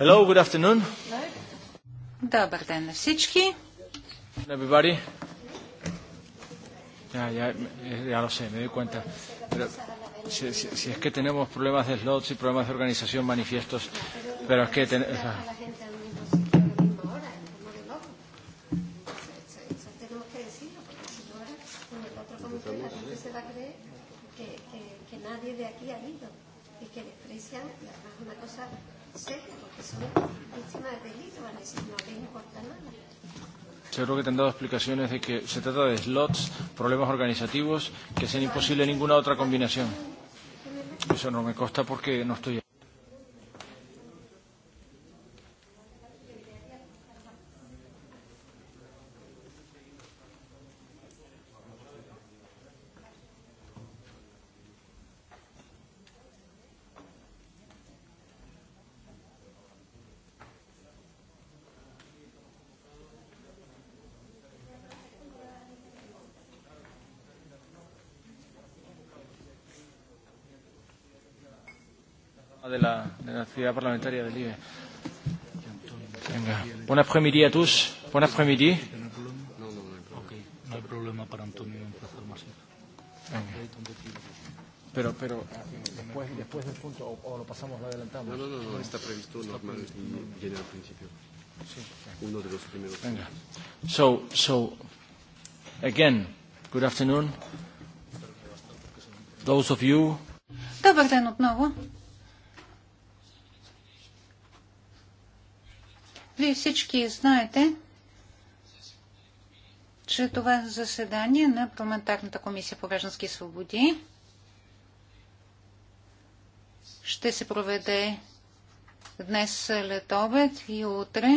Hello, good afternoon. Добър ден на всички. Everybody. Ya, ya, ya lo sé, me doy cuenta. Pero si, si, si es que tenemos problemas de slots y problemas de organización manifiestos, pero es que... Ten, o sea, dado explicaciones de que se trata de slots, problemas organizativos, que sean imposible ninguna otra combinación. Eso no me consta porque no estoy de la, de la ciudad parlamentaria del IBE. Venga. Buen après-midi a todos. Buen après-midi. No hay problema para Antonio empezar más. Pero, pero después, después del punto, o, o lo pasamos, lo adelantamos. No, no, no, está previsto normal y viene al principio. Sí. Uno de los primeros. Venga. So, so, again, good afternoon. Those of you Добър ден отново. Вие всички знаете, че това е заседание на парламентарната комисия по граждански свободи ще се проведе днес след обед и утре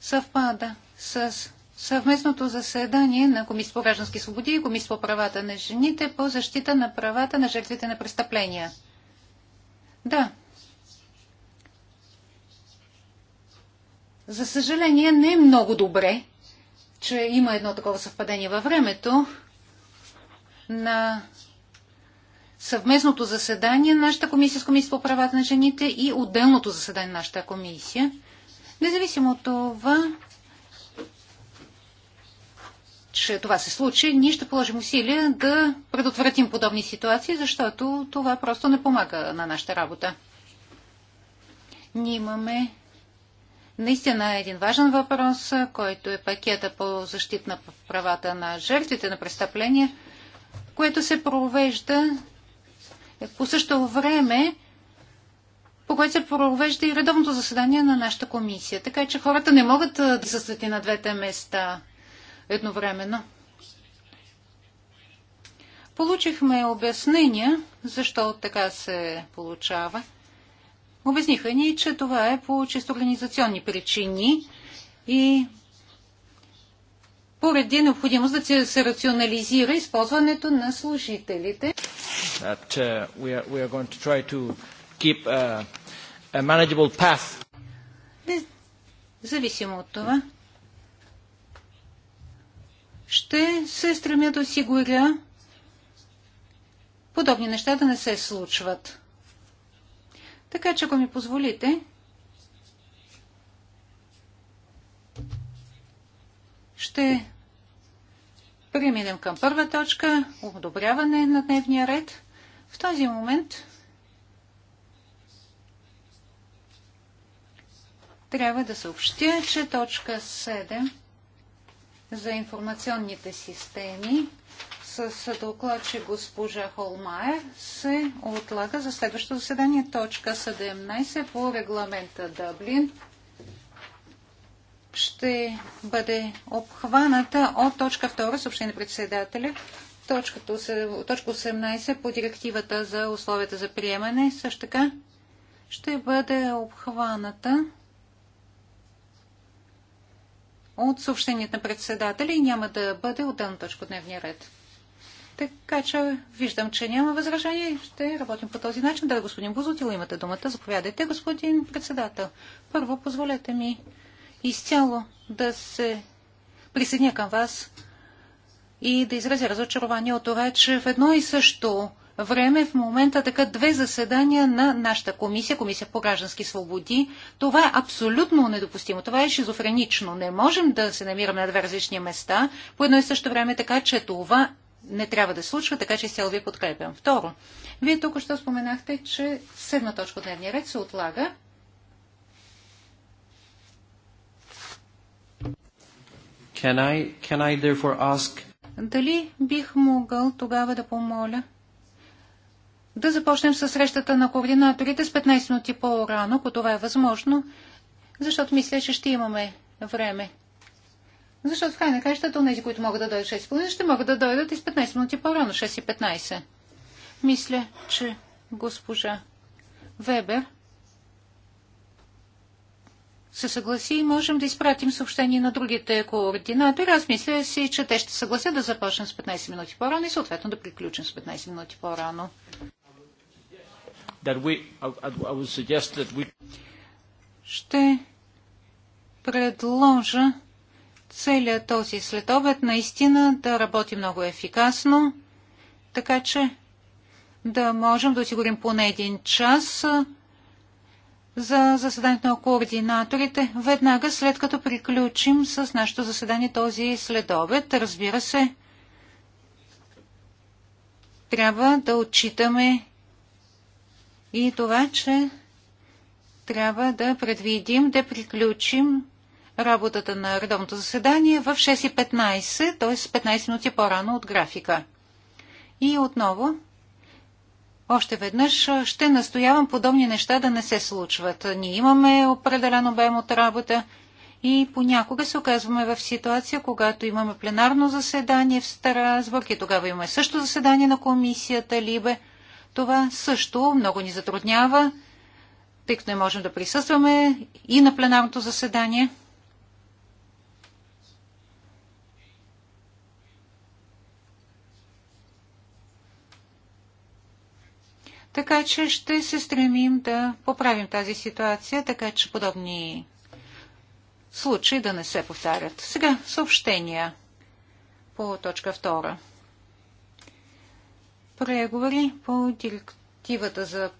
съвпада с съвместното заседание на Комисията по граждански свободи и Комисията по правата на жените по защита на правата на жертвите на престъпления. Да, За съжаление, не е много добре, че има едно такова съвпадение във времето на съвместното заседание на нашата комисия с Комисия по правата на жените и отделното заседание на нашата комисия. Независимо от това, че това се случи, ние ще положим усилия да предотвратим подобни ситуации, защото това просто не помага на нашата работа. Ние имаме Наистина е един важен въпрос, който е пакета по защита на правата на жертвите на престъпления, което се провежда по същото време, по което се провежда и редовното заседание на нашата комисия. Така че хората не могат да състоят на двете места едновременно. Получихме обяснения, защо така се получава. Обясниха ни, че това е по чисто организационни причини и поради необходимост да се рационализира използването на служителите. That, uh, we are, we are to to keep uh, Зависимо от това, ще се стремя да осигуря подобни неща да не се случват. Така че, ако ми позволите, ще преминем към първа точка – одобряване на дневния ред. В този момент трябва да съобщя, че точка 7 за информационните системи с че госпожа Холмае се отлага за следващото заседание точка 17 по регламента Дъблин. Ще бъде обхваната от точка 2 съобщение председателя точка 18 по директивата за условията за приемане. Също така ще бъде обхваната от съобщението на председателя и няма да бъде отделна точка от дневния ред. Така че виждам, че няма възражение и ще работим по този начин. Да, господин Бузотил, имате думата. Заповядайте, господин председател. Първо, позволете ми изцяло да се присъединя към вас и да изразя разочарование от това, че в едно и също време в момента така две заседания на нашата комисия, Комисия по граждански свободи. Това е абсолютно недопустимо. Това е шизофренично. Не можем да се намираме на две различни места по едно и също време, така че това не трябва да случва, така че изцяло ви подкрепям. Второ, вие тук още споменахте, че седма точка от дневния ред се отлага. Can I, can I therefore ask... Дали бих могъл тогава да помоля да започнем с срещата на координаторите с 15 минути по-рано, ако това е възможно, защото мисля, че ще имаме време. Защото в край на кращата, тези, които могат да дойдат 6.30, ще могат да дойдат и с 15 минути по-рано, 6.15. Мисля, че госпожа Вебер се съгласи и можем да изпратим съобщение на другите координатори. Аз мисля си, че те ще съгласят да започнем с 15 минути по-рано и съответно да приключим с 15 минути по-рано. We... Ще предложа целият този следобед наистина да работи много ефикасно, така че да можем да осигурим поне един час за заседанието на координаторите, веднага след като приключим с нашето заседание този следобед. Разбира се, трябва да отчитаме и това, че трябва да предвидим да приключим работата на редовното заседание в 6.15, т.е. 15 минути по-рано от графика. И отново, още веднъж ще настоявам подобни неща да не се случват. Ние имаме определен обем от работа и понякога се оказваме в ситуация, когато имаме пленарно заседание в Страсбург и тогава имаме също заседание на комисията Либе. Това също много ни затруднява, тъй като не можем да присъстваме и на пленарното заседание – Така че ще се стремим да поправим тази ситуация, така че подобни случаи да не се повтарят. Сега съобщения по точка 2. Преговори по директивата за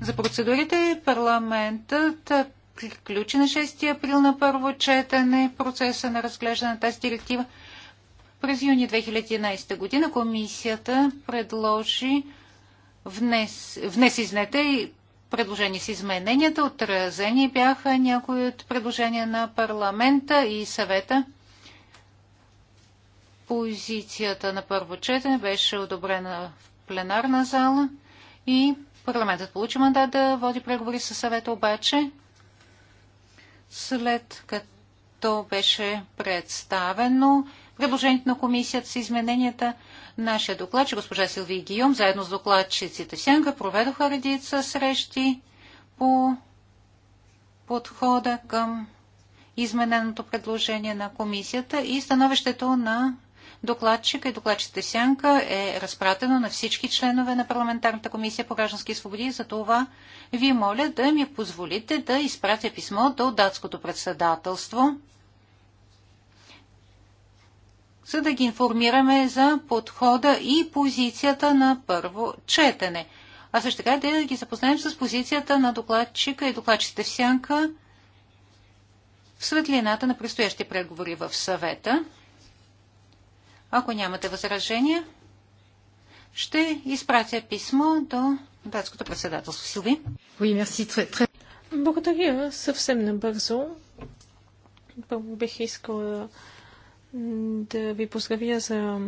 за процедурите парламентът приключи на 6 април на първо четене процеса на разглеждане на тази директива. През юни 2011 година комисията предложи внес, внес изнете и предложени с измененията. Отразени бяха някои от предложения на парламента и съвета. Позицията на първо четене беше одобрена в пленарна зала и парламентът получи мандат да води преговори със съвета, обаче след като беше представено предложението на комисията с измененията. Нашия докладчик, госпожа Силви Гийом, заедно с докладчиците в Сянка, проведоха редица срещи по подхода към измененото предложение на комисията и становището на докладчика и докладчите Сянка е разпратено на всички членове на парламентарната комисия по граждански свободи. За това ви моля да ми позволите да изпратя писмо до датското председателство за да ги информираме за подхода и позицията на първо четене. А също така да ги запознаем с позицията на докладчика и докладчите в сянка в светлината на предстоящи преговори в съвета. Ако нямате възражения, ще изпратя писмо до датското председателство. Силви? Благодаря съвсем набързо. Първо бих искала да ви поздравя за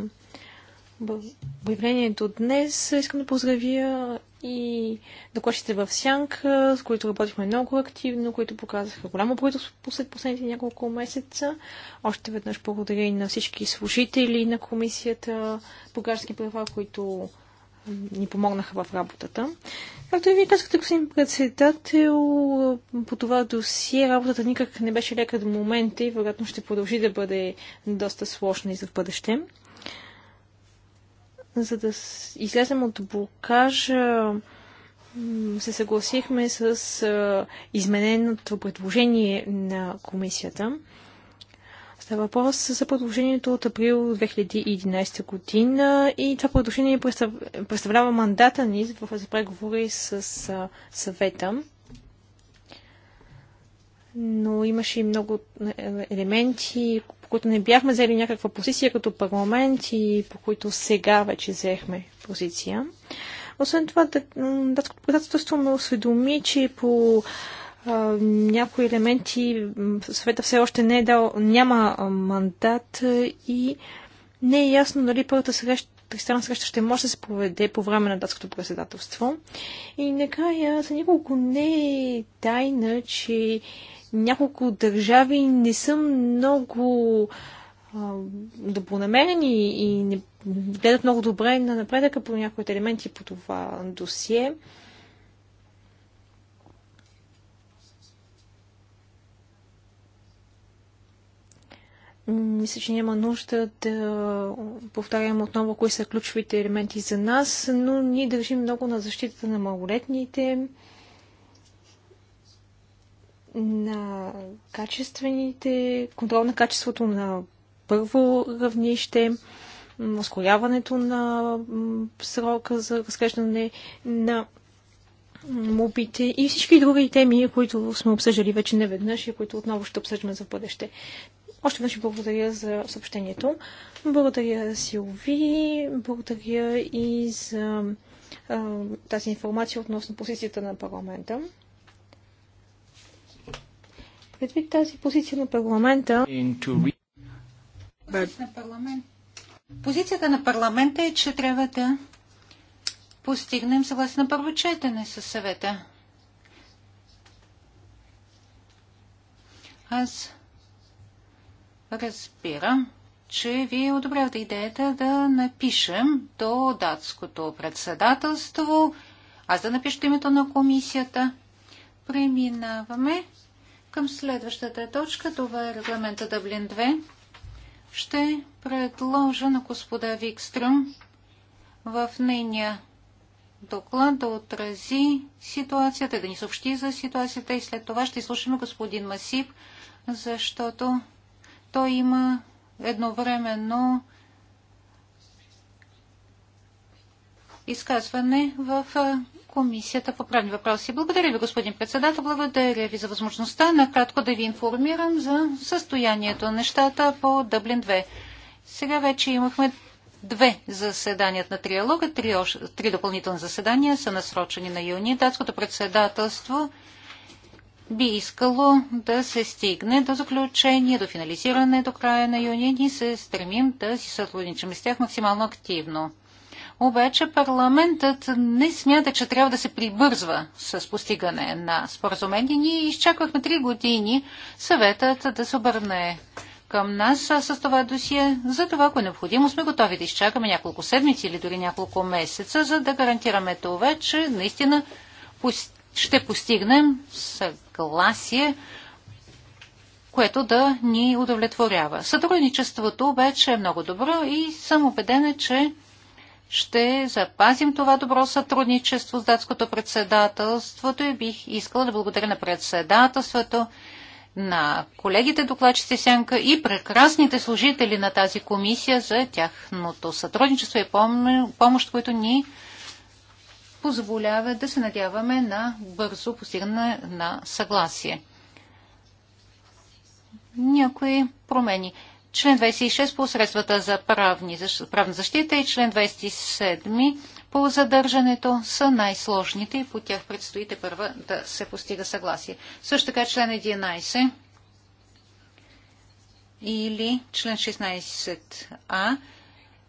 обявлението днес. Искам да поздравя и докладчите в Сянка, с които работихме много активно, които показаха голямо производство след последните няколко месеца. Още веднъж благодаря и на всички служители на Комисията по граждански права, които ни помогнаха в работата. Както и вие казахте, господин председател, по това досие работата никак не беше лека до момента и вероятно ще продължи да бъде доста сложна и за в бъдеще. За да излезем от блокажа, се съгласихме с измененото предложение на комисията. Става въпрос за предложението от април 2011 година и това предложение представлява мандата ни за преговори с съвета. Но имаше и много е, елементи, по които не бяхме взели някаква позиция като парламент и по които сега вече взехме позиция. Освен това, датското председателство ме осведоми, че по някои елементи съвета все още не е дал, няма мандат и не е ясно дали първата среща тристранна среща ще може да се проведе по време на датското председателство. И накрая за няколко не е тайна, че няколко държави не са много а, добронамерени и не гледат много добре на напредъка по някои елементи по това досие. Мисля, че няма нужда да повтарям отново кои са ключовите елементи за нас, но ние държим много на защитата на малолетните, на качествените, контрол на качеството на първо равнище, ускоряването на срока за разглеждане на мобите и всички други теми, които сме обсъждали вече неведнъж и които отново ще обсъждаме за бъдеще. Още веднъж благодаря за съобщението. Благодаря Силви, благодаря и за а, тази информация относно позицията на парламента. Предвид тази позиция на парламента... Позицията на парламента е, че трябва да постигнем съгласие на първо четене със съвета. Аз разбира, че вие одобрявате идеята да напишем до датското председателство, аз да напишете името на комисията. Преминаваме към следващата точка. Това е регламента Дъблин 2. Ще предложа на господа Викстрюм в нейния доклад да отрази ситуацията, да ни съобщи за ситуацията и след това ще изслушаме господин Масип, защото той има едновременно изказване в Комисията по правни въпроси. Благодаря ви, господин председател. Благодаря ви за възможността накратко да ви информирам за състоянието на нещата по Дъблин 2. Сега вече имахме две заседания на триалога, три, три допълнителни заседания са насрочени на юни. Датското председателство би искало да се стигне до заключение, до финализиране до края на юни. Ние се стремим да си сътрудничим с тях максимално активно. Обаче парламентът не смята, че трябва да се прибързва с постигане на споразумение. Ние изчаквахме три години съветът да се обърне към нас с това досие. За това, ако е необходимо, сме готови да изчакаме няколко седмици или дори няколко месеца, за да гарантираме това, че наистина ще постигнем съгласие, което да ни удовлетворява. Сътрудничеството обаче е много добро и съм убедена, че ще запазим това добро сътрудничество с датското председателството и бих искала да благодаря на председателството, на колегите докладчици Сянка и прекрасните служители на тази комисия за тяхното сътрудничество и помощ, които ни позволява да се надяваме на бързо постигане на съгласие. Някои промени. Член 26 по средствата за правни, правна защита и член 27 по задържането са най-сложните и по тях предстоите първа да се постига съгласие. Също така член 11 или член 16а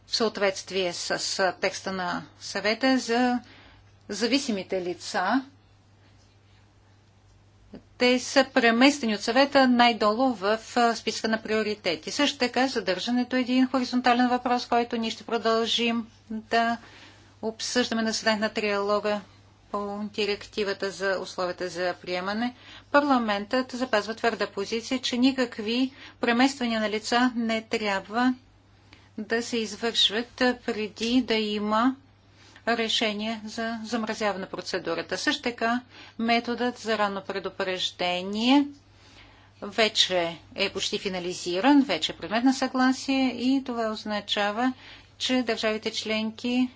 в съответствие с текста на съвета за зависимите лица. Те са преместени от съвета най-долу в списка на приоритети. Също така задържането е един хоризонтален въпрос, който ние ще продължим да обсъждаме на съден на триалога по директивата за условията за приемане, парламентът запазва твърда позиция, че никакви премествания на лица не трябва да се извършват преди да има решение за замразяване на процедурата. Също така методът за ранно предупреждение вече е почти финализиран, вече е предмет на съгласие и това означава, че държавите членки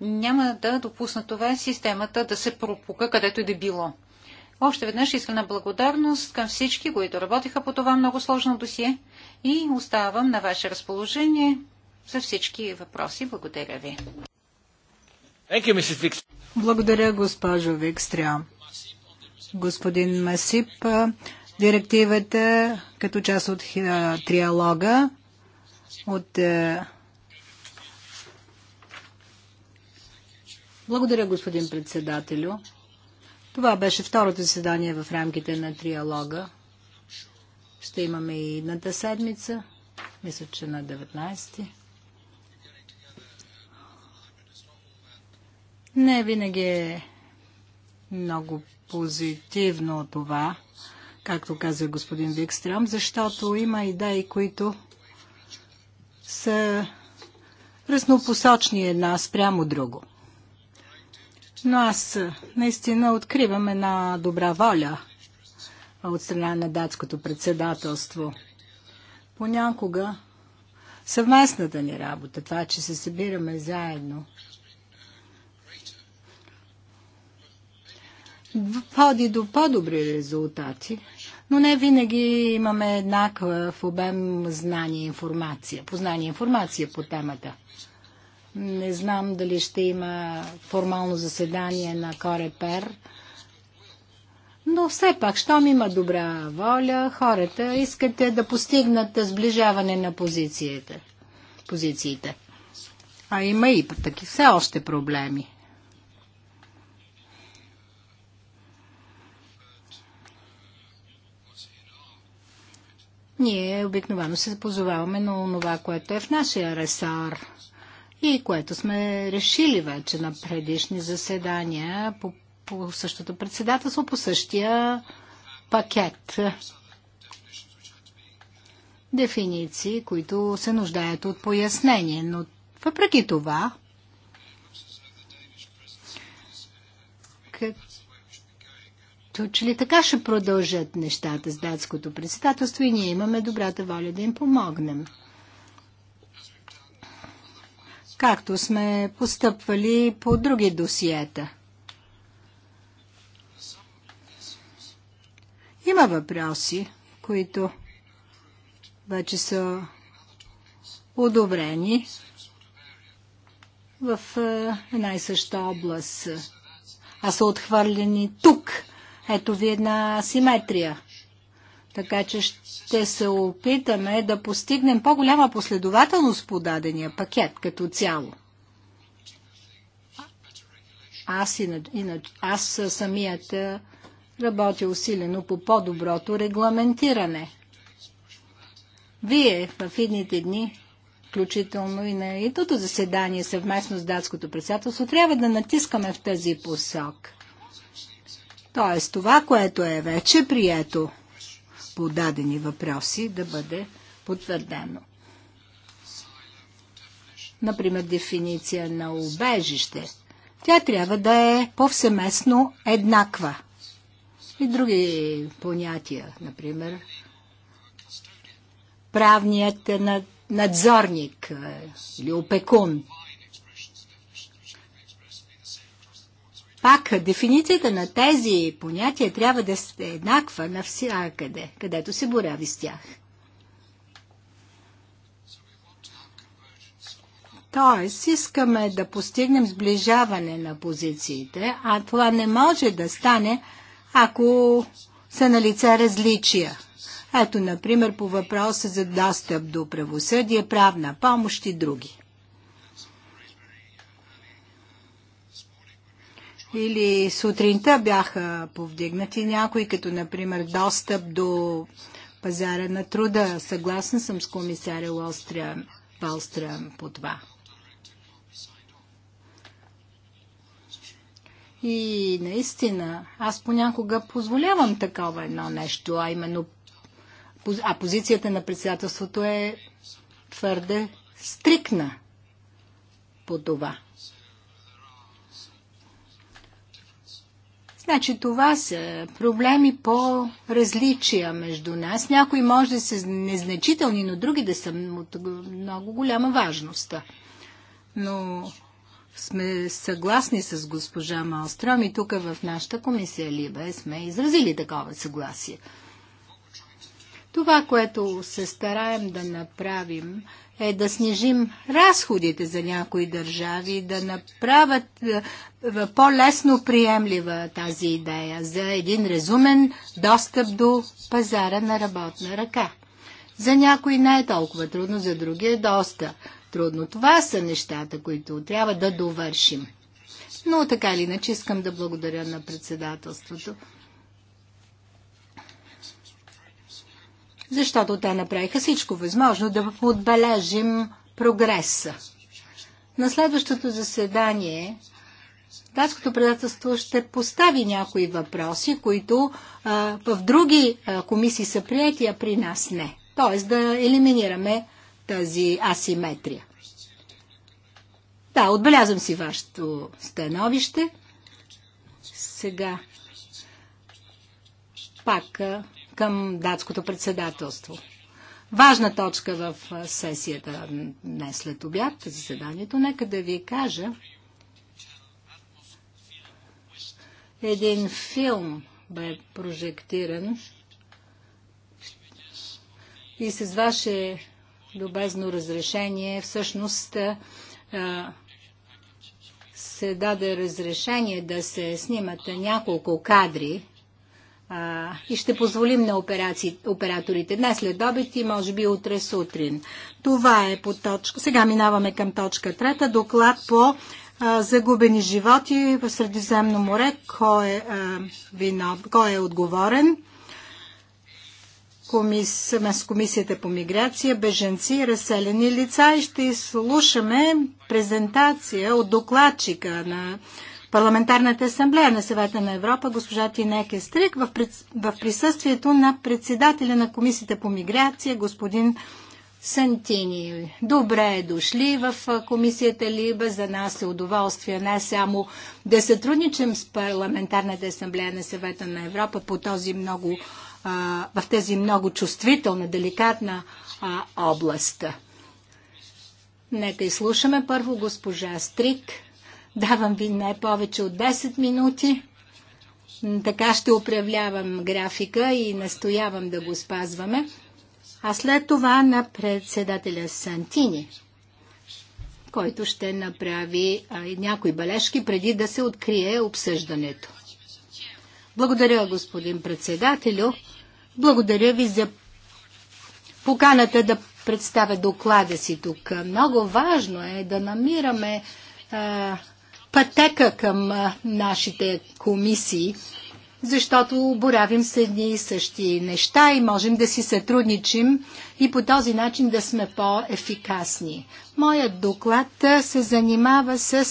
няма да допусна това системата да се пропука където и да било. Още веднъж искрена благодарност към всички, които работиха по това много сложно досие и оставам на ваше разположение за всички въпроси. Благодаря ви. Благодаря, госпожо Викстря. Господин Масип, директивата като част от е, триалога от е, Благодаря, господин председателю. Това беше второто заседание в рамките на триалога. Ще имаме и едната седмица, мисля, че на 19. Не е винаги е много позитивно това, както каза господин Викстрам, защото има идеи, които са разнопосочни една спрямо друго. Но аз наистина откривам една добра воля от страна на датското председателство. Понякога съвместната ни работа, това, че се събираме заедно – води до по-добри резултати, но не винаги имаме еднакъв обем знание и информация, познание и информация по темата. Не знам дали ще има формално заседание на Корепер, но все пак, щом има добра воля, хората искате да постигнат сближаване на позициите. позициите. А има и таки все още проблеми. Ние обикновено се позоваваме на това, което е в нашия ресор и което сме решили вече на предишни заседания по, по същото председателство, по същия пакет дефиниции, които се нуждаят от пояснение. Но въпреки това, като че ли така ще продължат нещата с датското председателство и ние имаме добрата воля да им помогнем. Както сме постъпвали по други досиета. Има въпроси, които вече са одобрени в е, една и съща област, а са отхвърлени тук ето ви една симетрия. Така че ще се опитаме да постигнем по-голяма последователност по дадения пакет като цяло. Аз, инач, аз самият е, работя усилено по по-доброто регламентиране. Вие в идните дни, включително и на итото заседание съвместно с датското председателство, трябва да натискаме в тази посок. Тоест това, което е вече прието по дадени въпроси, да бъде потвърдено. Например, дефиниция на убежище. Тя трябва да е повсеместно еднаква. И други понятия, например, правният е надзорник е, или опекун. пак дефиницията на тези понятия трябва да е еднаква навсякъде, където се борави с тях. Тоест, искаме да постигнем сближаване на позициите, а това не може да стане, ако са на лице различия. Ето, например, по въпроса за достъп до правосъдие, правна помощ и други. или сутринта бяха повдигнати някои, като например достъп до пазара на труда. Съгласна съм с комисаря Лострям, по това. И наистина, аз понякога позволявам такова едно нещо, а именно а позицията на председателството е твърде стрикна по това. Значи това са проблеми по различия между нас. Някои може да са незначителни, но други да са от много голяма важност. Но сме съгласни с госпожа Малстром и тук в нашата комисия Либе сме изразили такова съгласие. Това, което се стараем да направим, е да снижим разходите за някои държави, да направят е, по-лесно приемлива тази идея за един разумен достъп до пазара на работна ръка. За някои не е толкова трудно, за други е доста трудно. Това са нещата, които трябва да довършим. Но така или иначе искам да благодаря на председателството. защото те направиха всичко възможно да отбележим прогреса. На следващото заседание датското предателство ще постави някои въпроси, които а, в други а, комисии са приятия а при нас не. Тоест да елиминираме тази асиметрия. Да, отбелязвам си вашето становище. Сега пак а, към датското председателство. Важна точка в сесията днес след обяд, заседанието. Нека да ви кажа един филм бе прожектиран и с ваше любезно разрешение всъщност се даде разрешение да се снимат няколко кадри а, и ще позволим на операци, операторите днес след обед и може би утре сутрин. Това е по точка. Сега минаваме към точка трета. Доклад по а, загубени животи в Средиземно море. Кой е, а, вино, кой е отговорен? Комис, Комисията по миграция, беженци, разселени лица и ще изслушаме презентация от докладчика на Парламентарната асамблея на съвета на Европа госпожа Тинеке Стрик, в, в присъствието на председателя на комисията по миграция господин Сантини. Добре дошли в комисията Либа. За нас е удоволствие не само да сътрудничим с Парламентарната асамблея на съвета на Европа по този много, в тези много чувствителна, деликатна а, област. Нека изслушаме първо госпожа Стрик Давам ви не повече от 10 минути. Така ще управлявам графика и настоявам да го спазваме. А след това на председателя Сантини, който ще направи а, някои бележки преди да се открие обсъждането. Благодаря, господин председателю. Благодаря ви за поканата да представя доклада си тук. Много важно е да намираме а, пътека към нашите комисии, защото боравим с едни и същи неща и можем да си сътрудничим и по този начин да сме по-ефикасни. Моят доклад се занимава с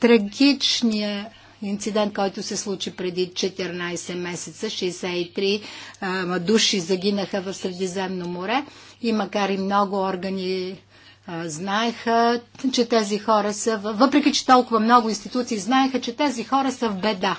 трагичния инцидент, който се случи преди 14 месеца. 63 а, души загинаха в Средиземно море и макар и много органи знаеха, че тези хора са, въпреки че толкова много институции знаеха, че тези хора са в беда.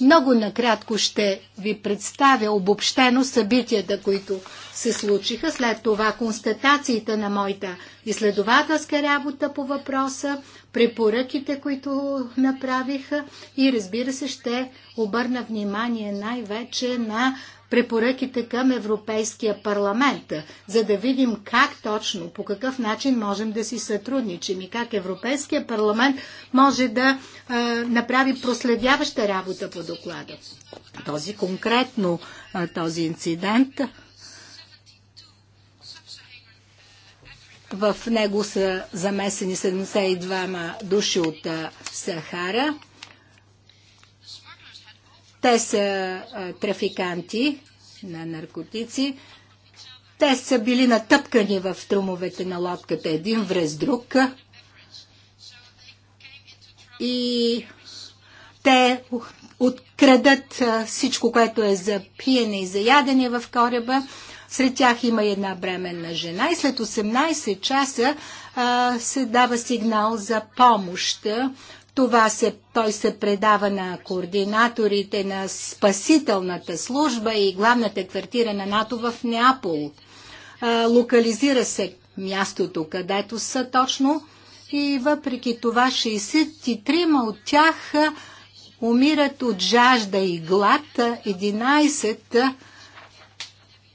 Много накратко ще ви представя обобщено събитията, които се случиха, след това констатациите на моята изследователска работа по въпроса, препоръките, които направиха и разбира се ще обърна внимание най-вече на препоръките към Европейския парламент, за да видим как точно, по какъв начин можем да си сътрудничим и как Европейския парламент може да е, направи проследяваща работа по доклада. Този конкретно е, този инцидент В него са замесени 72 души от Сахара. Те са трафиканти на наркотици. Те са били натъпкани в трумовете на лодката един врез друг. И те открадат всичко, което е за пиене и за ядене в кораба. Сред тях има една бременна жена и след 18 часа а, се дава сигнал за помощ. Това се, той се предава на координаторите на спасителната служба и главната квартира на НАТО в Неапол. Локализира се мястото, където са точно и въпреки това 63 от тях умират от жажда и глад, 11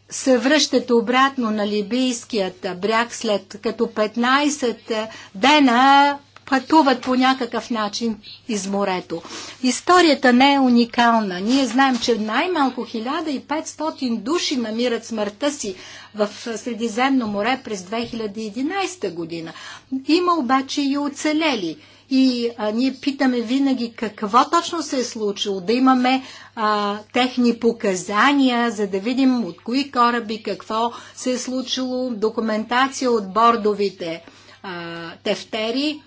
се връщат обратно на либийският бряг, след като 15 дена пътуват по някакъв начин из морето. Историята не е уникална. Ние знаем, че най-малко 1500 души намират смъртта си в Средиземно море през 2011 година. Има обаче и оцелели. И а, ние питаме винаги какво точно се е случило, да имаме а, техни показания, за да видим от кои кораби какво се е случило, документация от бордовите а, тефтери,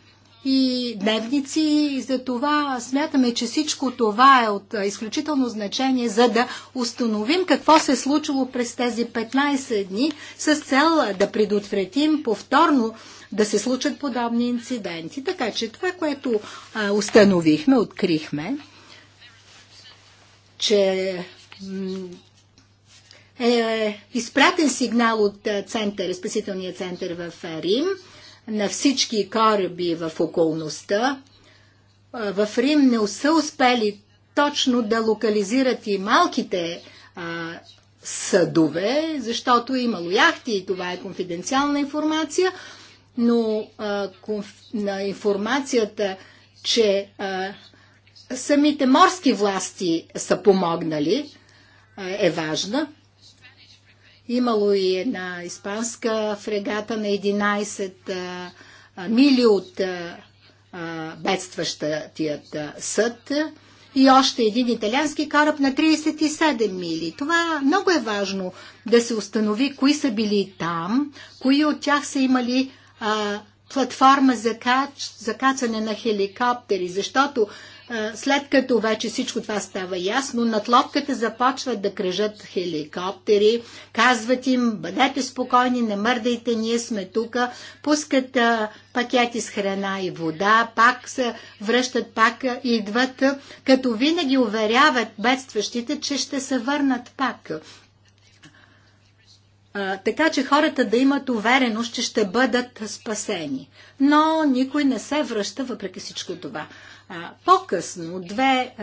и дневници. И за това смятаме, че всичко това е от изключително значение, за да установим какво се е случило през тези 15 дни с цел да предотвратим повторно да се случат подобни инциденти. Така че това, което а, установихме, открихме, че е изпратен сигнал от център, спасителния център в Рим – на всички кораби в околността. В Рим не са успели точно да локализират и малките а, съдове, защото имало яхти и това е конфиденциална информация, но а, конф... на информацията, че а, самите морски власти са помогнали, а, е важна. Имало и една испанска фрегата на 11 мили от бедстващият съд и още един италиански кораб на 37 мили. Това много е важно да се установи кои са били там, кои от тях са имали а, платформа за, кач, за кацане на хеликоптери, защото след като вече всичко това става ясно, над лодката започват да кръжат хеликоптери, казват им, бъдете спокойни, не мърдайте, ние сме тук, пускат пакети с храна и вода, пак се връщат, пак идват, като винаги уверяват бедстващите, че ще се върнат пак. А, така че хората да имат увереност, че ще бъдат спасени. Но никой не се връща въпреки всичко това. По-късно две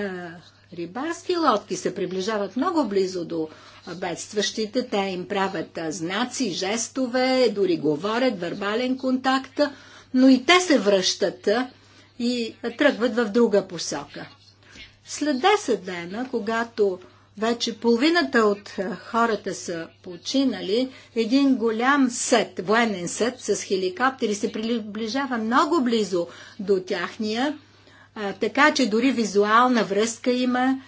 рибарски лодки се приближават много близо до бедстващите. Те им правят знаци, жестове, дори говорят, вербален контакт, но и те се връщат и тръгват в друга посока. След 10 дена, когато вече половината от хората са починали, един голям сет, военен сет с хеликоптери се приближава много близо до тяхния така че дори визуална връзка има.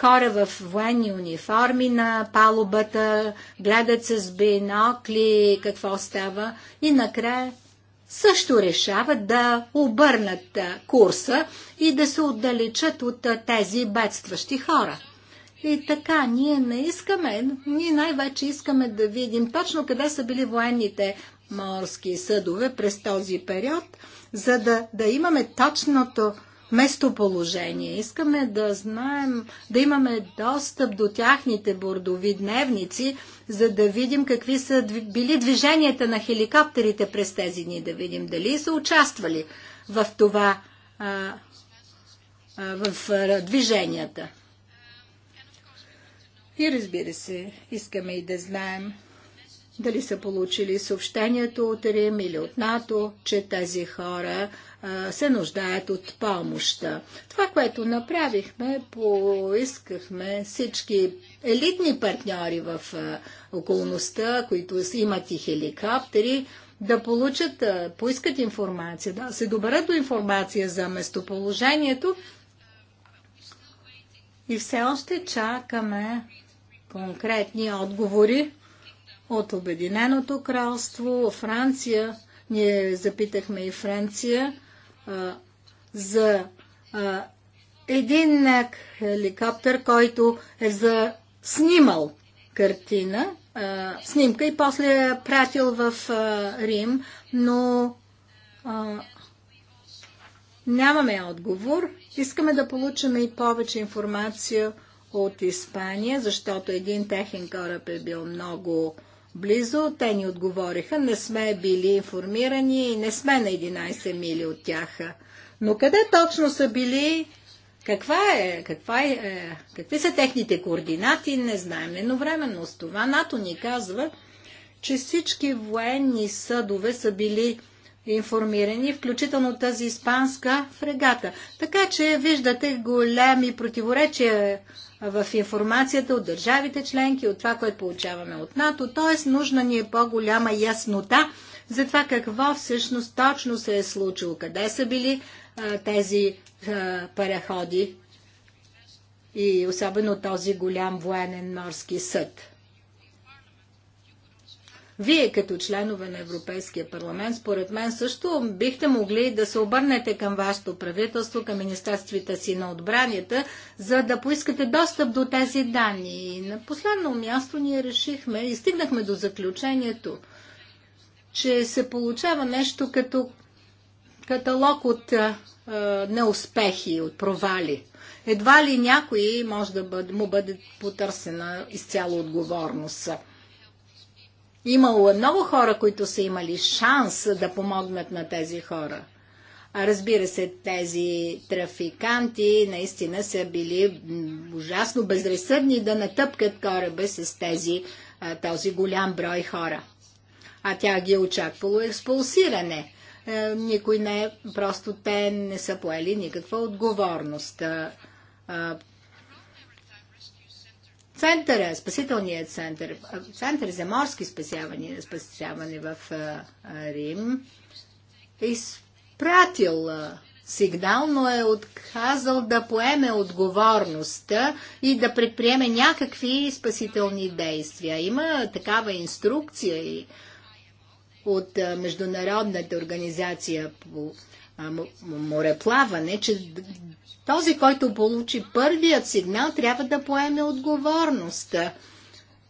Хора в военни униформи на палубата, гледат с бинокли какво става и накрая също решават да обърнат курса и да се отдалечат от тези бедстващи хора. И така, ние не искаме, ние най-вече искаме да видим точно къде са били военните морски съдове през този период, за да, да имаме точното местоположение. Искаме да знаем, да имаме достъп до тяхните бордови дневници, за да видим какви са били движенията на хеликоптерите през тези дни, да видим дали са участвали в това, в движенията. И разбира се, искаме и да знаем дали са получили съобщението от Рим или от НАТО, че тези хора се нуждаят от помощта. Това, което направихме, поискахме всички елитни партньори в околността, които имат и хеликоптери, да получат, поискат информация, да се добрат до информация за местоположението и все още чакаме конкретни отговори от Обединеното кралство, Франция. Ние запитахме и Франция за един хеликоптер, който е за снимал картина, снимка и после е пратил в Рим, но нямаме отговор. Искаме да получим и повече информация от Испания, защото един техен кораб е бил много близо, те ни отговориха, не сме били информирани и не сме на 11 мили от тях. Но къде точно са били, каква е, каква е, е, какви са техните координати, не знаем. Едновременно с това НАТО ни казва, че всички военни съдове са били информирани, включително тази испанска фрегата. Така че виждате големи противоречия в информацията от държавите членки, от това, което получаваме от НАТО. Тоест, нужна ни е по-голяма яснота за това какво всъщност точно се е случило, къде са били а, тези а, параходи и особено този голям военен морски съд. Вие като членове на Европейския парламент, според мен също бихте могли да се обърнете към вашето правителство, към министерствите си на отбранията, за да поискате достъп до тези данни. И на последно място ние решихме и стигнахме до заключението, че се получава нещо като каталог от е, неуспехи, от провали. Едва ли някой може да бъде, му бъде потърсена изцяло отговорност. Имало много хора, които са имали шанс да помогнат на тези хора. А разбира се, тези трафиканти наистина са били ужасно безразсъдни да натъпкат кораба с тези, този голям брой хора. А тя ги е очаквало експулсиране. Е, никой не е, просто те не са поели никаква отговорност е, Центъра, е, спасителният център, център за морски спасяване, спасяване в Рим, изпратил сигнал, но е отказал да поеме отговорността и да предприеме някакви спасителни действия. Има такава инструкция и от Международната организация по мореплаване, че този, който получи първият сигнал, трябва да поеме отговорността.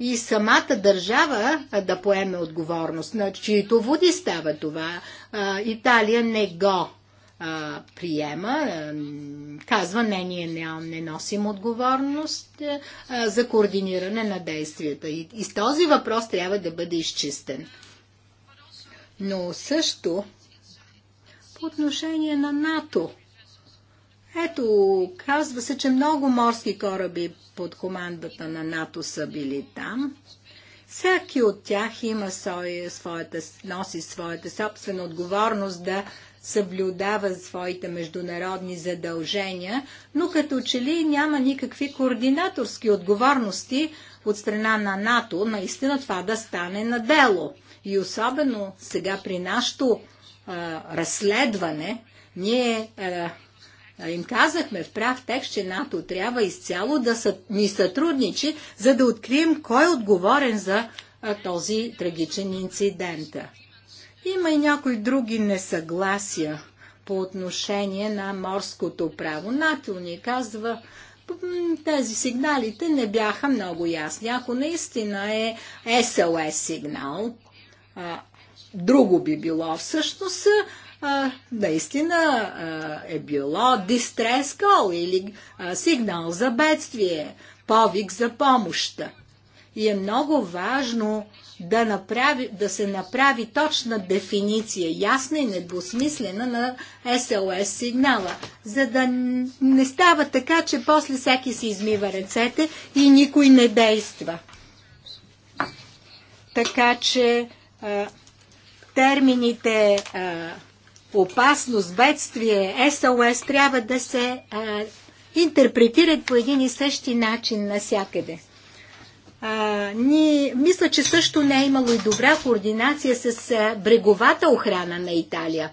И самата държава да поеме отговорност, на чието води става това. Италия не го приема, казва не, ние не, не носим отговорност за координиране на действията. И, и този въпрос трябва да бъде изчистен. Но също по отношение на НАТО ето, казва се, че много морски кораби под командата на НАТО са били там. Всяки от тях има своя, своята, носи своята собствена отговорност да съблюдава своите международни задължения, но като че ли няма никакви координаторски отговорности от страна на НАТО, наистина това да стане на дело. И особено сега при нашето а, разследване, ние а, им казахме в прав текст, че НАТО трябва изцяло да ни сътрудничи, за да открием кой е отговорен за този трагичен инцидент. Има и някои други несъгласия по отношение на морското право. НАТО ни казва, тези сигналите не бяха много ясни. Ако наистина е SOS сигнал, друго би било. Всъщност а, наистина а, е било дистрес кол или а, сигнал за бедствие, повик за помощта. И е много важно да, направи, да се направи точна дефиниция, ясна и недвусмислена на СЛС сигнала, за да не става така, че после всеки си измива ръцете и никой не действа. Така че а, термините а, опасност, бедствие, СОС трябва да се а, интерпретират по един и същи начин навсякъде. А, ни, мисля, че също не е имало и добра координация с а, бреговата охрана на Италия.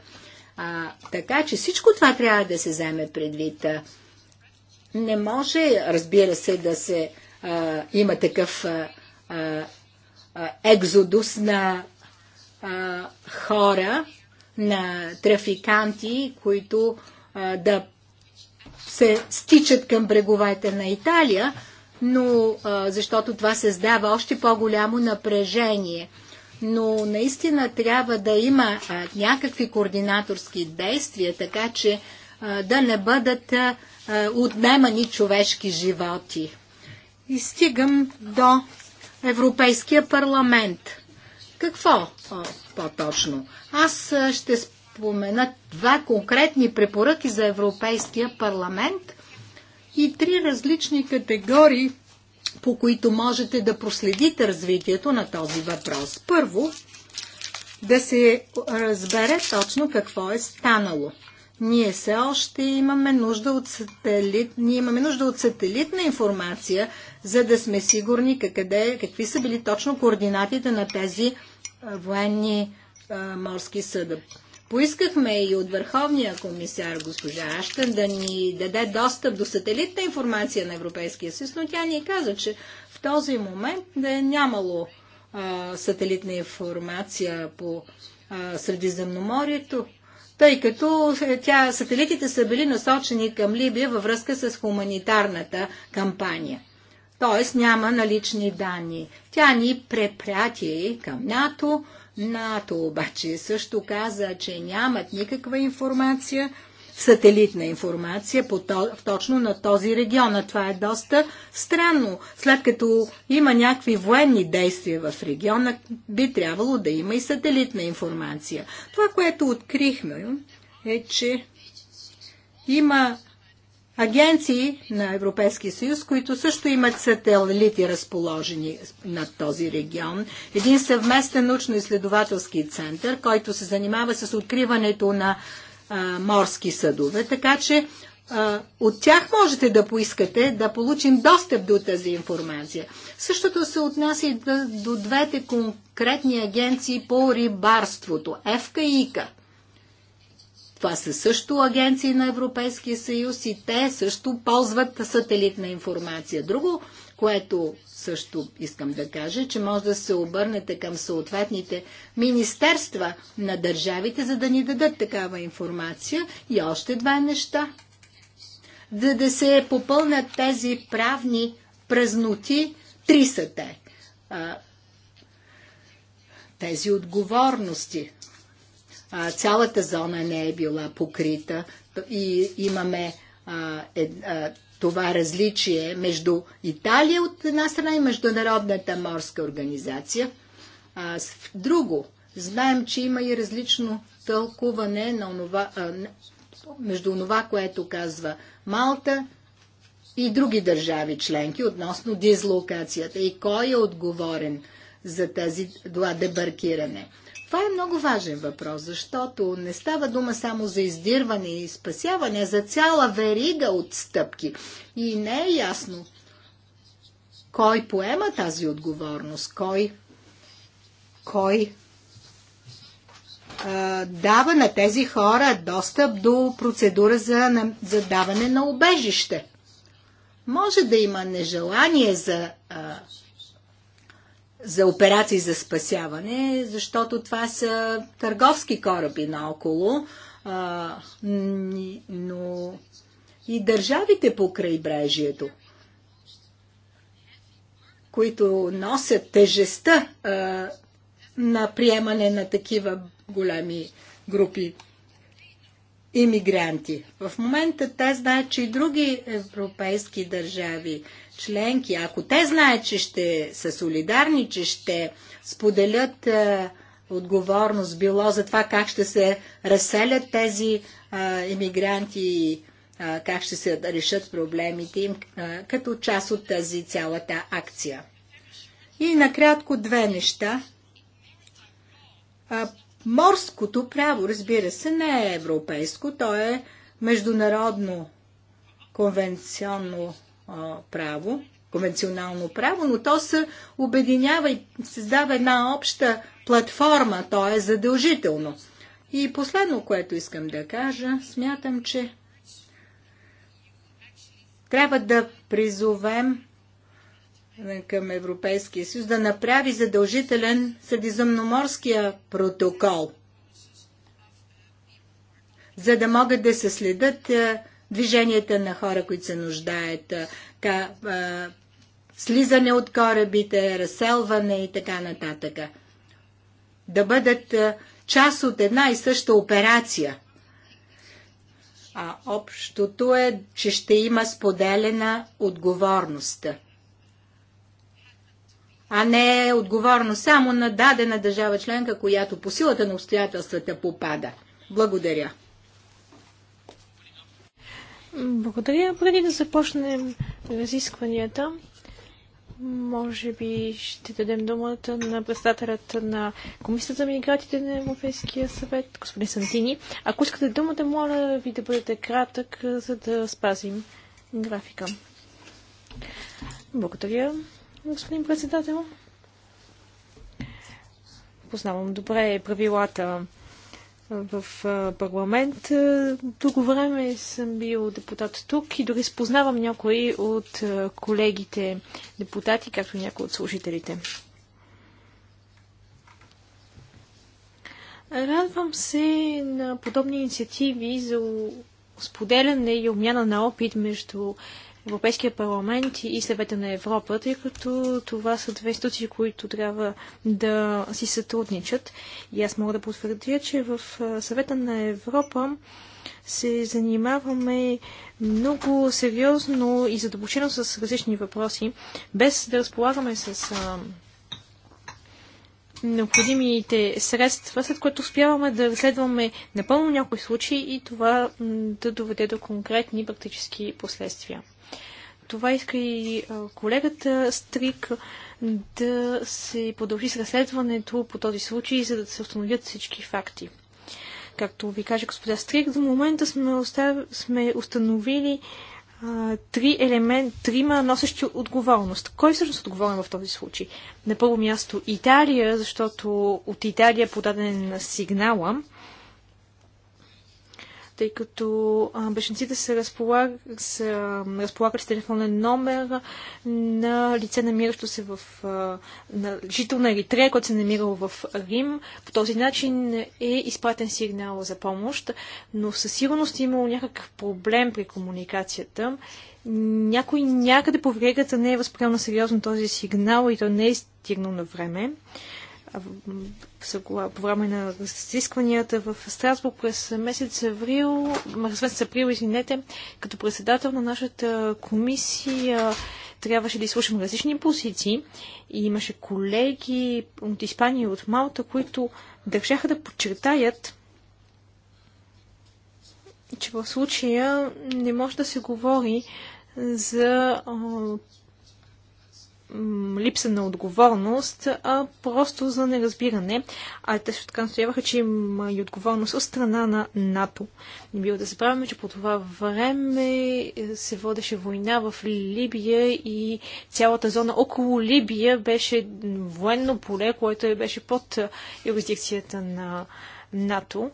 А, така че всичко това трябва да се вземе предвид. Не може, разбира се, да се а, има такъв а, а, екзодус на а, хора, на трафиканти, които а, да се стичат към бреговете на Италия, но а, защото това създава още по-голямо напрежение. Но наистина трябва да има а, някакви координаторски действия, така че а, да не бъдат а, отнемани човешки животи. И стигам до Европейския парламент. Какво по-точно? Аз ще спомена два конкретни препоръки за Европейския парламент и три различни категории, по които можете да проследите развитието на този въпрос. Първо, да се разбере точно какво е станало. Ние все още имаме нужда от сателит, ние имаме нужда от сателитна информация за да сме сигурни къде, какви са били точно координатите на тези военни морски съда. Поискахме и от Върховния комисар госпожа Аштен да ни даде достъп до сателитна информация на Европейския съюз, но тя ни каза, че в този момент да е нямало а, сателитна информация по а, Средиземноморието, тъй като е, тя, сателитите са били насочени към Либия във връзка с хуманитарната кампания т.е. няма налични данни. Тя ни препрати към НАТО. НАТО обаче също каза, че нямат никаква информация, сателитна информация по то, точно на този регион. А това е доста странно. След като има някакви военни действия в региона, би трябвало да има и сателитна информация. Това, което открихме, е, че има агенции на Европейския съюз, които също имат сателити разположени на този регион. Един съвместен научно-изследователски център, който се занимава с откриването на а, морски съдове. Така че а, от тях можете да поискате да получим достъп до тази информация. Същото се отнася и до, до двете конкретни агенции по рибарството, ЕФКА и ИКА. Това са също агенции на Европейския съюз и те също ползват сателитна информация. Друго, което също искам да кажа, че може да се обърнете към съответните министерства на държавите, за да ни дадат такава информация. И още две неща. Да да се попълнат тези правни празноти, три са те. тези отговорности, цялата зона не е била покрита и имаме а, е, а, това различие между Италия от една страна и Международната морска организация. А, с, друго, знаем, че има и различно тълкуване на онова, а, между това, което казва Малта и други държави членки относно дизлокацията и кой е отговорен за тази, това дебаркиране. Това е много важен въпрос, защото не става дума само за издирване и спасяване, за цяла верига от стъпки. И не е ясно кой поема тази отговорност, кой, кой а, дава на тези хора достъп до процедура за, за даване на убежище. Може да има нежелание за а, за операции за спасяване, защото това са търговски кораби наоколо, а, но и държавите по крайбрежието, които носят тежестта а, на приемане на такива големи групи иммигранти. В момента те знаят, че и други европейски държави членки, ако те знаят, че ще са солидарни, че ще споделят а, е, отговорност било за това как ще се разселят тези а, е, иммигранти, а, е, как ще се решат проблемите им, а, като част от тази цялата акция. И накратко две неща. А, морското право, разбира се, не е европейско, то е международно конвенционно право, конвенционално право, но то се обединява и създава една обща платформа, то е задължително. И последно, което искам да кажа, смятам, че трябва да призовем към Европейския съюз да направи задължителен средиземноморския протокол, за да могат да се следят е, движенията на хора, които се нуждаят, ка, а, слизане от корабите, разселване и така нататък. Да бъдат а, част от една и съща операция. А общото е, че ще има споделена отговорност. А не е отговорно само на дадена държава членка, която по силата на обстоятелствата попада. Благодаря. Благодаря. Преди да започнем разискванията, може би ще дадем думата на председателят на Комисията за мигратите на Европейския съвет, господин Сантини. Ако искате думата, моля ви да бъдете кратък, за да спазим графика. Благодаря, господин председател. Познавам добре правилата в парламент. Дълго време съм бил депутат тук и дори спознавам някои от колегите депутати, както някои от служителите. Радвам се на подобни инициативи за споделяне и обмяна на опит между Европейския парламент и съвета на Европа, тъй като това са две институции, които трябва да си сътрудничат. И аз мога да потвърдя, че в съвета на Европа се занимаваме много сериозно и задълбочено с различни въпроси, без да разполагаме с а, необходимите средства, след което успяваме да разследваме напълно някои случаи и това да доведе до конкретни практически последствия това иска и колегата Стрик да се продължи с разследването по този случай, за да се установят всички факти. Както ви каже господа Стрик, до момента сме, остав... сме установили а, три елемент, трима носещи отговорност. Кой всъщност е отговорен в този случай? На първо място Италия, защото от Италия е подаден сигнала, тъй като бежанците се разполагат с телефонен номер на лице, намиращо се в на жител на Еритрея, който се е намирал в Рим. По този начин е изпратен сигнал за помощ, но със сигурност е имало някакъв проблем при комуникацията. Някой някъде по врегата не е възприял на сериозно този сигнал и той не е стигнал на време по време на разискванията в Страсбург през месец април, месец април, извинете, като председател на нашата комисия трябваше да изслушам различни позиции и имаше колеги от Испания и от Малта, които държаха да подчертаят, че в случая не може да се говори за липса на отговорност, а просто за неразбиране. А те също така настояваха, че има и отговорност от страна на НАТО. Не било да забравяме, че по това време е, се водеше война в Либия и цялата зона около Либия беше военно поле, което е беше под е, юрисдикцията на НАТО.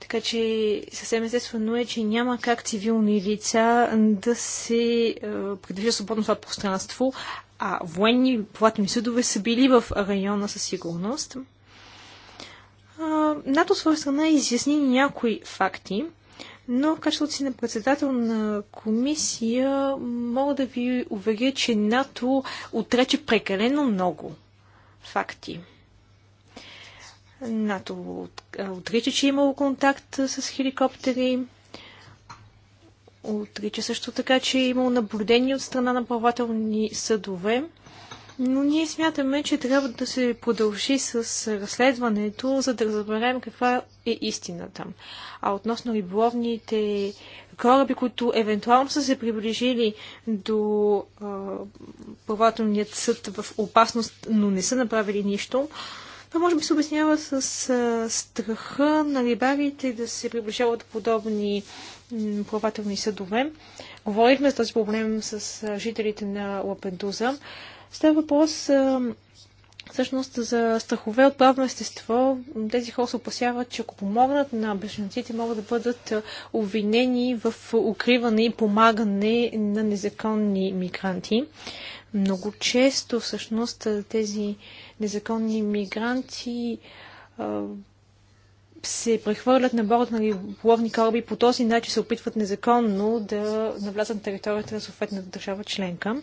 Така че съвсем естествено е, че няма как цивилни лица да се е, предвижда свободно това пространство, а военни платни съдове са били в района със сигурност. НАТО своя страна изясни някои факти, но в качеството си на председател на комисия мога да ви уверя, че НАТО отрече прекалено много факти. НАТО отрича, че е имало контакт с хеликоптери, отрича също така, че е имало наблюдение от страна на плавателни съдове, но ние смятаме, че трябва да се продължи с разследването, за да разберем каква е истината. А относно риболовните кораби, които евентуално са се приближили до а, плавателният съд в опасност, но не са направили нищо, това може би се обяснява с а, страха на рибарите да се приближават подобни плавателни съдове. Говорихме за този проблем с жителите на Лапендуза. Става въпрос всъщност за страхове от правно естество. Тези хора се опасяват, че ако помогнат на бежанците, могат да бъдат обвинени в укриване и помагане на незаконни мигранти. Много често всъщност тези незаконни мигранти се прехвърлят на борт на ловни кораби по този начин се опитват незаконно да навлязат на територията на съответната държава членка.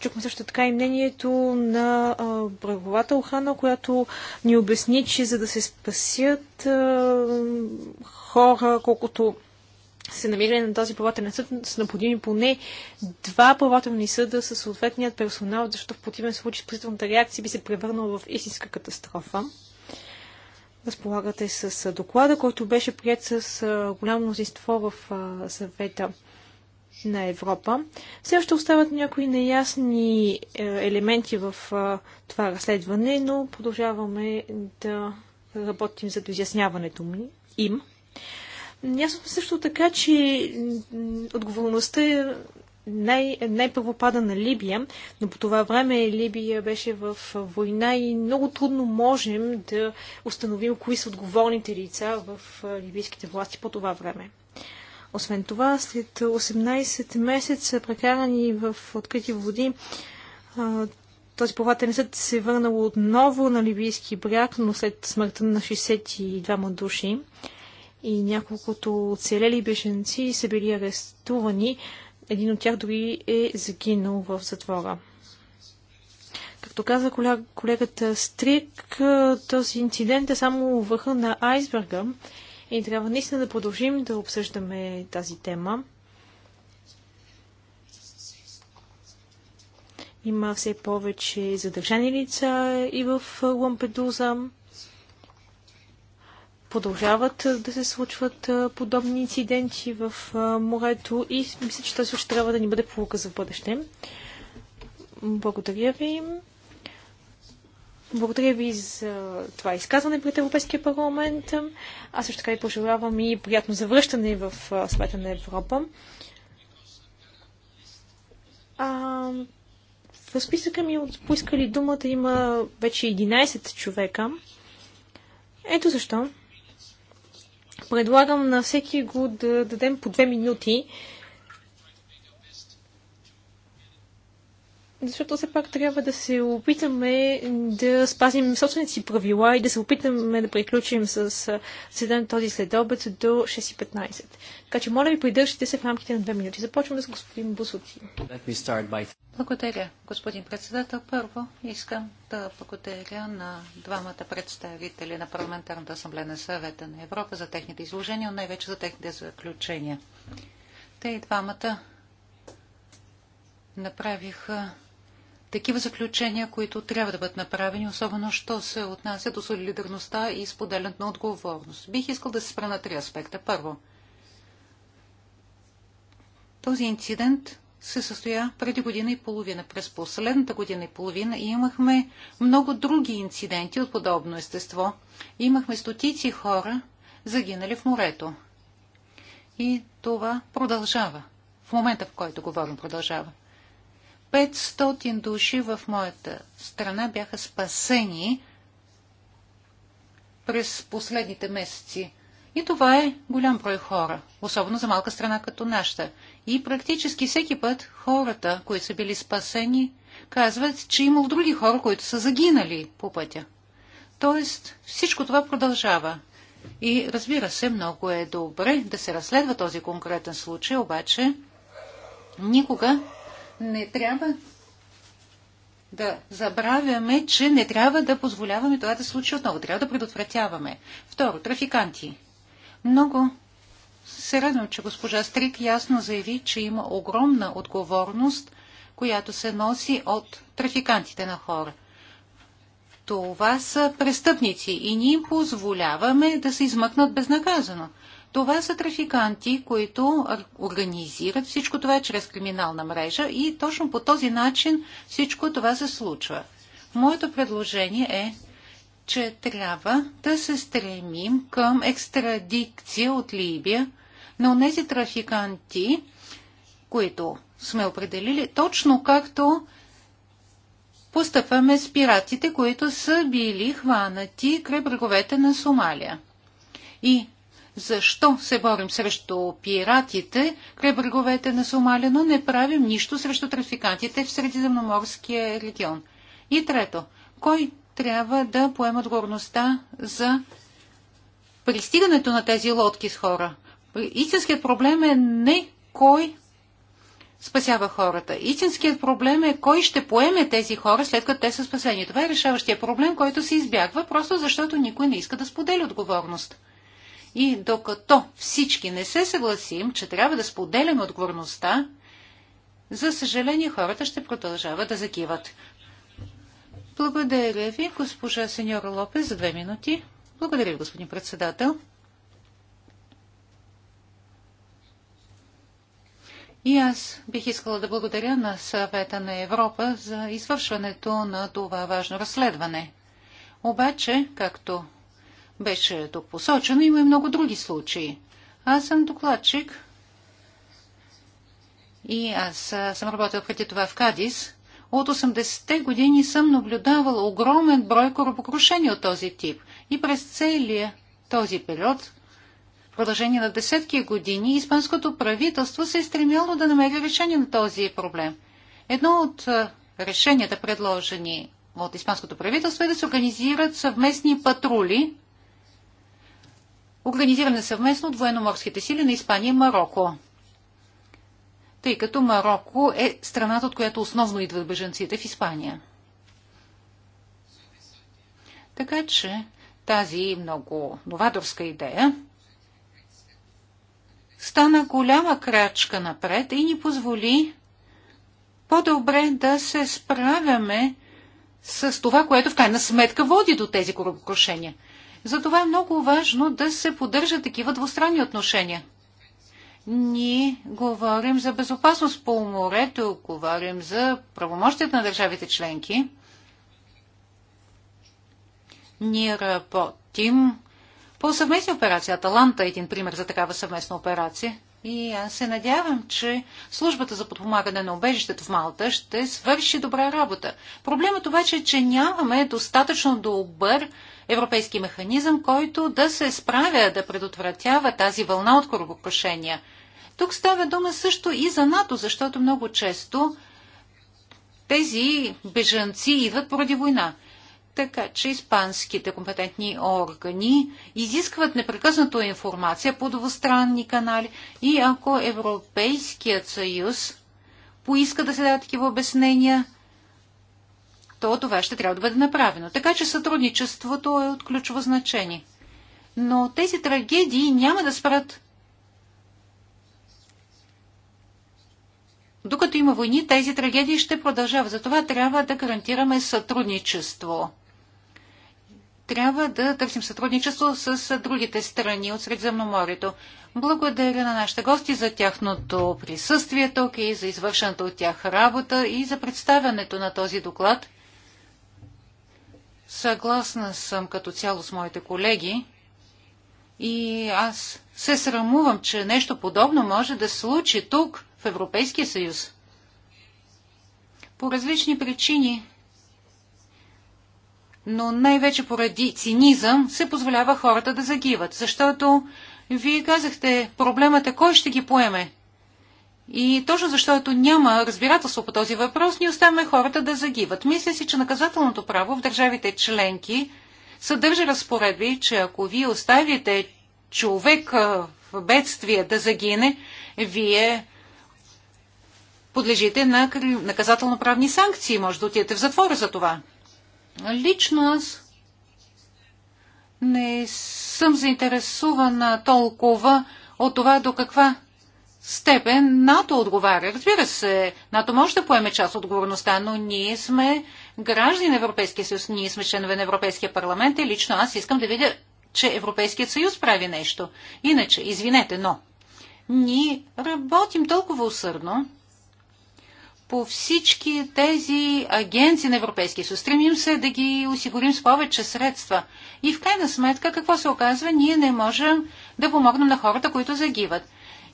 Чухме също така и мнението на а, бреговата охрана, която ни обясни, че за да се спасят а, хора, колкото се намирали на този плавателен съд, са необходими поне два плавателни съда със съответният персонал, защото в противен случай спасителната реакция би се превърнала в истинска катастрофа разполагате с доклада, който беше прият с голямо мнозинство в съвета на Европа. Все още остават някои неясни е, елементи в това разследване, но продължаваме да работим за доизясняването ми, им. Ясно също така, че отговорността е най- най-първопада на Либия, но по това време Либия беше в война и много трудно можем да установим кои са отговорните лица в либийските власти по това време. Освен това, след 18 месеца, прекарани в открити води, този плавателен съд се е върнал отново на либийски бряг, но след смъртта на 62 души и няколкото оцелели беженци са били арестувани, един от тях дори е загинал в затвора. Както каза колегата Стрик, този инцидент е само върха на айсберга и трябва наистина да продължим да обсъждаме тази тема. Има все повече задържани лица и в Лампедуза продължават да се случват подобни инциденти в морето и мисля, че този също трябва да ни бъде полука за бъдеще. Благодаря ви. Благодаря ви за това изказване пред Европейския парламент. Аз също така и пожелавам и приятно завръщане в света на Европа. А, в списъка ми от поискали думата има вече 11 човека. Ето защо. Предлагам на всеки го да дадем по две минути, защото все пак трябва да се опитаме да спазим собствените си правила и да се опитаме да приключим с седен този следобед до 6.15. Така че моля ви, придържите се в рамките на 2 минути. Започваме с господин Бусоти. By... Благодаря, господин председател. Първо искам да благодаря на двамата представители на Парламентарната асамблея на съвета на Европа за техните изложения, но най-вече за техните заключения. Те и двамата направиха такива заключения, които трябва да бъдат направени, особено що се отнася до солидарността и споделянето на отговорност. Бих искал да се спра на три аспекта. Първо, този инцидент се състоя преди година и половина. През последната година и половина имахме много други инциденти от подобно естество. Имахме стотици хора, загинали в морето. И това продължава. В момента, в който говорим, продължава. 500 души в моята страна бяха спасени през последните месеци. И това е голям брой хора, особено за малка страна като нашата. И практически всеки път хората, които са били спасени, казват, че имал други хора, които са загинали по пътя. Тоест всичко това продължава. И разбира се, много е добре да се разследва този конкретен случай, обаче никога не трябва да забравяме, че не трябва да позволяваме това да се случи отново. Трябва да предотвратяваме. Второ, трафиканти. Много се радвам, че госпожа Стрик ясно заяви, че има огромна отговорност, която се носи от трафикантите на хора. Това са престъпници и ние им позволяваме да се измъкнат безнаказано. Това са трафиканти, които организират всичко това чрез криминална мрежа и точно по този начин всичко това се случва. Моето предложение е, че трябва да се стремим към екстрадикция от Либия на тези трафиканти, които сме определили, точно както постъпваме с пиратите, които са били хванати край бреговете на Сомалия. И защо се борим срещу пиратите край бреговете на Сомалия, но не правим нищо срещу трафикантите в Средиземноморския регион. И трето, кой трябва да поема отговорността за пристигането на тези лодки с хора? Истинският проблем е не кой спасява хората. Истинският проблем е кой ще поеме тези хора след като те са спасени. Това е решаващия проблем, който се избягва, просто защото никой не иска да сподели отговорност. И докато всички не се съгласим, че трябва да споделяме отговорността, за съжаление хората ще продължават да загиват. Благодаря ви, госпожа сеньора Лопес, за две минути. Благодаря ви, господин председател. И аз бих искала да благодаря на съвета на Европа за извършването на това важно разследване. Обаче, както беше тук посочено. Има и много други случаи. Аз съм докладчик и аз съм работил преди това в Кадис. От 80-те години съм наблюдавал огромен брой коропокрушения от този тип. И през целия този период, в продължение на десетки години, испанското правителство се е стремяло да намери решение на този проблем. Едно от решенията, предложени от испанското правителство, е да се организират съвместни патрули организирана съвместно от военноморските сили на Испания и Марокко. Тъй като Марокко е страната, от която основно идват беженците в Испания. Така че тази много новаторска идея стана голяма крачка напред и ни позволи по-добре да се справяме с това, което в крайна сметка води до тези корабокрушения – затова е много важно да се поддържат такива двустранни отношения. Ние говорим за безопасност по морето, говорим за правомощията на държавите членки. Ние работим по съвместни операции. Аталанта е един пример за такава съвместна операция. И аз се надявам, че службата за подпомагане на обежището в Малта ще свърши добра работа. Проблемът обаче е, че нямаме достатъчно добър европейски механизъм, който да се справя да предотвратява тази вълна от корабокрушения. Тук става дума също и за НАТО, защото много често тези бежанци идват поради война. Така че испанските компетентни органи изискват непрекъснато информация по двустранни канали и ако Европейският съюз поиска да се дадат такива обяснения, то това ще трябва да бъде направено. Така че сътрудничеството е от ключово значение. Но тези трагедии няма да спрат. Докато има войни, тези трагедии ще продължават. Затова трябва да гарантираме сътрудничество. Трябва да търсим сътрудничество с другите страни от Средиземноморието. Благодаря на нашите гости за тяхното присъствие тук и за извършената от тях работа и за представянето на този доклад. Съгласна съм като цяло с моите колеги и аз се срамувам, че нещо подобно може да се случи тук, в Европейския съюз. По различни причини, но най-вече поради цинизъм, се позволява хората да загиват, защото вие казахте, проблемът е кой ще ги поеме. И точно защото няма разбирателство по този въпрос, ние оставяме хората да загиват. Мисля си, че наказателното право в държавите членки съдържа разпоредби, че ако вие оставите човек в бедствие да загине, вие подлежите на наказателно-правни санкции. Може да отидете в затвора за това. Лично аз не съм заинтересувана толкова от това до каква степен НАТО отговаря. Разбира се, НАТО може да поеме част от отговорността, но ние сме граждани на Европейския съюз, ние сме членове на Европейския парламент и лично аз искам да видя, че Европейският съюз прави нещо. Иначе, извинете, но ние работим толкова усърдно по всички тези агенции на Европейския съюз. Стремим се да ги осигурим с повече средства. И в крайна сметка, какво се оказва, ние не можем да помогнем на хората, които загиват.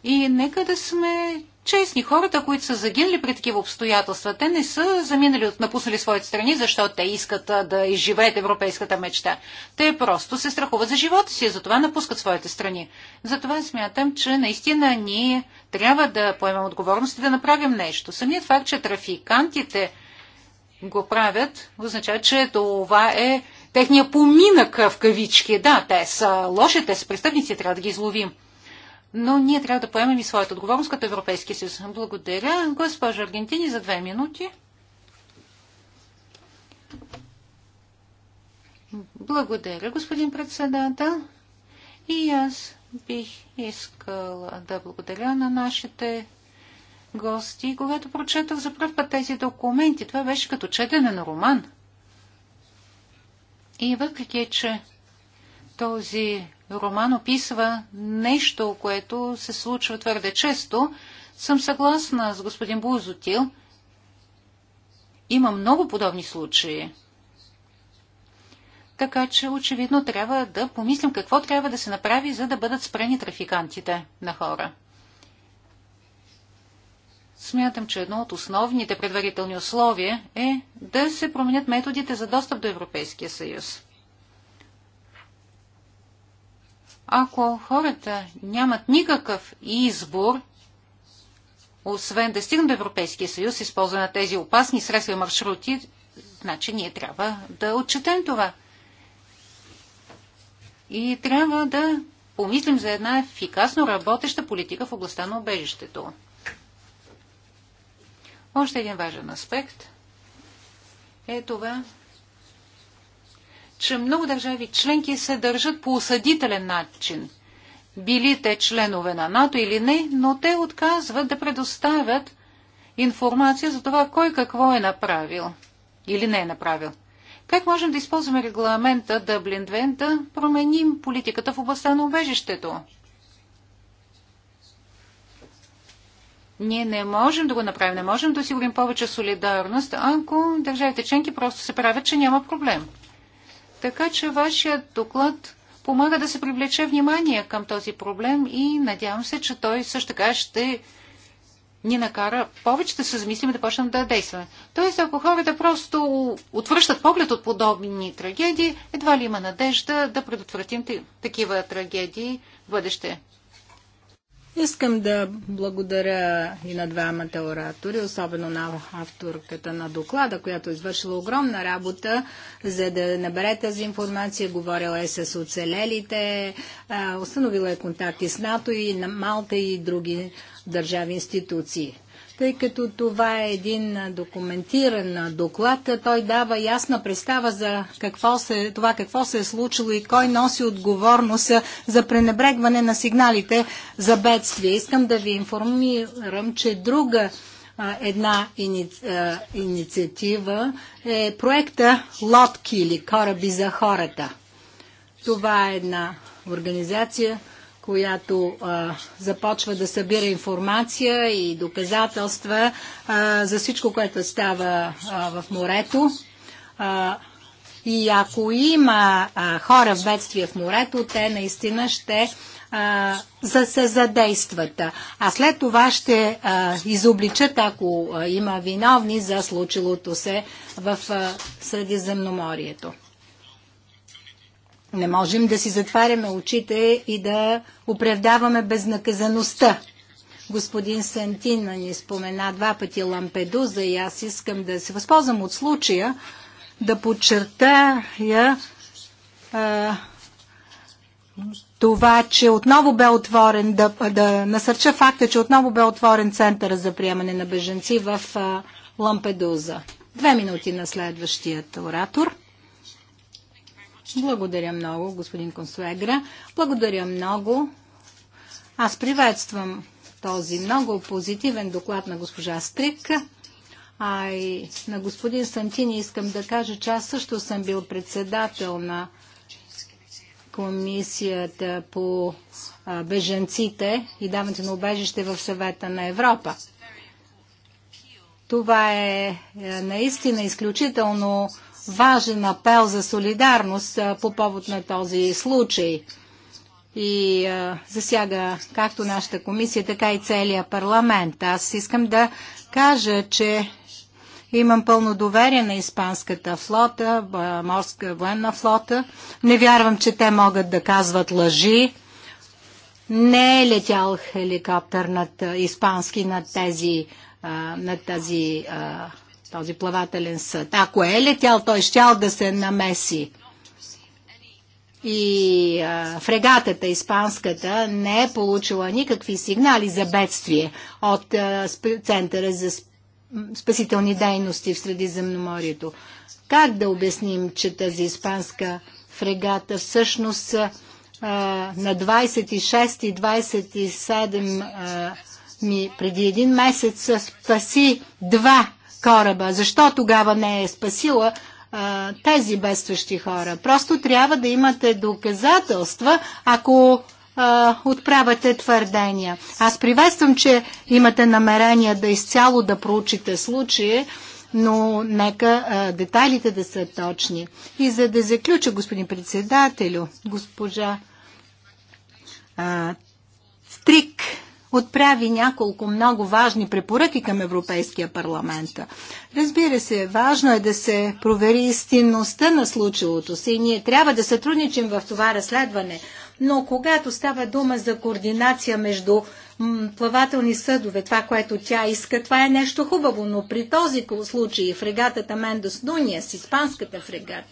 И нека да сме честни. Хората, които са загинали при такива обстоятелства, те не са заминали от напуснали своите страни, защото те искат да изживеят европейската мечта. Те просто се страхуват за живота си, затова напускат своите страни. Затова смятам, че наистина ние трябва да поемем отговорност и да направим нещо. Самият факт, че трафикантите го правят, означава, че това е техния поминък в кавички. Да, те са лоши, те са престъпници, трябва да ги изловим но ние трябва да поемем и своята отговорност като Европейски съюз. Благодаря, госпожа Аргентини, за две минути. Благодаря, господин председател. И аз бих искала да благодаря на нашите гости. Когато прочетах за първ път тези документи, това беше като четене на роман. И въпреки, че този роман описва нещо, което се случва твърде често. Съм съгласна с господин Бузотил. Има много подобни случаи. Така че очевидно трябва да помислим какво трябва да се направи, за да бъдат спрени трафикантите на хора. Смятам, че едно от основните предварителни условия е да се променят методите за достъп до Европейския съюз. Ако хората нямат никакъв избор, освен да стигнат до Европейския съюз, използване на тези опасни средства и маршрути, значи ние трябва да отчетем това. И трябва да помислим за една ефикасно работеща политика в областта на обежището. Още един важен аспект е това, че много държави членки се държат по осъдителен начин. Били те членове на НАТО или не, но те отказват да предоставят информация за това кой какво е направил или не е направил. Как можем да използваме регламента Дъблин 2 да променим политиката в областта на убежището? Ние не можем да го направим, не можем да осигурим повече солидарност, ако държавите членки просто се правят, че няма проблем. Така че вашият доклад помага да се привлече внимание към този проблем и надявам се, че той също така ще ни накара повече да се замислим и да почнем да действаме. Тоест, ако хората просто отвръщат поглед от подобни трагедии, едва ли има надежда да предотвратим такива трагедии в бъдеще. Искам да благодаря и на двамата оратори, особено на авторката на доклада, която е извършила огромна работа, за да набере тази информация. Говорила е с оцелелите, установила е контакти с НАТО и на Малта и други държави институции тъй като това е един документиран доклад. Той дава ясна представа за какво се, това какво се е случило и кой носи отговорност за пренебрегване на сигналите за бедствие. Искам да ви информирам, че друга една ини... инициатива е проекта Лодки или кораби за хората. Това е една организация, която а, започва да събира информация и доказателства а, за всичко, което става а, в морето. А, и ако има а, хора в бедствие в морето, те наистина ще а, за се задействат. А след това ще а, изобличат, ако а, има виновни за случилото се в а, Средиземноморието. Не можем да си затваряме очите и да оправдаваме безнаказаността. Господин Сантина ни спомена два пъти Лампедуза и аз искам да се възползвам от случая да подчертая а, това, че отново бе отворен, да, да насърча факта, че отново бе отворен центъра за приемане на беженци в а, Лампедуза. Две минути на следващият оратор. Благодаря много, господин Консуегра. Благодаря много. Аз приветствам този много позитивен доклад на госпожа Стрик. А и на господин Сантини искам да кажа, че аз също съм бил председател на комисията по беженците и даването на убежище в съвета на Европа. Това е, е наистина изключително важен апел за солидарност по повод на този случай и засяга както нашата комисия, така и целия парламент. Аз искам да кажа, че имам пълно доверие на испанската флота, морска военна флота. Не вярвам, че те могат да казват лъжи. Не е летял хеликоптер над, испански над тези, над тази а, този плавателен съд. Ако е летял, той щял да се намеси. И а, фрегатата, испанската, не е получила никакви сигнали за бедствие от а, Центъра за спасителни дейности в Средиземноморието. Как да обясним, че тази испанска фрегата всъщност а, на 26 и 27 а, ми преди един месец спаси два кораба. Защо тогава не е спасила а, тези бедстващи хора? Просто трябва да имате доказателства, ако а, отправяте твърдения. Аз приветствам, че имате намерение да изцяло да проучите случая, но нека а, детайлите да са точни. И за да заключа, господин председателю, госпожа а, Стрик, отправи няколко много важни препоръки към Европейския парламент. Разбира се, важно е да се провери истинността на случилото се и ние трябва да сътрудничим в това разследване. Но когато става дума за координация между плавателни съдове, това, което тя иска, това е нещо хубаво, но при този случай фрегатата Мендос Дуния с испанската фрегата,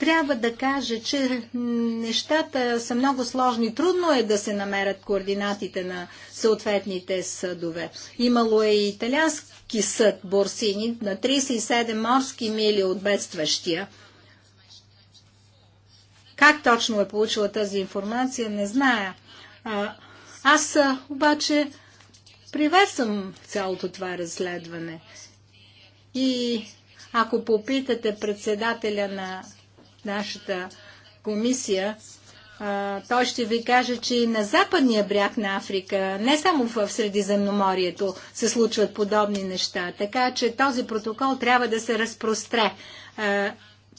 трябва да каже, че нещата са много сложни. Трудно е да се намерят координатите на съответните съдове. Имало е и италиански съд Борсини на 37 морски мили от бедстващия. Как точно е получила тази информация, не зная. А, аз обаче приветствам цялото това разследване. И ако попитате председателя на нашата комисия, а, той ще ви каже, че и на западния бряг на Африка, не само в Средиземноморието, се случват подобни неща. Така че този протокол трябва да се разпростре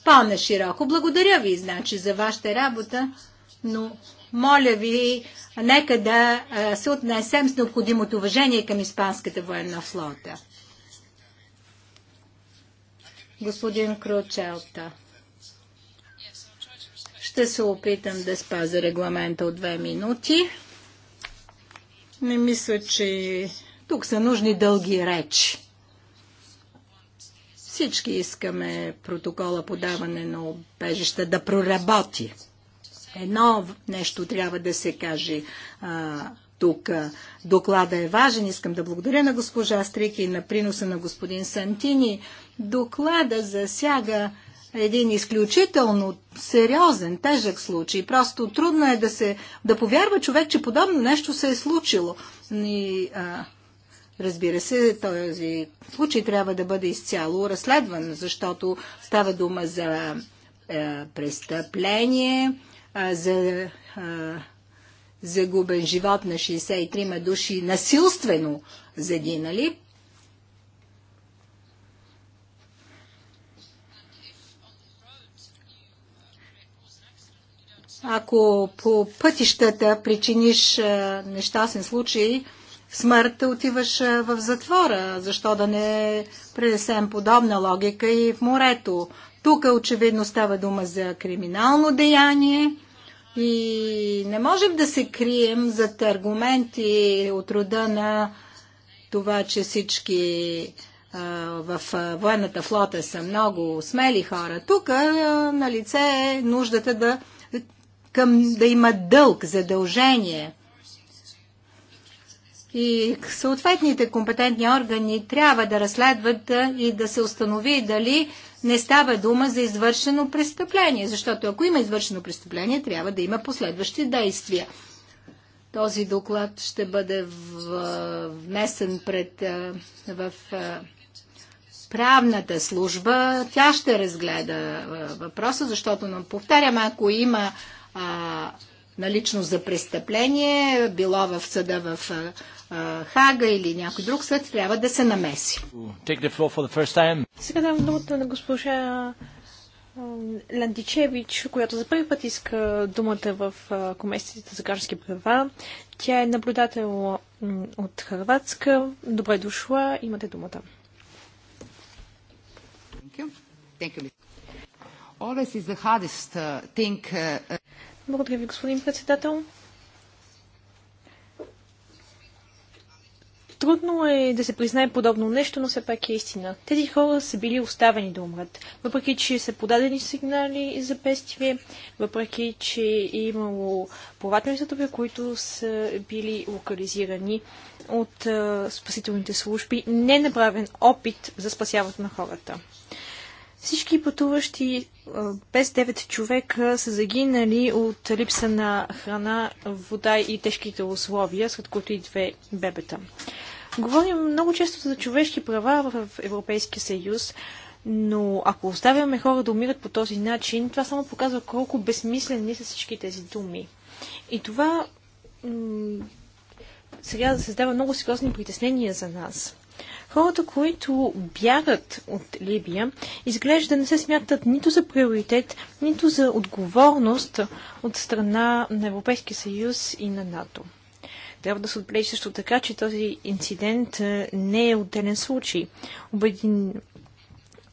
по-нашироко. Благодаря ви, значи, за вашата работа, но моля ви, нека да се отнесем с необходимото уважение към Испанската военна флота. Господин Кручелта. Ще се опитам да спазя регламента от две минути. Не мисля, че тук са нужни дълги речи. Всички искаме протокола подаване на обежища да проработи. Едно нещо трябва да се каже а, тук. Доклада е важен. Искам да благодаря на госпожа Стрики и на приноса на господин Сантини. Доклада засяга един изключително сериозен, тежък случай. Просто трудно е да, се, да повярва човек, че подобно нещо се е случило. И, а, разбира се, този случай трябва да бъде изцяло разследван, защото става дума за а, престъпление, а, за а, загубен живот на 63 души насилствено загинали ако по пътищата причиниш е, нещастен случай, смърт отиваш е, в затвора. Защо да не пренесем подобна логика и в морето? Тук очевидно става дума за криминално деяние и не можем да се крием зад аргументи от рода на това, че всички е, в военната флота са много смели хора. Тук на лице е нуждата да към да има дълг, задължение. И съответните компетентни органи трябва да разследват и да се установи дали не става дума за извършено престъпление, защото ако има извършено престъпление, трябва да има последващи действия. Този доклад ще бъде внесен пред, в правната служба. Тя ще разгледа въпроса, защото, повтарям, ако има а, наличност за престъпление, било в съда в а, Хага или някой друг съд, трябва да се намеси. Сега давам думата на госпожа Ландичевич, която за първи път иска думата в Комисията за граждански права. Тя е наблюдател от Харватска. Добре дошла, имате думата. Thank you. Thank you. Uh, uh, uh, Благодаря ви, господин председател. Трудно е да се признае подобно нещо, но все пак е истина. Тези хора са били оставени да умрат. Въпреки, че са подадени сигнали за бедствие, въпреки, че е имало плавателни съдове, които са били локализирани от а, спасителните служби, не е направен опит за спасяването на хората. Всички пътуващи е, без 9 човека са загинали от липса на храна, вода и тежките условия, след които и две бебета. Говорим много често за човешки права в Европейския съюз, но ако оставяме хора да умират по този начин, това само показва колко безмислени са всички тези думи. И това сега създава много сериозни притеснения за нас. Хората, които бягат от Либия, изглежда не се смятат нито за приоритет, нито за отговорност от страна на Европейския съюз и на НАТО. Трябва да се отбележи също така, че този инцидент е, не е отделен случай. Обедин...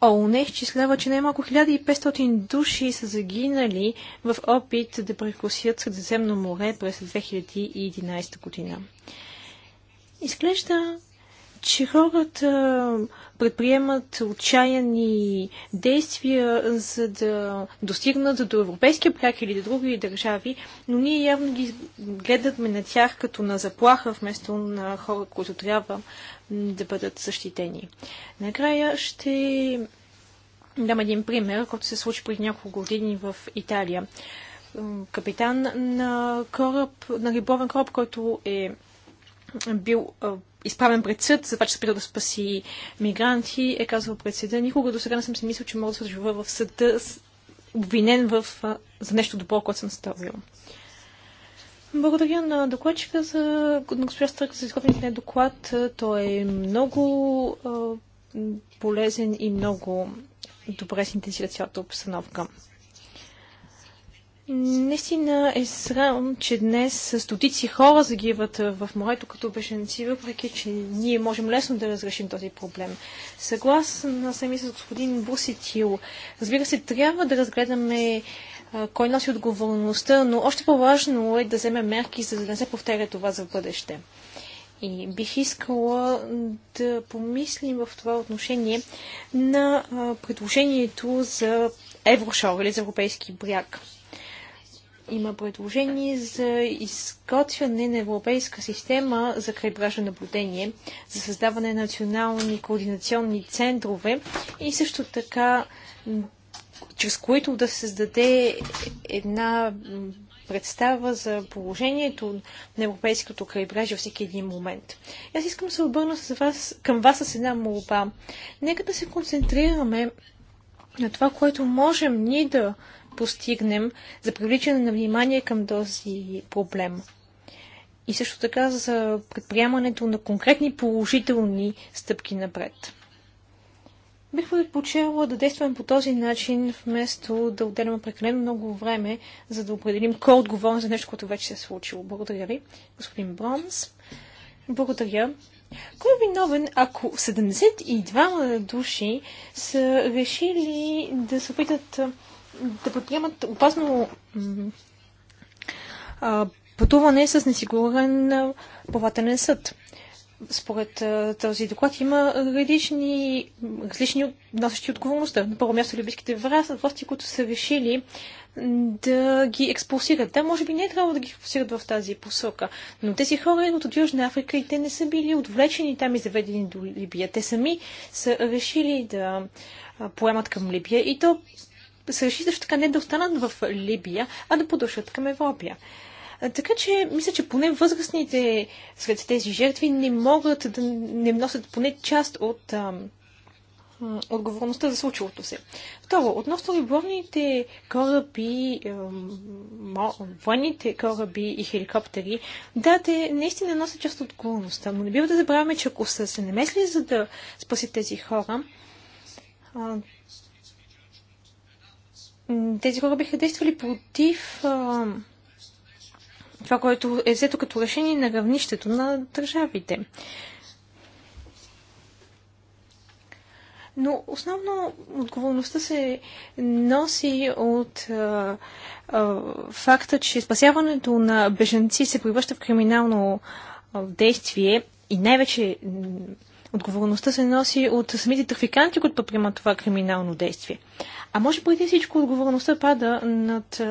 ООН е изчислява, че най-малко 1500 души са загинали в опит да прекусят Средиземно море през 2011 година. Изглежда че хората предприемат отчаяни действия, за да достигнат до европейския прак или до други държави, но ние явно ги гледаме на тях като на заплаха, вместо на хора, които трябва да бъдат защитени. Накрая ще дам един пример, който се случи преди няколко години в Италия. Капитан на кораб, на рибовен кораб, който е бил изправен пред съд за това, че се да спаси мигранти, е казал пред съда. Никога до сега не съм си мислил, че мога да се живея в съда, обвинен в, за нещо добро, което съм ставил. Благодаря на докладчика за на госпожа Стърк за изготвените на доклад. Той е много а, полезен и много добре синтезира цялата обстановка. Наистина е срамно, че днес стотици хора загиват в морето като беженци, въпреки че ние можем лесно да разрешим този проблем. Съгласна съм и с господин Бусетил. Разбира се, трябва да разгледаме кой носи отговорността, но още по-важно е да вземе мерки, за да не се повтаря това за бъдеще. И бих искала да помислим в това отношение на предложението за Еврошор или за Европейски бряг има предложение за изготвяне на европейска система за крайбрежно наблюдение, за създаване на национални координационни центрове и също така чрез които да създаде една представа за положението на европейското крайбрежие във всеки един момент. Аз искам да се обърна с вас, към вас с една молба. Нека да се концентрираме на това, което можем ние да постигнем за привличане на внимание към този проблем. И също така за предприемането на конкретни положителни стъпки напред. Бих предпочела да действаме по този начин, вместо да отделяме прекалено много време, за да определим кой е отговорен за нещо, което вече се е случило. Благодаря ви, господин Бронс. Благодаря. Кой е виновен, ако 72 души са решили да се опитат да предприемат опасно пътуване с несигурен плавателен съд. Според този доклад има различни, различни носещи отговорността. На първо място любийските власти, които са решили да ги експулсират. Да, може би не е трябвало да ги експулсират в тази посока, но тези хора идват от Южна Африка и те не са били отвлечени там и заведени до Либия. Те сами са решили да поемат към Либия и то се реши също така не да останат в Либия, а да подушат към Европия. Така че, мисля, че поне възрастните сред тези жертви не могат да не носят поне част от отговорността за случилото се. Второ, относно риболовните кораби, военните кораби и хеликоптери, да, те наистина носят част от отговорността, но не бива да забравяме, че ако са се намесли за да спасят тези хора, тези хора биха действали против а, това, което е взето като решение на равнището на държавите. Но основно отговорността се носи от а, а, факта, че спасяването на беженци се превръща в криминално а, действие и най-вече Отговорността се носи от самите трафиканти, които приемат това криминално действие. А може преди всичко отговорността пада над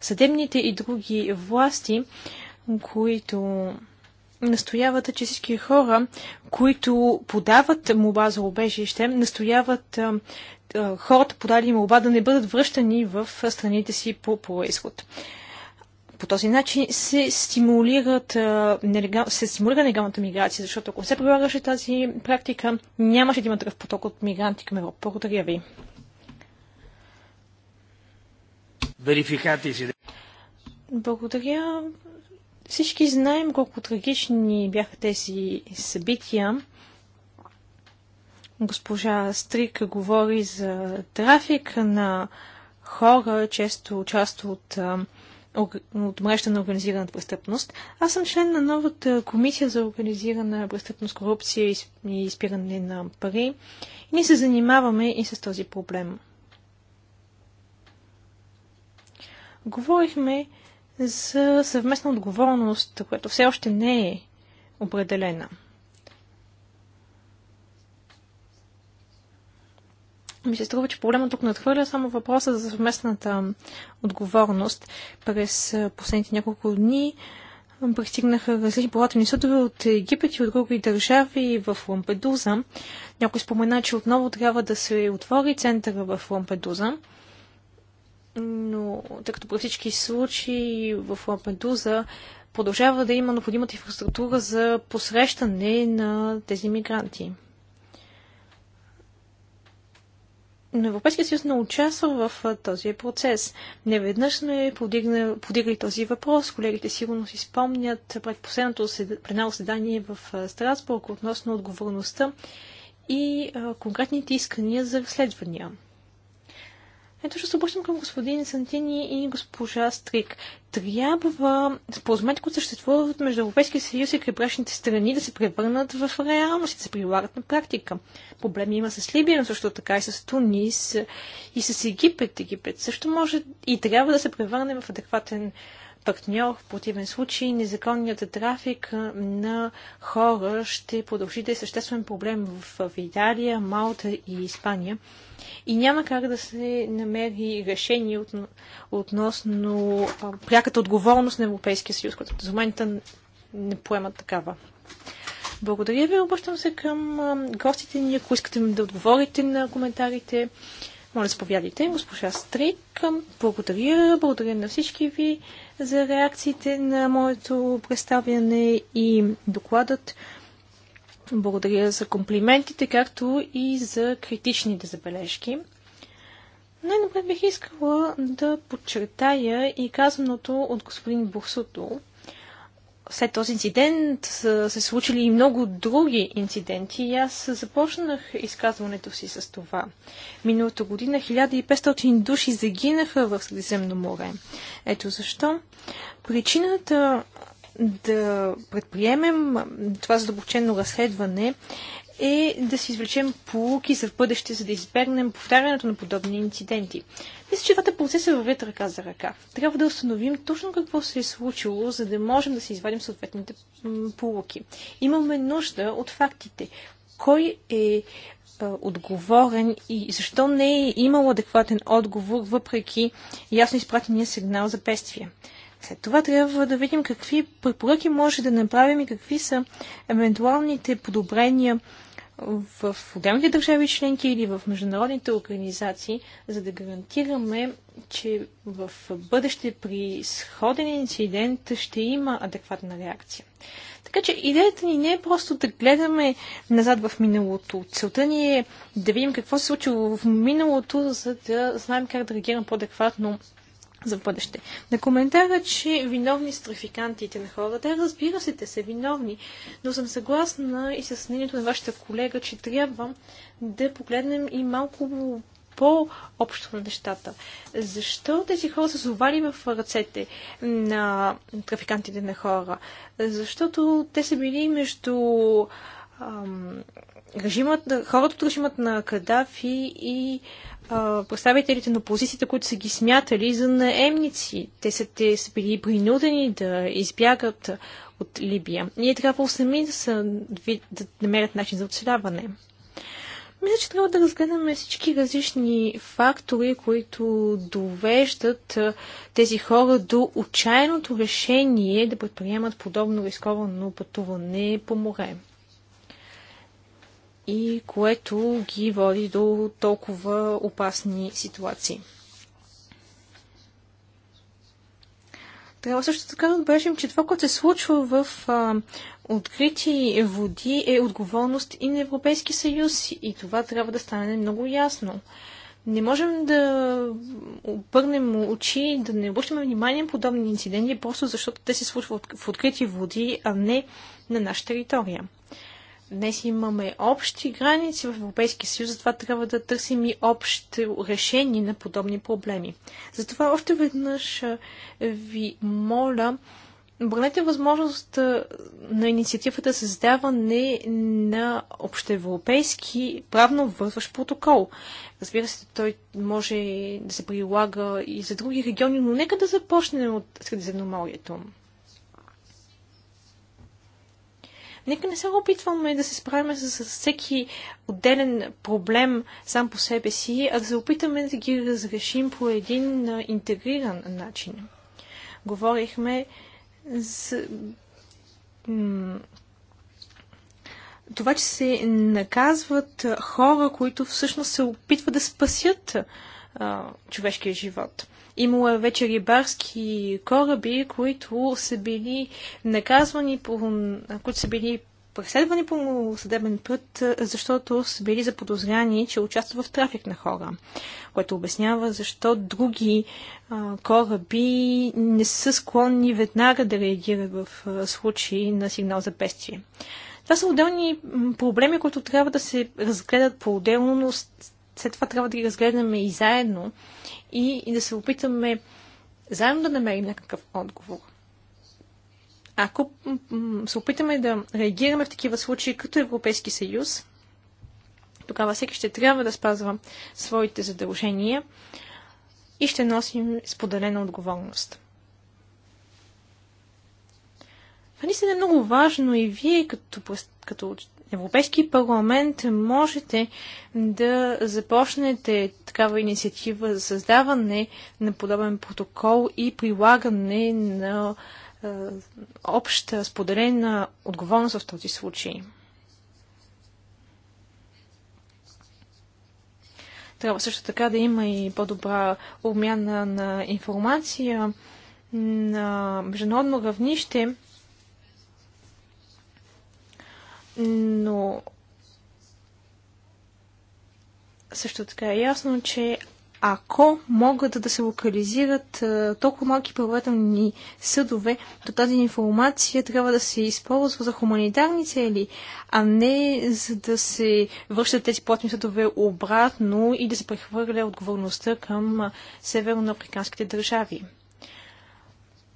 съдебните и други власти, които настояват, че всички хора, които подават молба за обежище, настояват хората подали молба да не бъдат връщани в страните си по происход. По този начин се, стимулират, нелегал, се стимулира нелегалната миграция, защото ако се прилагаше тази практика, нямаше да има такъв поток от мигранти към Европа. Благодаря ви. Верификати си. Благодаря. Всички знаем колко трагични бяха тези събития. Госпожа Стрик говори за трафик на хора, често част от от мрежата на организираната престъпност. Аз съм член на новата комисия за организирана престъпност, корупция и изпиране на пари. И ние се занимаваме и с този проблем. Говорихме за съвместна отговорност, която все още не е определена. ми се струва, че проблема тук надхвърля само въпроса за съвместната отговорност. През последните няколко дни пристигнаха различни плавателни съдове от Египет и от други държави в Лампедуза. Някой спомена, че отново трябва да се отвори центъра в Лампедуза. Но, тъй като при всички случаи в Лампедуза продължава да има необходимата инфраструктура за посрещане на тези мигранти. Но Европейския съюз не участва в този процес. Неведнъж сме подигали този въпрос. Колегите сигурно си спомнят пред последното пленарно седание в Страсбург относно отговорността и конкретните искания за разследвания. Ето ще се обръщам към господин Сантини и госпожа Стрик. Трябва споразумението, което съществуват между Европейския съюз и крепрешните страни да се превърнат в реалност и да се прилагат на практика. Проблеми има с Либия, но също така и с Тунис и с Египет. Египет също може и трябва да се превърне в адекватен партньор. В противен случай незаконният трафик на хора ще продължи да е съществен проблем в, Италия, Малта и Испания. И няма как да се намери решение от, относно а, пряката отговорност на Европейския съюз, като за момента не поемат такава. Благодаря ви. Обръщам се към гостите ни. Ако искате да отговорите на коментарите, моля, заповядайте. Госпожа Стрик, благодаря. Благодаря на всички ви за реакциите на моето представяне и докладът. Благодаря за комплиментите, както и за критичните забележки. Най-напред бих искала да подчертая и казаното от господин Бурсото, след този инцидент са се случили и много други инциденти и аз започнах изказването си с това. Миналата година 1500 души загинаха в Средиземно море. Ето защо. Причината да предприемем това задълбочено разследване е да си извлечем полуки за бъдеще, за да избегнем повтарянето на подобни инциденти. Мисля, че двата процеса вървят ръка за ръка. Трябва да установим точно какво се е случило, за да можем да се извадим съответните полуки. Имаме нужда от фактите. Кой е отговорен и защо не е имал адекватен отговор, въпреки ясно изпратения сигнал за бедствие. След това трябва да видим какви препоръки може да направим и какви са евентуалните подобрения в отделните държави членки или в международните организации, за да гарантираме, че в бъдеще при сходен инцидент ще има адекватна реакция. Така че идеята ни не е просто да гледаме назад в миналото. Целта ни е да видим какво се случило в миналото, за да знаем как да реагираме по-адекватно за бъдеще. На коментара, че виновни са трафикантите на хората, разбира се, те са виновни, но съм съгласна и с мнението на вашата колега, че трябва да погледнем и малко по-общо на нещата. Защо тези хора са зовали в ръцете на трафикантите на хора? Защото те са били между ам, режимът, хората от режимът на Кадафи и представителите на позицията, които са ги смятали за наемници. Те са, те са били принудени да избягат от Либия. Ние трябва сами да, са, да намерят начин за оцеляване. Мисля, че трябва да разгледаме всички различни фактори, които довеждат тези хора до отчаяното решение да предприемат подобно рисковано пътуване по море и което ги води до толкова опасни ситуации. Трябва също така да отбележим, че това, което се случва в а, открити води е отговорност и на Европейски съюз и това трябва да стане много ясно. Не можем да обърнем очи, да не обръщаме внимание на подобни инциденти, просто защото те се случват в открити води, а не на наша територия. Днес имаме общи граници в Европейския съюз, затова трябва да търсим и общи решения на подобни проблеми. Затова още веднъж ви моля, Обърнете възможност на инициативата създаване на общоевропейски правно вързващ протокол. Разбира се, той може да се прилага и за други региони, но нека да започне от Средиземноморието. Нека не се опитваме да се справим с, всеки отделен проблем сам по себе си, а да се опитаме да ги разрешим по един интегриран начин. Говорихме за това, че се наказват хора, които всъщност се опитват да спасят а, човешкия живот. Имало е вече рибарски кораби, които са били наказвани, по, които са били преследвани по съдебен път, защото са били заподозряни, че участват в трафик на хора, което обяснява защо други а, кораби не са склонни веднага да реагират в а, случаи на сигнал за бедствие. Това са отделни проблеми, които трябва да се разгледат по-отделно, но след това трябва да ги разгледаме и заедно и, и да се опитаме заедно да намерим някакъв отговор. Ако се опитаме да реагираме в такива случаи като Европейски съюз, тогава всеки ще трябва да спазва своите задължения и ще носим споделена отговорност. Това наистина е много важно и вие като, като Европейски парламент можете да започнете такава инициатива за създаване на подобен протокол и прилагане на обща споделена отговорност в този случай. Трябва също така да има и по-добра обмяна на информация на международно равнище но също така е ясно, че ако могат да се локализират толкова малки правителни съдове, то тази информация трябва да се използва за хуманитарни цели, а не за да се връщат тези платни съдове обратно и да се прехвърля отговорността към северноафриканските държави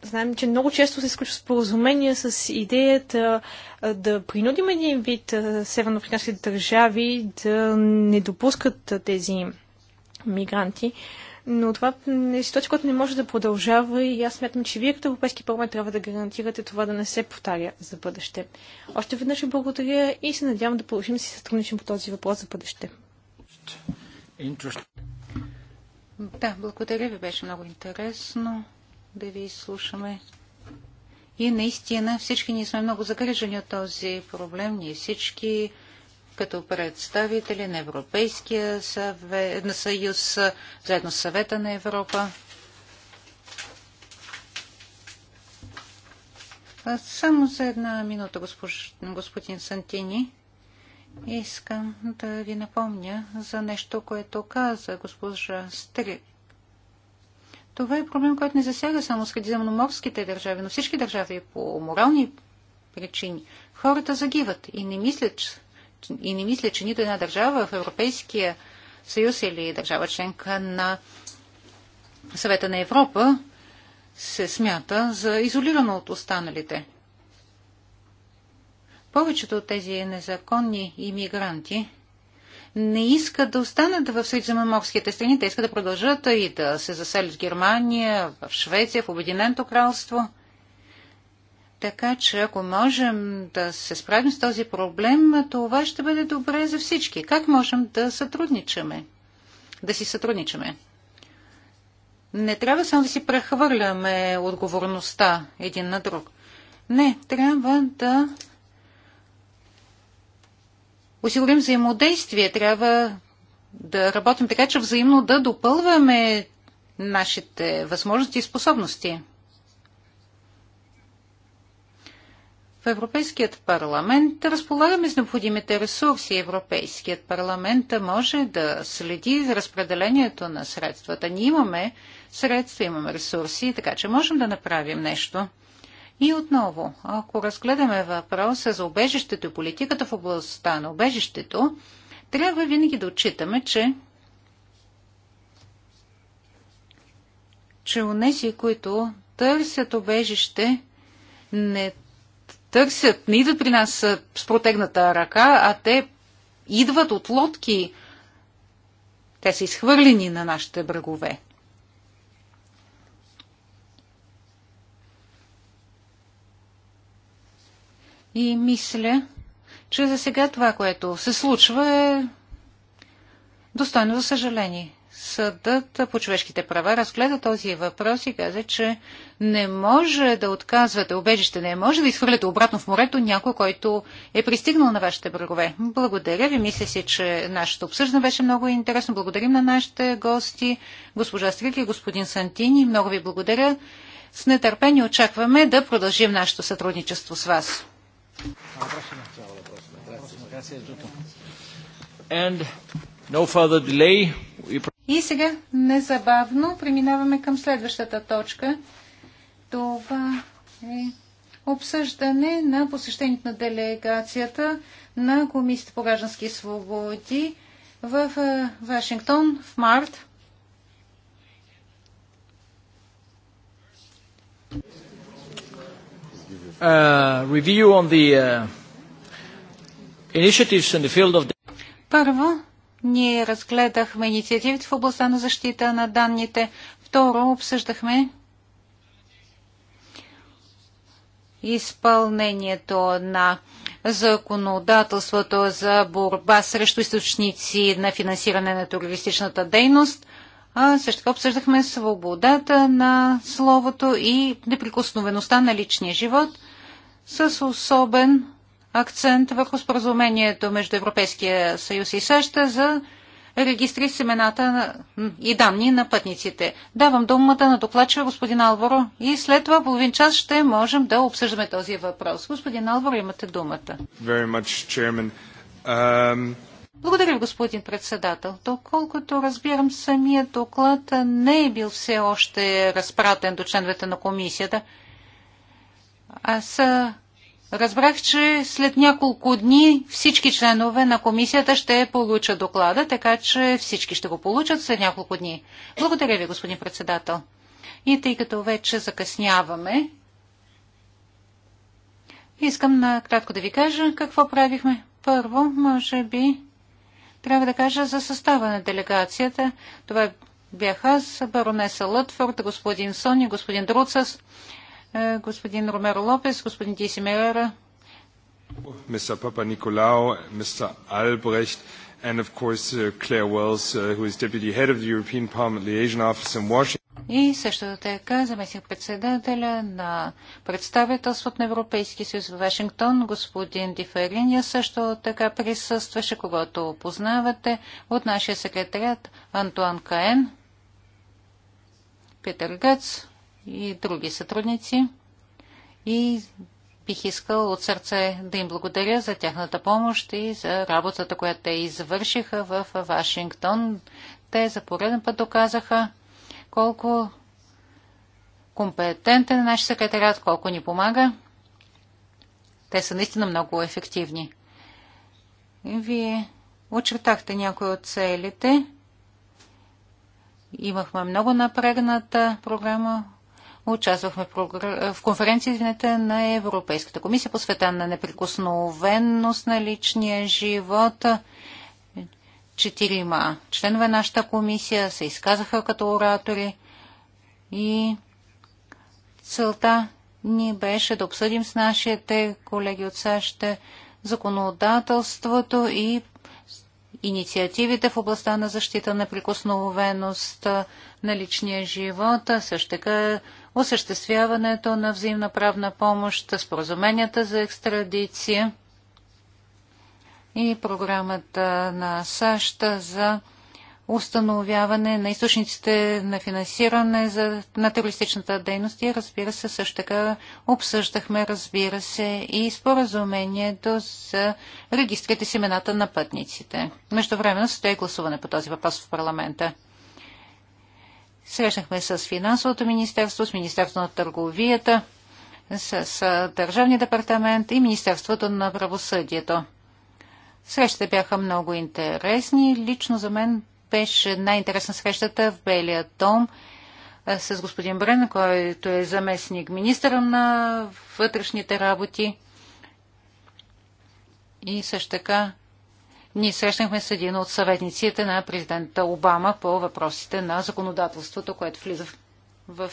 знаем, че много често се изключва споразумения с идеята да принудим един вид северноафриканските държави да не допускат тези мигранти. Но това е ситуация, която не може да продължава и аз смятам, че вие като Европейски парламент трябва да гарантирате това да не се повтаря за бъдеще. Още веднъж ви благодаря и се надявам да продължим си сътрудничим по този въпрос за бъдеще. Да, благодаря ви, беше много интересно да ви изслушаме. И наистина всички ние сме много загрижени от този проблем. Ние всички като представители на Европейския съвет, на съюз, заедно с съвета на Европа. Само за една минута, госпож... господин Сантини, искам да ви напомня за нещо, което каза госпожа Стрик това е проблем, който не засяга само средиземноморските държави, но всички държави по морални причини. Хората загиват и не мислят, и не мислят че нито една държава в Европейския съюз или държава членка на Съвета на Европа се смята за изолирана от останалите. Повечето от тези незаконни иммигранти – не искат да останат в средиземноморските страни, те искат да продължат и да се заселят в Германия, в Швеция, в Обединеното кралство. Така че ако можем да се справим с този проблем, това ще бъде добре за всички. Как можем да сътрудничаме? Да си сътрудничаме. Не трябва само да си прехвърляме отговорността един на друг. Не, трябва да осигурим взаимодействие. Трябва да работим така, че взаимно да допълваме нашите възможности и способности. В Европейският парламент разполагаме с необходимите ресурси. Европейският парламент може да следи разпределението на средствата. Ние имаме средства, имаме ресурси, така че можем да направим нещо. И отново, ако разгледаме въпроса за обежището и политиката в областта на обежището, трябва винаги да отчитаме, че че унеси, които търсят обежище, не търсят, не идват при нас с протегната ръка, а те идват от лодки. Те са изхвърлени на нашите брегове. И мисля, че за сега това, което се случва е достойно за съжаление. Съдът по човешките права разгледа този въпрос и каза, че не може да отказвате обежище, не може да изхвърляте обратно в морето някой, който е пристигнал на вашите брегове. Благодаря ви. Мисля си, че нашето обсъждане беше много интересно. Благодарим на нашите гости, госпожа Стрик и господин Сантини. Много ви благодаря. С нетърпение очакваме да продължим нашето сътрудничество с вас. И сега незабавно преминаваме към следващата точка. Това е обсъждане на посещението на делегацията на Комисията по граждански свободи в е, Вашингтон в март. Uh, review on the uh, initiatives in the field of Първо, ние разгледахме инициативите в областта на защита на данните. Второ, обсъждахме изпълнението на законодателството за борба срещу източници на финансиране на терористичната дейност също така обсъждахме свободата на словото и неприкосновеността на личния живот с особен акцент върху споразумението между Европейския съюз и САЩ за регистри семената и данни на пътниците. Давам думата на докладчика господин Алворо, и след това половин час ще можем да обсъждаме този въпрос. Господин Алворо, имате думата. Very much, chairman. Um... Благодаря, господин председател. Доколкото разбирам, самият доклад не е бил все още разпратен до членовете на комисията. Аз разбрах, че след няколко дни всички членове на комисията ще получат доклада, така че всички ще го получат след няколко дни. Благодаря ви, господин председател. И тъй като вече закъсняваме, искам накратко да ви кажа какво правихме. Първо, може би, трябва да кажа за състава на делегацията. Това бях аз, баронеса Лътфорд, господин Сони, господин Друцас, е, господин Ромеро Лопес, господин Дисимерера. Mr. Papa Nicolau, Mr. Albrecht, and of course uh, Claire Wells, uh, who is Deputy Head of the European Parliament Liaison Office in Washington. И също така заместник председателя на представителството на Европейския съюз в Вашингтон, господин Дифериния, също така присъстваше, когато познавате, от нашия секретарят Антуан Каен, Петър Гъц и други сътрудници. И бих искал от сърце да им благодаря за тяхната помощ и за работата, която те извършиха в Вашингтон. Те за пореден път доказаха, колко компетентен е нашия секретарят, колко ни помага. Те са наистина много ефективни. И Вие очертахте някои от целите. Имахме много напрегната програма. Участвахме в конференция извинете, на Европейската комисия, посветена на неприкосновенност на личния живот четирима членове нашата комисия се изказаха като оратори и целта ни беше да обсъдим с нашите колеги от САЩ законодателството и инициативите в областта на защита на прикосновеност на личния живот, също така осъществяването на взаимна правна помощ, споразуменията за екстрадиция – и програмата на САЩ за установяване на източниците на финансиране за, на терористичната дейност и разбира се също така обсъждахме разбира се и споразумението за регистрите с имената на пътниците. Между времено стои гласуване по този въпрос в парламента. Срещнахме с финансовото министерство, с Министерството на търговията, с Държавния департамент и Министерството на правосъдието. Срещите бяха много интересни. Лично за мен беше най-интересна срещата в Белия дом с господин Брен, който е заместник министъра на вътрешните работи. И също така ние срещнахме с един от съветниците на президента Обама по въпросите на законодателството, което влиза в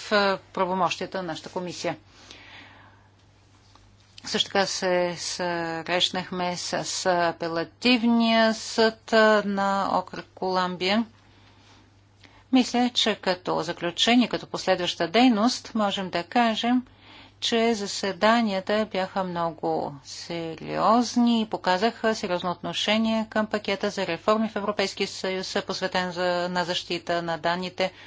правомощията на нашата комисия. Също така се срещнахме с апелативния съд на окръг Коламбия. Мисля, че като заключение, като последваща дейност, можем да кажем, че заседанията бяха много сериозни и показаха сериозно отношение към пакета за реформи в Европейския съюз, посветен за, на защита на данните –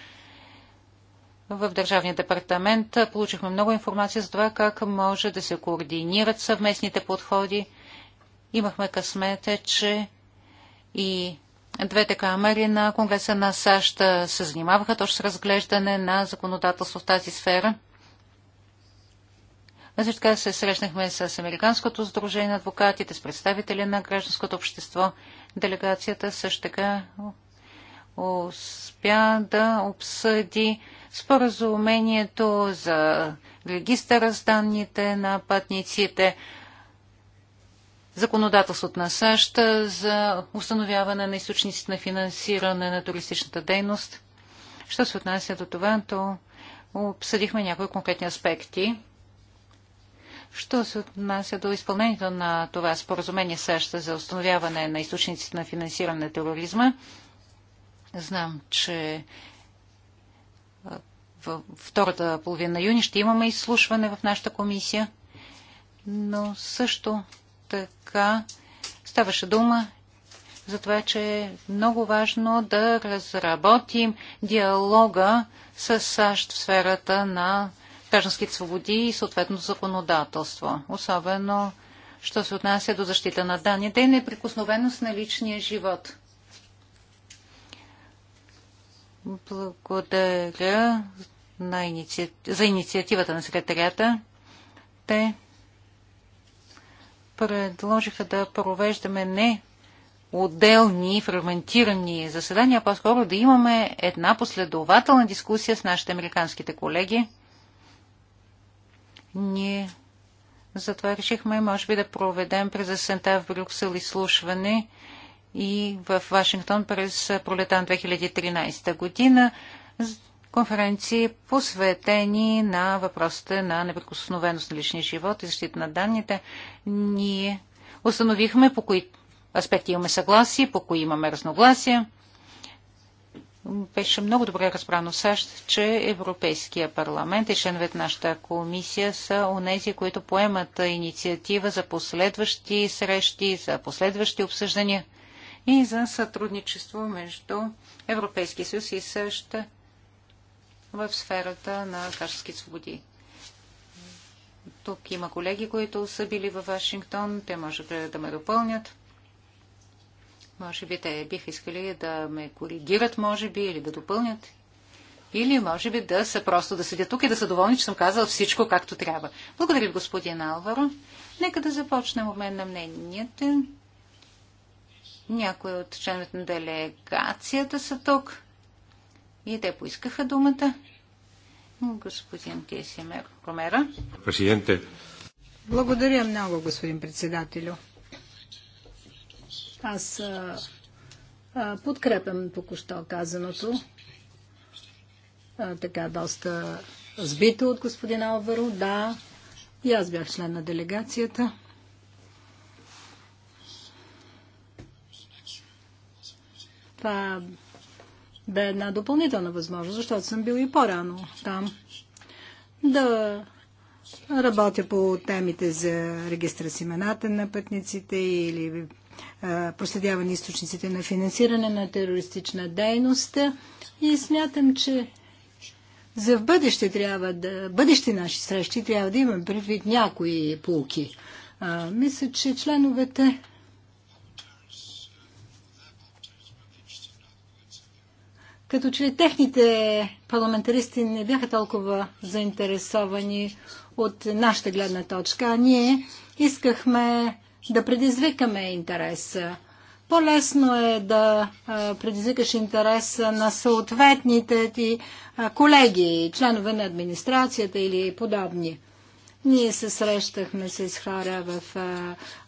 в Държавния департамент получихме много информация за това как може да се координират съвместните подходи. Имахме късмет, е, че и двете камери на Конгреса на САЩ се занимаваха точно с разглеждане на законодателство в тази сфера. Също така се срещнахме с Американското сдружение на адвокатите, с представители на гражданското общество. Делегацията също така успя да обсъди споразумението за регистъра с данните на пътниците, законодателството на САЩ за установяване на източниците на финансиране на туристичната дейност. Що се отнася до това, то обсъдихме някои конкретни аспекти. Що се отнася до изпълнението на това споразумение САЩ за установяване на източниците на финансиране на тероризма, знам, че втората половина на юни ще имаме изслушване в нашата комисия, но също така ставаше дума за това, че е много важно да разработим диалога с САЩ в сферата на гражданските свободи и съответно законодателство, особено що се отнася до защита на данните и неприкосновеност на личния живот. Благодаря на иници... за инициативата на секретарията. Те предложиха да провеждаме не отделни, фрагментирани заседания, а по-скоро да имаме една последователна дискусия с нашите американските колеги. Ние затова решихме, може би, да проведем през есента в Брюксел изслушване и в Вашингтон през пролета на 2013 година конференции, посветени на въпросите на неприкосновеност на личния живот и защита на данните. Ние установихме по кои аспекти имаме съгласие, по кои имаме разногласия. Беше много добре разбрано САЩ, че Европейския парламент и членовете на нашата комисия са онези, които поемат инициатива за последващи срещи, за последващи обсъждания и за сътрудничество между Европейския съюз и САЩ в сферата на граждански свободи. Тук има колеги, които са били във Вашингтон. Те може да ме допълнят. Може би те биха искали да ме коригират, може би, или да допълнят. Или може би да са просто да седя тук и да са доволни, че съм казал всичко както трябва. Благодаря ви, господин Алваро. Нека да започнем обмен на мненията. Някои от членовете на делегацията са тук. И те поискаха думата. Господин Кесимер Комера. Президенте. Благодаря много, господин председателю. Аз а, а, подкрепям току-що казаното. А, така, доста сбито от господин Алваро. Да, и аз бях член на делегацията. Това бе една допълнителна възможност, защото съм бил и по-рано там да работя по темите за регистра с имената на пътниците или проследяване източниците на финансиране на терористична дейност. И смятам, че за в бъдеще трябва да, бъдещи наши срещи трябва да имаме предвид някои полки. мисля, че членовете Като че ли техните парламентаристи не бяха толкова заинтересовани от нашата гледна точка, а ние искахме да предизвикаме интереса. По-лесно е да предизвикаш интереса на съответните ти колеги, членове на администрацията или подобни. Ние се срещахме с хора в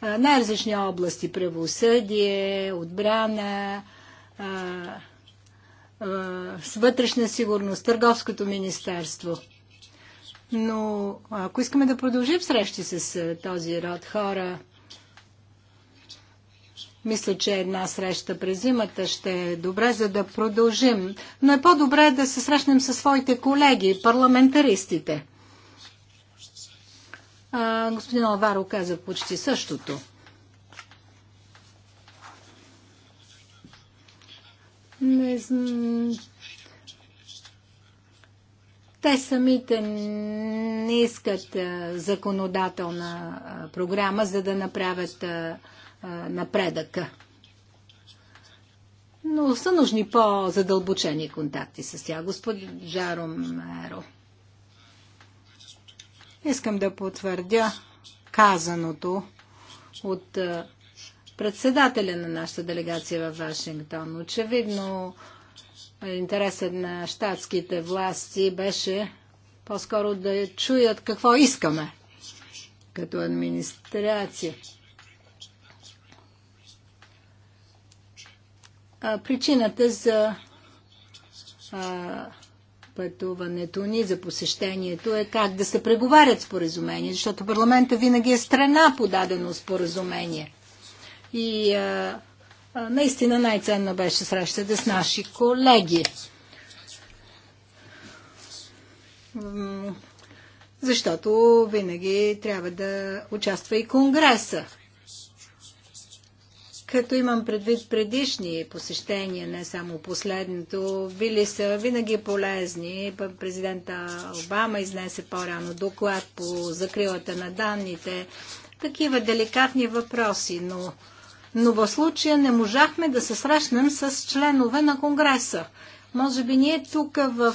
най-различни области правосъдие, отбрана, с вътрешна сигурност, Търговското министерство. Но ако искаме да продължим срещи с този род хора, мисля, че една среща през зимата ще е добре, за да продължим. Но е по-добре да се срещнем със своите колеги, парламентаристите. А, господин Алваро каза почти същото. Не знам. Те самите не искат законодателна програма, за да направят напредъка. Но са нужни по-задълбочени контакти с тях, господин Жаром Искам да потвърдя казаното от председателя на нашата делегация в Вашингтон. Очевидно, интересът на щатските власти беше по-скоро да чуят какво искаме като администрация. А, причината за а, пътуването ни, за посещението е как да се преговарят споразумение, защото парламента винаги е страна по дадено споразумение – и а, а, наистина най-ценно беше срещата с наши колеги. Защото винаги трябва да участва и Конгреса. Като имам предвид предишни посещения, не само последното, били са винаги полезни. Президента Обама изнесе по-рано доклад по закрилата на данните. Такива деликатни въпроси, но но в случая не можахме да се срещнем с членове на Конгреса. Може би ние тук в,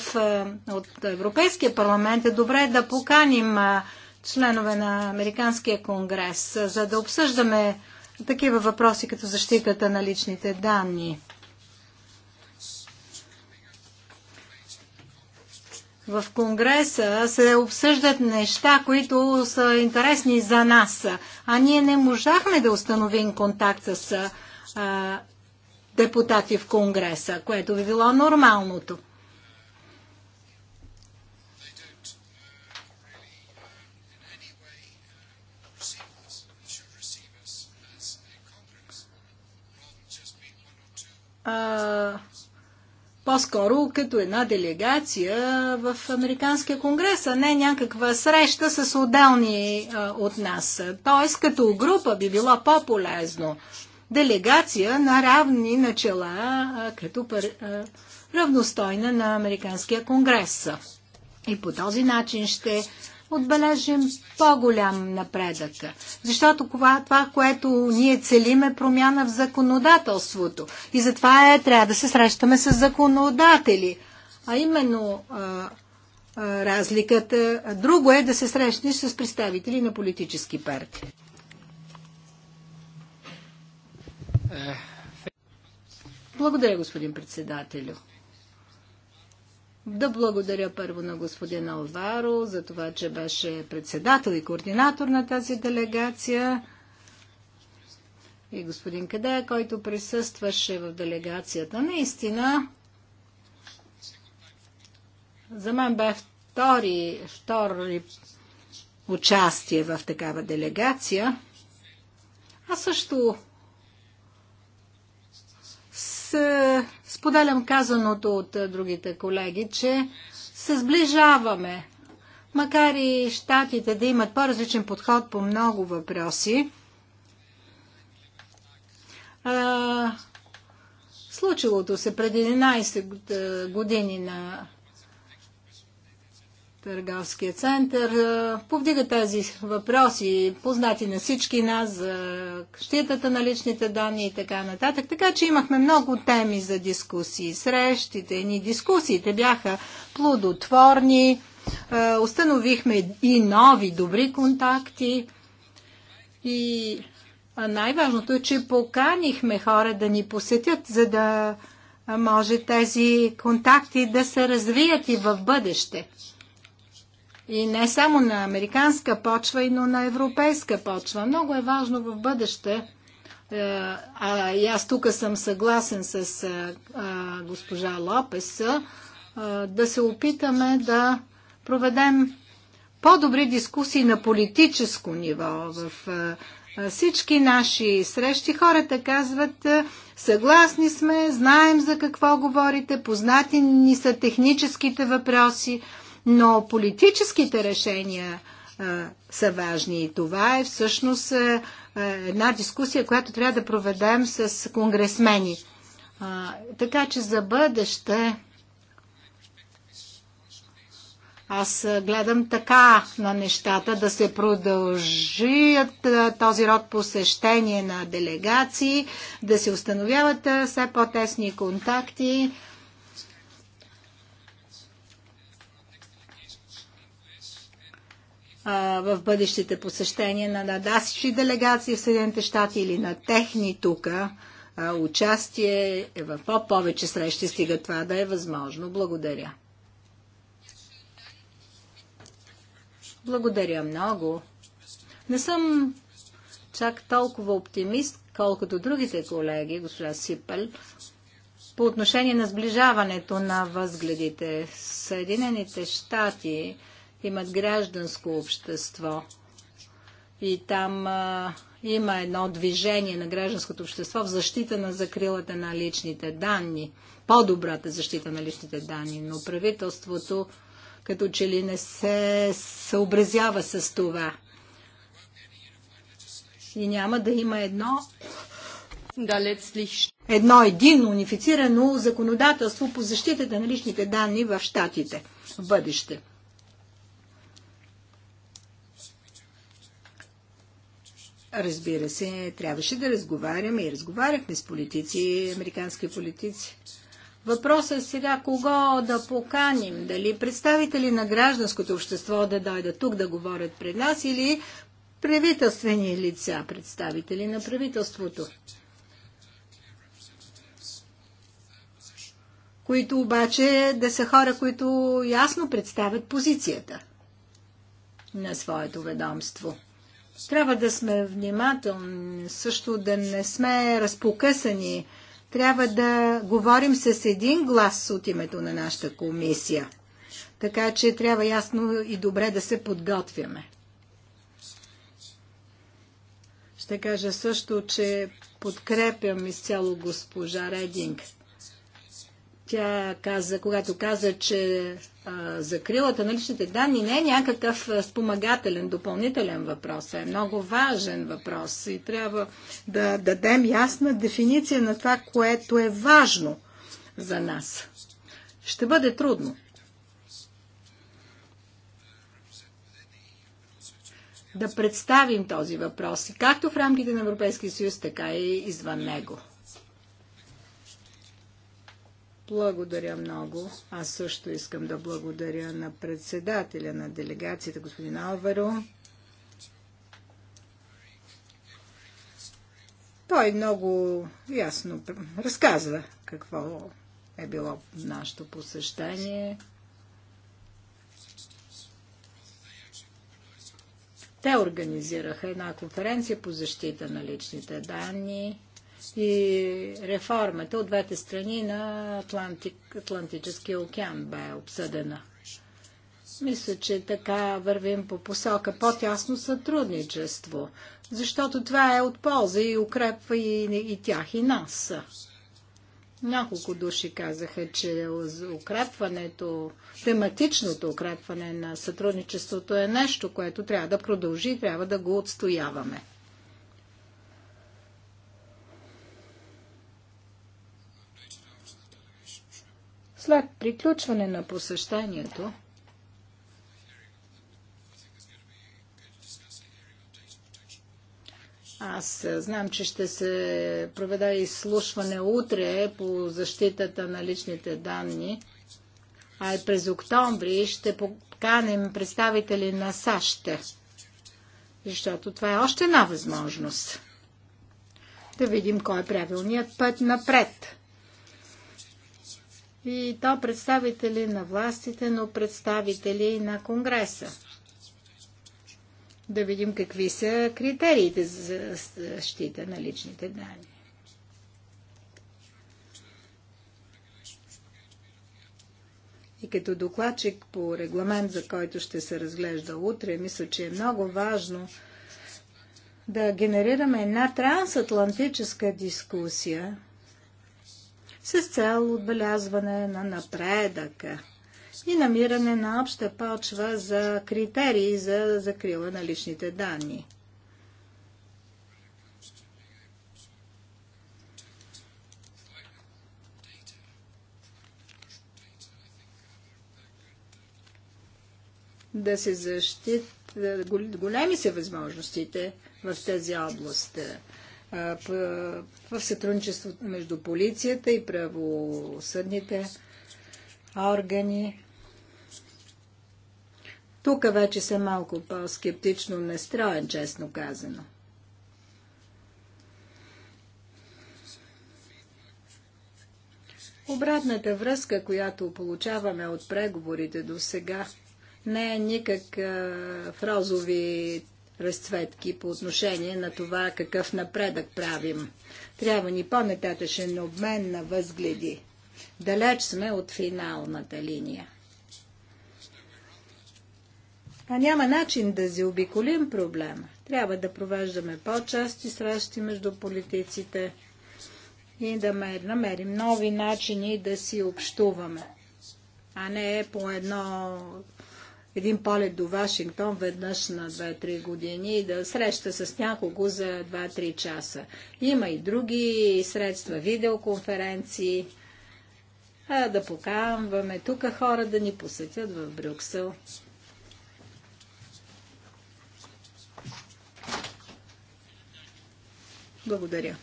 е, от Европейския парламент е добре да поканим е, членове на Американския конгрес, е, за да обсъждаме такива въпроси като защитата на личните данни. в Конгреса се обсъждат неща, които са интересни за нас. А ние не можахме да установим контакт с а, депутати в Конгреса, което би било нормалното. Uh по-скоро като една делегация в Американския конгрес, а не някаква среща с отделни а, от нас. Тоест, като група би било по-полезно делегация на равни начала, а, като пар, а, равностойна на Американския конгрес. И по този начин ще отбележим по-голям напредък. Защото това, това, което ние целим е промяна в законодателството. И затова е, трябва да се срещаме с законодатели. А именно а, а, разликата. Друго е да се срещнеш с представители на политически партии. Е, Благодаря, господин председателю. Да благодаря първо на господин Алваро за това, че беше председател и координатор на тази делегация и господин Кадея, който присъстваше в делегацията. Наистина, за мен бе втори, втори участие в такава делегация. Аз също аз е, споделям казаното от е, другите колеги, че се сближаваме. Макар и щатите да имат по-различен подход по много въпроси, е, случилото се преди 11 години на търговския център, повдига тези въпроси, познати на всички нас, за щитата на личните данни и така нататък. Така че имахме много теми за дискусии. Срещите ни, дискусиите бяха плодотворни, установихме и нови добри контакти и най-важното е, че поканихме хора да ни посетят, за да може тези контакти да се развият и в бъдеще. И не само на американска почва, но на европейска почва. Много е важно в бъдеще. Е, а и аз тук съм съгласен с е, е, госпожа Лопес, да се опитаме да проведем по-добри дискусии на политическо ниво в всички наши срещи хората казват съгласни сме, знаем за какво говорите, познати ни са техническите въпроси, но политическите решения а, са важни. И това е всъщност а, една дискусия, която трябва да проведем с конгресмени. А, така че за бъдеще аз гледам така на нещата, да се продължат този род посещение на делегации, да се установяват все по-тесни контакти в бъдещите посещения на надасичи делегации в Съединените щати или на техни тук участие е в по-повече срещи, стига това да е възможно. Благодаря. Благодаря много. Не съм чак толкова оптимист, колкото другите колеги, госпожа Сипел, по отношение на сближаването на възгледите. Съединените щати имат гражданско общество. И там а, има едно движение на гражданското общество в защита на закрилата на личните данни, по-добрата защита на личните данни, но правителството като че ли не се съобразява с това. И няма да има едно едно един унифицирано законодателство по защитата на личните данни в щатите в бъдеще. Разбира се, трябваше да разговаряме и разговаряхме с политици, американски политици. Въпросът е сега кого да поканим, дали представители на гражданското общество да дойдат тук да говорят пред нас или правителствени лица, представители на правителството, които обаче да са хора, които ясно представят позицията на своето ведомство. Трябва да сме внимателни, също да не сме разпокъсани. Трябва да говорим с един глас от името на нашата комисия. Така че трябва ясно и добре да се подготвяме. Ще кажа също, че подкрепям изцяло госпожа Рединг тя каза, когато каза, че закрилата на личните данни не е някакъв спомагателен, допълнителен въпрос, а е много важен въпрос и трябва да дадем ясна дефиниция на това, което е важно за нас. Ще бъде трудно. да представим този въпрос, както в рамките на Европейския съюз, така и извън него. Благодаря много. Аз също искам да благодаря на председателя на делегацията, господин Алваро. Той много ясно разказва какво е било нашето посещение. Те организираха една конференция по защита на личните данни и реформата от двете страни на Атлантик, Атлантическия океан бе обсъдена. Мисля, че така вървим по посока по-тясно сътрудничество, защото това е от полза и укрепва и, и тях, и нас. Няколко души казаха, че укрепването, тематичното укрепване на сътрудничеството е нещо, което трябва да продължи и трябва да го отстояваме. След приключване на посещението, Аз знам, че ще се проведа изслушване утре по защитата на личните данни, а и през октомври ще поканем представители на САЩ, защото това е още една възможност да видим кой е правилният път напред и то представители на властите, но представители на Конгреса. Да видим какви са критериите за защита на личните данни. И като докладчик по регламент, за който ще се разглежда утре, мисля, че е много важно да генерираме една трансатлантическа дискусия – с цел отбелязване на напредъка и намиране на обща почва за критерии за закрила на личните данни. Да се защитят големи са възможностите в тази област в сътрудничество между полицията и правосъдните органи. Тук вече съм малко по-скептично настроен, честно казано. Обратната връзка, която получаваме от преговорите до сега, не е никак в розови разцветки по отношение на това какъв напредък правим. Трябва ни по-нататъчен обмен на възгледи. Далеч сме от финалната линия. А няма начин да заобиколим проблема. Трябва да провеждаме по-части срещи между политиците и да намерим нови начини да си общуваме, а не по едно един полет до Вашингтон веднъж на 2-3 години и да среща с някого за 2-3 часа. Има и други средства, видеоконференции, а да поканваме тук хора да ни посетят в Брюксел. Благодаря.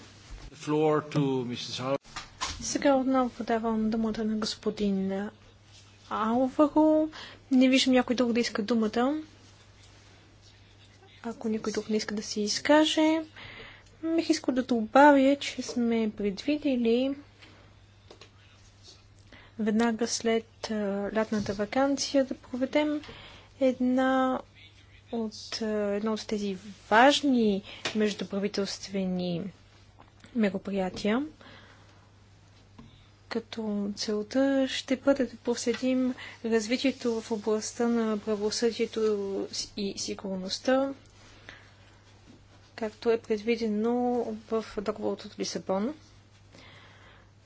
Сега отново подавам думата на господин Алваро. Не виждам някой друг да иска думата. Ако никой друг не иска да се изкаже, бих искал да добавя, че сме предвидели веднага след лятната вакансия да проведем една от, едно от тези важни междуправителствени мероприятия като целта ще бъде да проследим развитието в областта на правосъдието и сигурността, както е предвидено в договорът от Лисабон.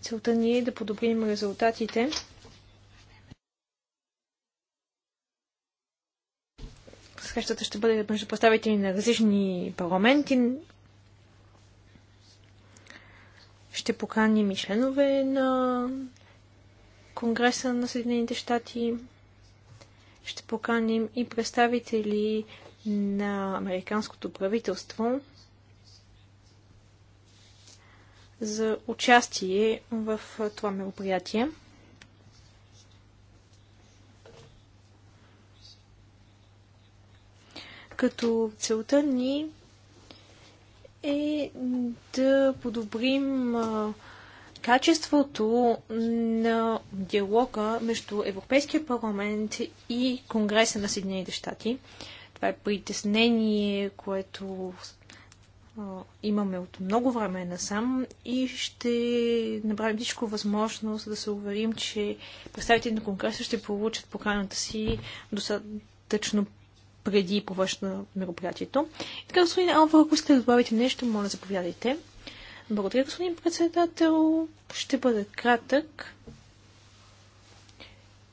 Целта ни е да подобрим резултатите срещата ще бъде между представители на различни парламенти Ще поканим и членове на Конгреса на Съединените щати. Ще поканим и представители на американското правителство за участие в това мероприятие. Като целта ни е да подобрим качеството на диалога между Европейския парламент и Конгреса на Съединените щати. Това е притеснение, което имаме от много време насам и ще направим всичко възможно, за да се уверим, че представителите на Конгреса ще получат поканата си достатъчно преди повършна на мероприятието. И така, господин Алва, ако сте добавите нещо, моля, заповядайте. Благодаря, господин председател. Ще бъда кратък.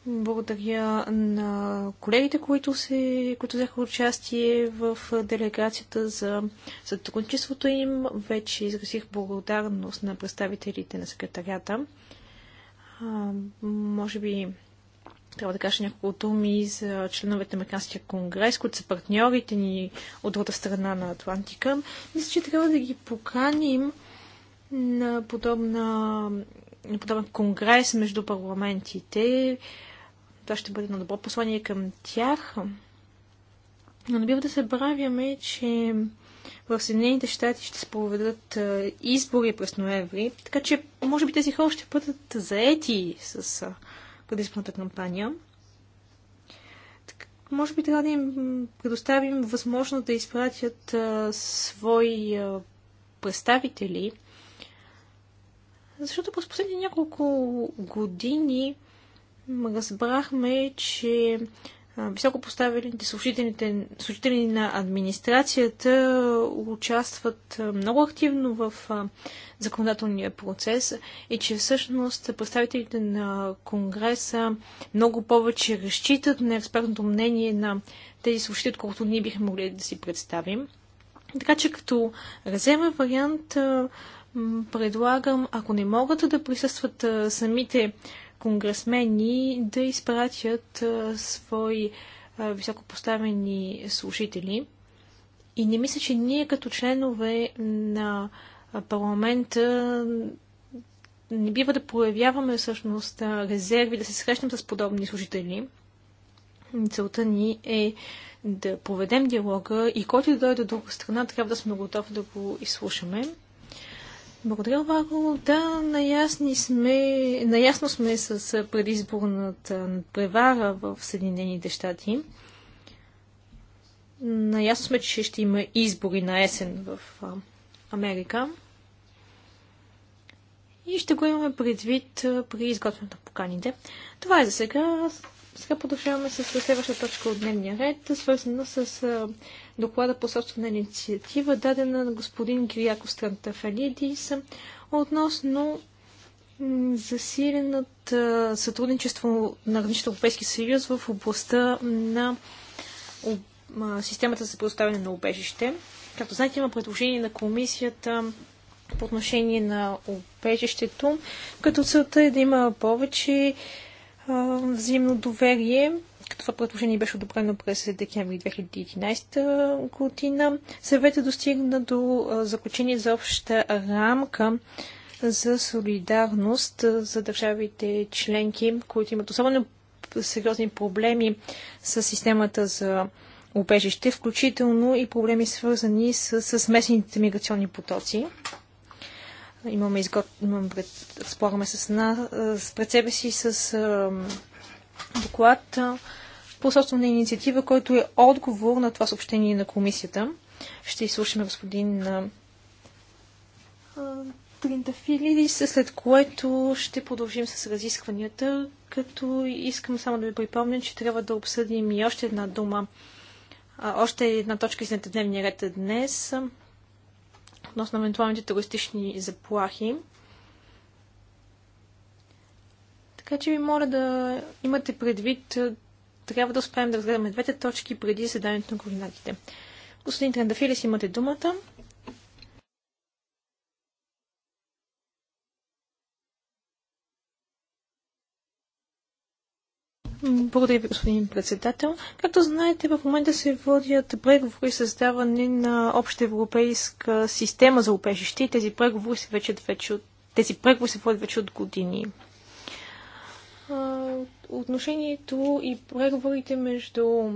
Благодаря на колегите, които, се, които взеха участие в делегацията за сътрудничеството им. Вече изразих благодарност на представителите на секретарята. А, може би трябва да кажа няколко думи за членовете на Американския конгрес, които са партньорите ни от другата страна на Атлантика. Мисля, че трябва да ги поканим на, подобна, на подобен конгрес между парламентите. Това ще бъде на добро послание към тях. Но не бива да забравяме, че в Съединените щати ще се проведат избори през ноември, така че може би тези хора ще бъдат заети с предизборната кампания. може би трябва да им предоставим възможност да изпратят а, свои а, представители, защото през последните няколко години разбрахме, че високо поставените служителите, служители на администрацията участват много активно в законодателния процес и че всъщност представителите на Конгреса много повече разчитат на експертното мнение на тези служители, отколкото ние бихме могли да си представим. Така че като резервен вариант предлагам, ако не могат да присъстват самите конгресмени да изпратят свои високопоставени служители. И не мисля, че ние като членове на парламента не бива да проявяваме всъщност резерви да се срещнем с подобни служители. Целта ни е да проведем диалога и който да дойде от друга страна, трябва да сме готови да го изслушаме. Благодаря, Варо. Да, наясни сме, наясно сме с предизборната превара в Съединените щати. Наясно сме, че ще има избори на есен в Америка. И ще го имаме предвид при изготвянето на поканите. Това е за сега. Сега продължаваме с следващата точка от дневния ред, свързана с доклада по собствена инициатива, дадена на господин Кирияко Трантафалидис относно засилената сътрудничество на равнище Европейски съюз в областта на системата за предоставяне на убежище. Както знаете, има предложение на комисията по отношение на убежището, като целта е да има повече взаимно доверие, като това предложение беше одобрено през декември 2011 година. Съветът достигна до заключение за обща рамка за солидарност за държавите членки, които имат особено сериозни проблеми с системата за убежище, включително и проблеми свързани с, с местните миграционни потоци. Имаме изгод... Имаме пред... Разполагаме с една, с пред себе си с доклад по собствена инициатива, който е отговор на това съобщение на комисията. Ще изслушаме господин Триндафилидис, след което ще продължим с разискванията, като искам само да ви припомня, че трябва да обсъдим и още една дума, а, още една точка из дневния ред днес относно евентуалните терористични заплахи. Така че ви моля да имате предвид, е, трябва да успеем да разгледаме двете точки преди заседанието на координатите. Господин Трендафилис, имате думата. Благодаря ви, господин председател. Както знаете, в момента се водят преговори създаване на обща европейска система за убежище и тези преговори се, вече, вече, тези преговори се водят вече от години. Отношението и преговорите между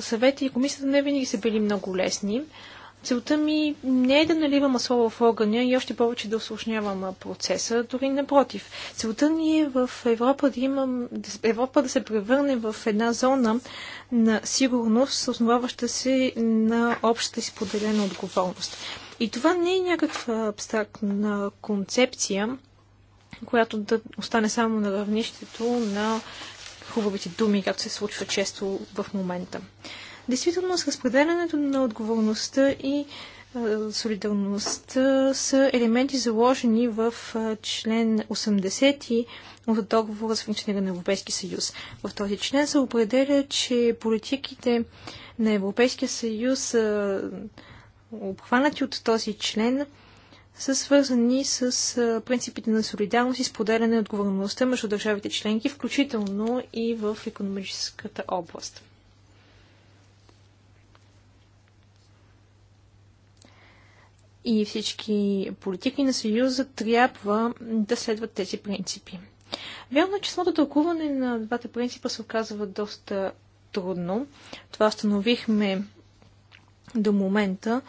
съвета и комисията не винаги са били много лесни. Целта ми не е да наливам масло в огъня и още повече да осложнявам процеса, дори напротив. Целта ни е в Европа да, имам, Европа да се превърне в една зона на сигурност, основаваща се на общата изподелена отговорност. И това не е някаква абстрактна концепция, която да остане само на равнището на хубавите думи, както се случва често в момента. Действително, с разпределянето на отговорността и солидарността са елементи заложени в член 80 от договора за функциониране на Европейския съюз. В този член се определя, че политиките на Европейския съюз, обхванати от този член, са свързани с принципите на солидарност и споделяне на отговорността между държавите членки, включително и в економическата област. и всички политики на Съюза трябва да следват тези принципи. Вярно, че самото тълкуване на двата принципа се оказва доста трудно. Това установихме до момента,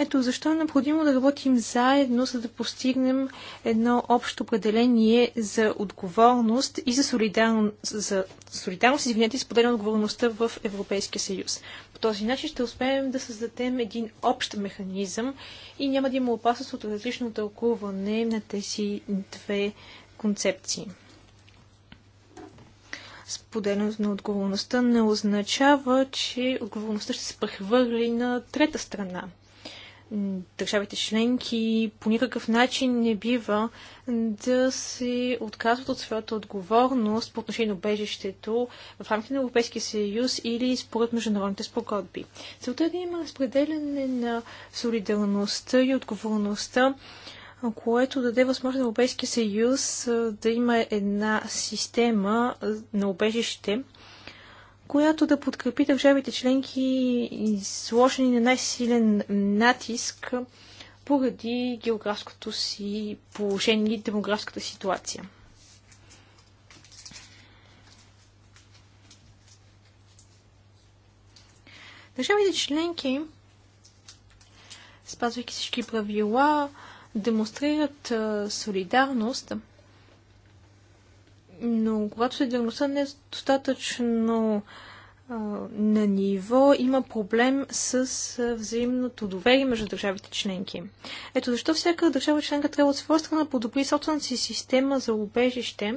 ето защо е необходимо да работим заедно, за да постигнем едно общо определение за отговорност и за, солидарно, за солидарност, извинете, и споделена отговорността в Европейския съюз. По този начин ще успеем да създадем един общ механизъм и няма да има опасност от различно тълкуване на тези две концепции. Споделеност на отговорността не означава, че отговорността ще се прехвърли на трета страна – държавите членки по никакъв начин не бива да се отказват от своята отговорност по отношение на убежището в рамките на Европейския съюз или според международните спогодби. Целта е да има разпределяне на солидарността и отговорността което даде възможност на Европейския съюз да има една система на убежище, която да подкрепи държавите членки, изложени на най-силен натиск поради географското си положение и демографската ситуация. Държавите членки, спазвайки всички правила, демонстрират солидарност – но когато солидарността не е достатъчно на ниво има проблем с взаимното доверие между държавите членки. Ето защо всяка държава членка трябва от своя страна да подобри собствената си система за убежище,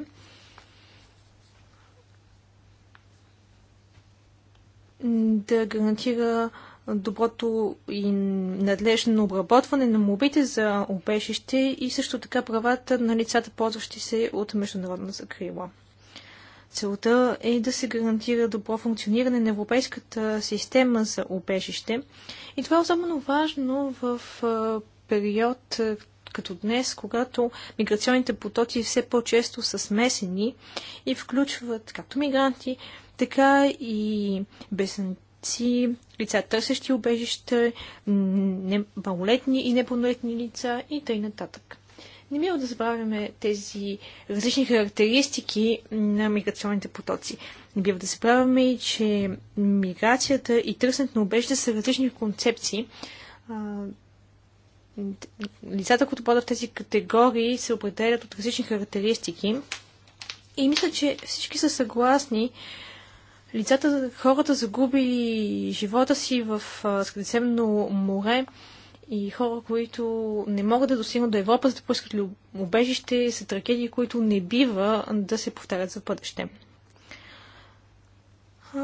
да гарантира доброто и надлежно обработване на мобите за обежище и също така правата на лицата, ползващи се от международна закрила. Целта е да се гарантира добро функциониране на европейската система за обежище. И това е особено важно в период като днес, когато миграционните потоци все по-често са смесени и включват както мигранти, така и бесен бежанци, лица търсещи убежище, малолетни и непълнолетни лица и т.н. Не бива да забравяме тези различни характеристики на миграционните потоци. Не бива да забравяме и, че миграцията и търсенето на убежище са различни концепции. Лицата, които падат в тези категории, се определят от различни характеристики. И мисля, че всички са съгласни, лицата, хората загубили живота си в Средиземно море и хора, които не могат да достигнат до Европа, за да поискат убежище, са трагедии, които не бива да се повтарят за бъдеще.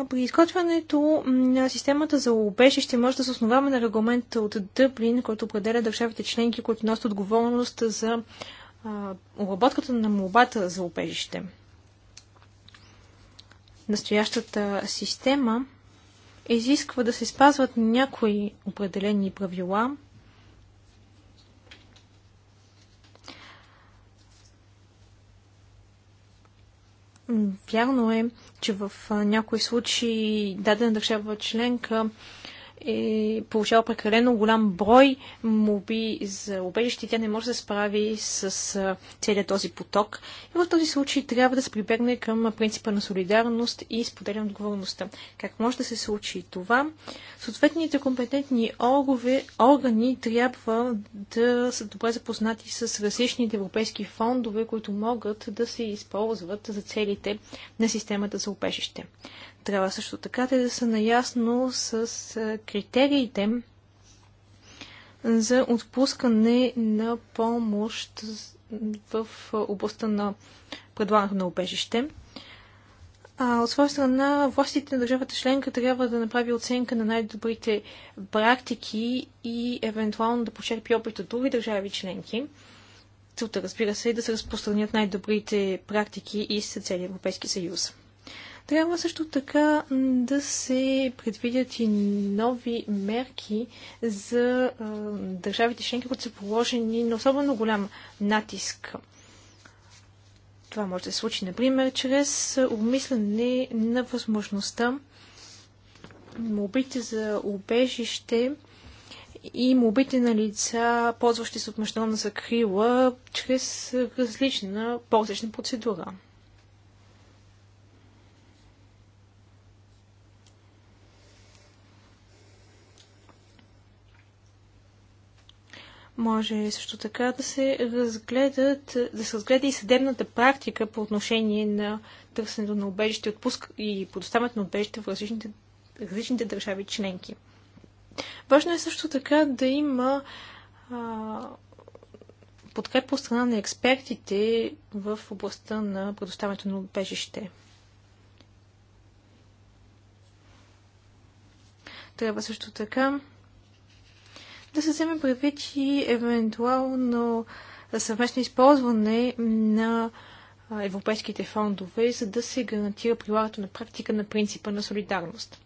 При изготвянето на системата за убежище може да се основаваме на регламента от Дъблин, който определя държавите членки, които носят отговорност за обработката на молбата за убежище. Настоящата система изисква да се спазват някои определени правила, Вярно е, че в някои случаи дадена държава членка е получава прекалено голям брой моби за убежище, тя не може да се справи с целият този поток. И в този случай трябва да се прибегне към принципа на солидарност и споделяне отговорността. Как може да се случи това? Съответните компетентни органи, органи трябва да са добре запознати с различните европейски фондове, които могат да се използват за целите на системата за убежище. Трябва също така те да са наясно с критериите за отпускане на помощ в областта на предлагането на убежище. А, от своя страна, властите на държавата членка трябва да направи оценка на най-добрите практики и евентуално да почерпи опит от други държави членки. Целта, разбира се, е да се разпространят най-добрите практики и с цели Европейски съюз. Трябва също така да се предвидят и нови мерки за а, държавите членки, които са положени на особено голям натиск. Това може да се случи, например, чрез обмислене на възможността мобите за убежище и мобите на лица, ползващи се от международна закрила, чрез различна ползвачна процедура. Може също така да се разгледат, да се разгледа и съдебната практика по отношение на търсенето на убежище отпуск и подоставането на убежище в различните, различните държави членки. Важно е също така да има а, подкрепа от страна на експертите в областта на предоставянето на убежище. Трябва също така да се вземе предвид и евентуално съвместно използване на европейските фондове, за да се гарантира прилагането на практика на принципа на солидарност.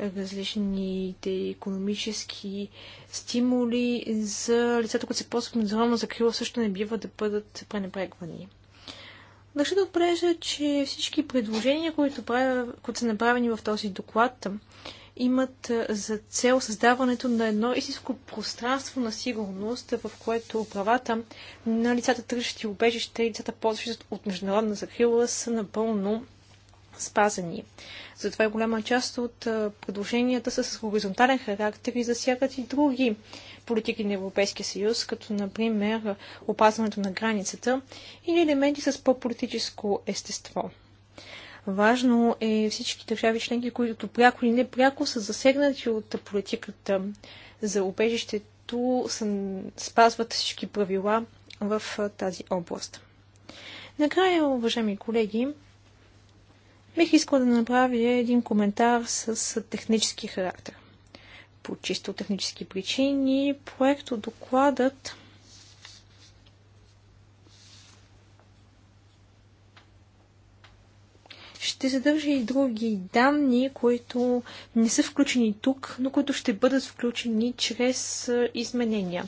Различните економически стимули за лицата, които се ползват международно закрила, също не бива да бъдат пренебрегвани. Държа да отбележа, че всички предложения, които, правя, които са направени в този доклад, имат за цел създаването на едно истинско пространство на сигурност, в което правата на лицата, тръщи убежище и лицата, ползващи от международна закрила, са напълно спазени. Затова е голяма част от предложенията са с хоризонтален характер и засягат и други политики на Европейския съюз, като например опазването на границата или елементи с по-политическо естество. Важно е всички държави членки, които пряко или непряко са засегнати от политиката за убежището, спазват всички правила в тази област. Накрая, уважаеми колеги, бих искала да направя един коментар с технически характер. По чисто технически причини, проектодокладът докладът ще съдържа и други данни, които не са включени тук, но които ще бъдат включени чрез изменения.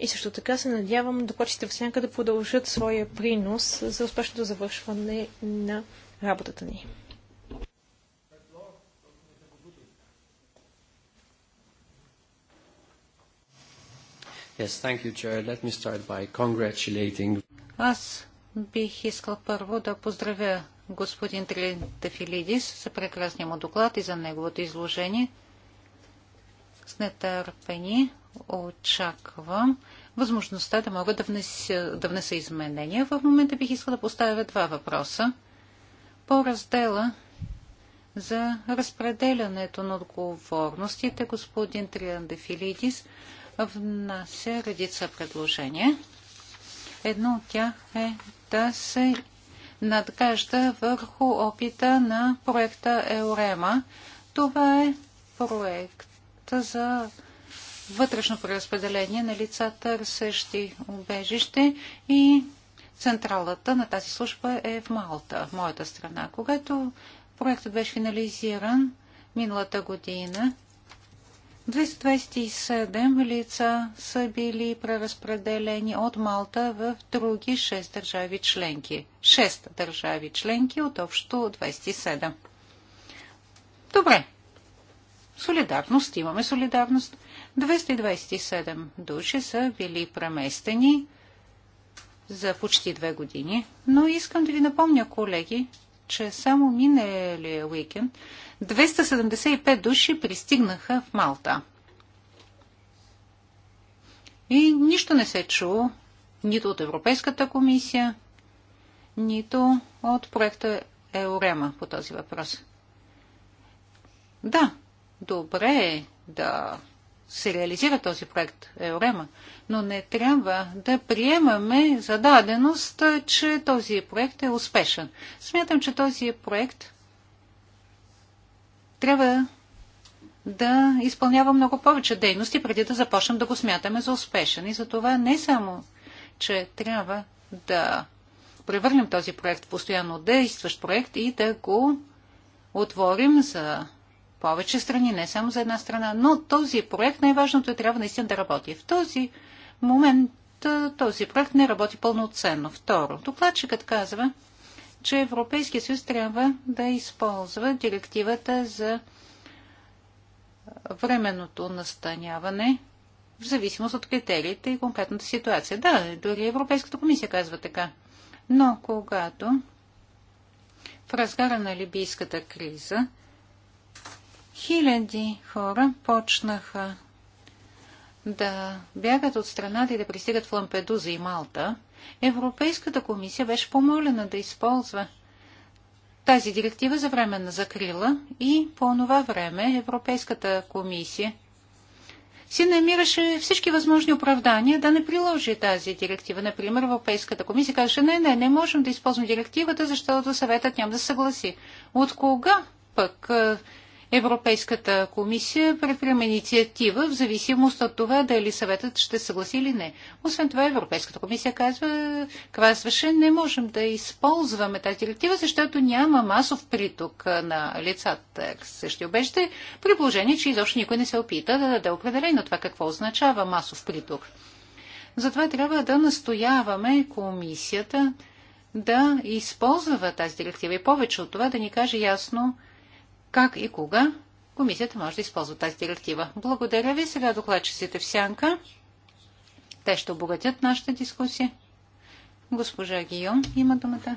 И също така се надявам докладчите в сянка да продължат своя принос за успешното завършване на работата ни. Yes, thank you, Chair. Let me start by congratulating. Аз бих искал първо да поздравя господин Тритефилидис за прекрасния му доклад и за неговото изложение. С нетърпение очаквам възможността да мога да внеса, да внеса изменения. В момента бих искала да поставя два въпроса. По раздела за разпределянето на отговорностите, господин Триандефилидис внася редица предложения. Едно от тях е да се надгражда върху опита на проекта Еорема. Това е проект за вътрешно преразпределение на лица, търсещи убежище и централата на тази служба е в Малта, в моята страна. Когато проектът беше финализиран миналата година, 227 лица са били преразпределени от Малта в други 6 държави членки. 6 държави членки от общо 27. Добре. Солидарност. Имаме солидарност. 227 души са били преместени за почти две години. Но искам да ви напомня, колеги, че само миналия уикенд 275 души пристигнаха в Малта. И нищо не се чу нито от Европейската комисия, нито от проекта Еорема по този въпрос. Да, добре е да се реализира този проект Еорема, но не трябва да приемаме за даденост, че този проект е успешен. Смятам, че този проект трябва да изпълнява много повече дейности, преди да започнем да го смятаме за успешен. И за това не само, че трябва да превърнем този проект в постоянно действащ проект и да го отворим за повече страни, не само за една страна. Но този проект най-важното е трябва наистина да работи. В този момент този проект не работи пълноценно. Второ, докладчикът казва, че Европейския съюз трябва да използва директивата за временното настаняване в зависимост от критериите и конкретната ситуация. Да, дори Европейската комисия казва така. Но когато в разгара на либийската криза Хиляди хора почнаха да бягат от страната и да пристигат в Лампедуза и Малта. Европейската комисия беше помолена да използва тази директива за временна закрила и по това време Европейската комисия си намираше всички възможни оправдания да не приложи тази директива. Например, Европейската комисия каже, не, не, не можем да използваме директивата, защото съветът няма да съгласи. От кога пък Европейската комисия предприема инициатива в зависимост от това дали съветът ще съгласи или не. Освен това Европейската комисия казва, казваше, не можем да използваме тази директива, защото няма масов приток на лицата същи обежите, при положение, че изобщо никой не се опита да даде определено това какво означава масов приток. Затова трябва да настояваме комисията да използва тази директива и повече от това да ни каже ясно как и кога комисията може да използва тази директива. Благодаря ви. Сега докладчиците в сянка. Те ще обогатят нашата дискусия. Госпожа Гион, има думата.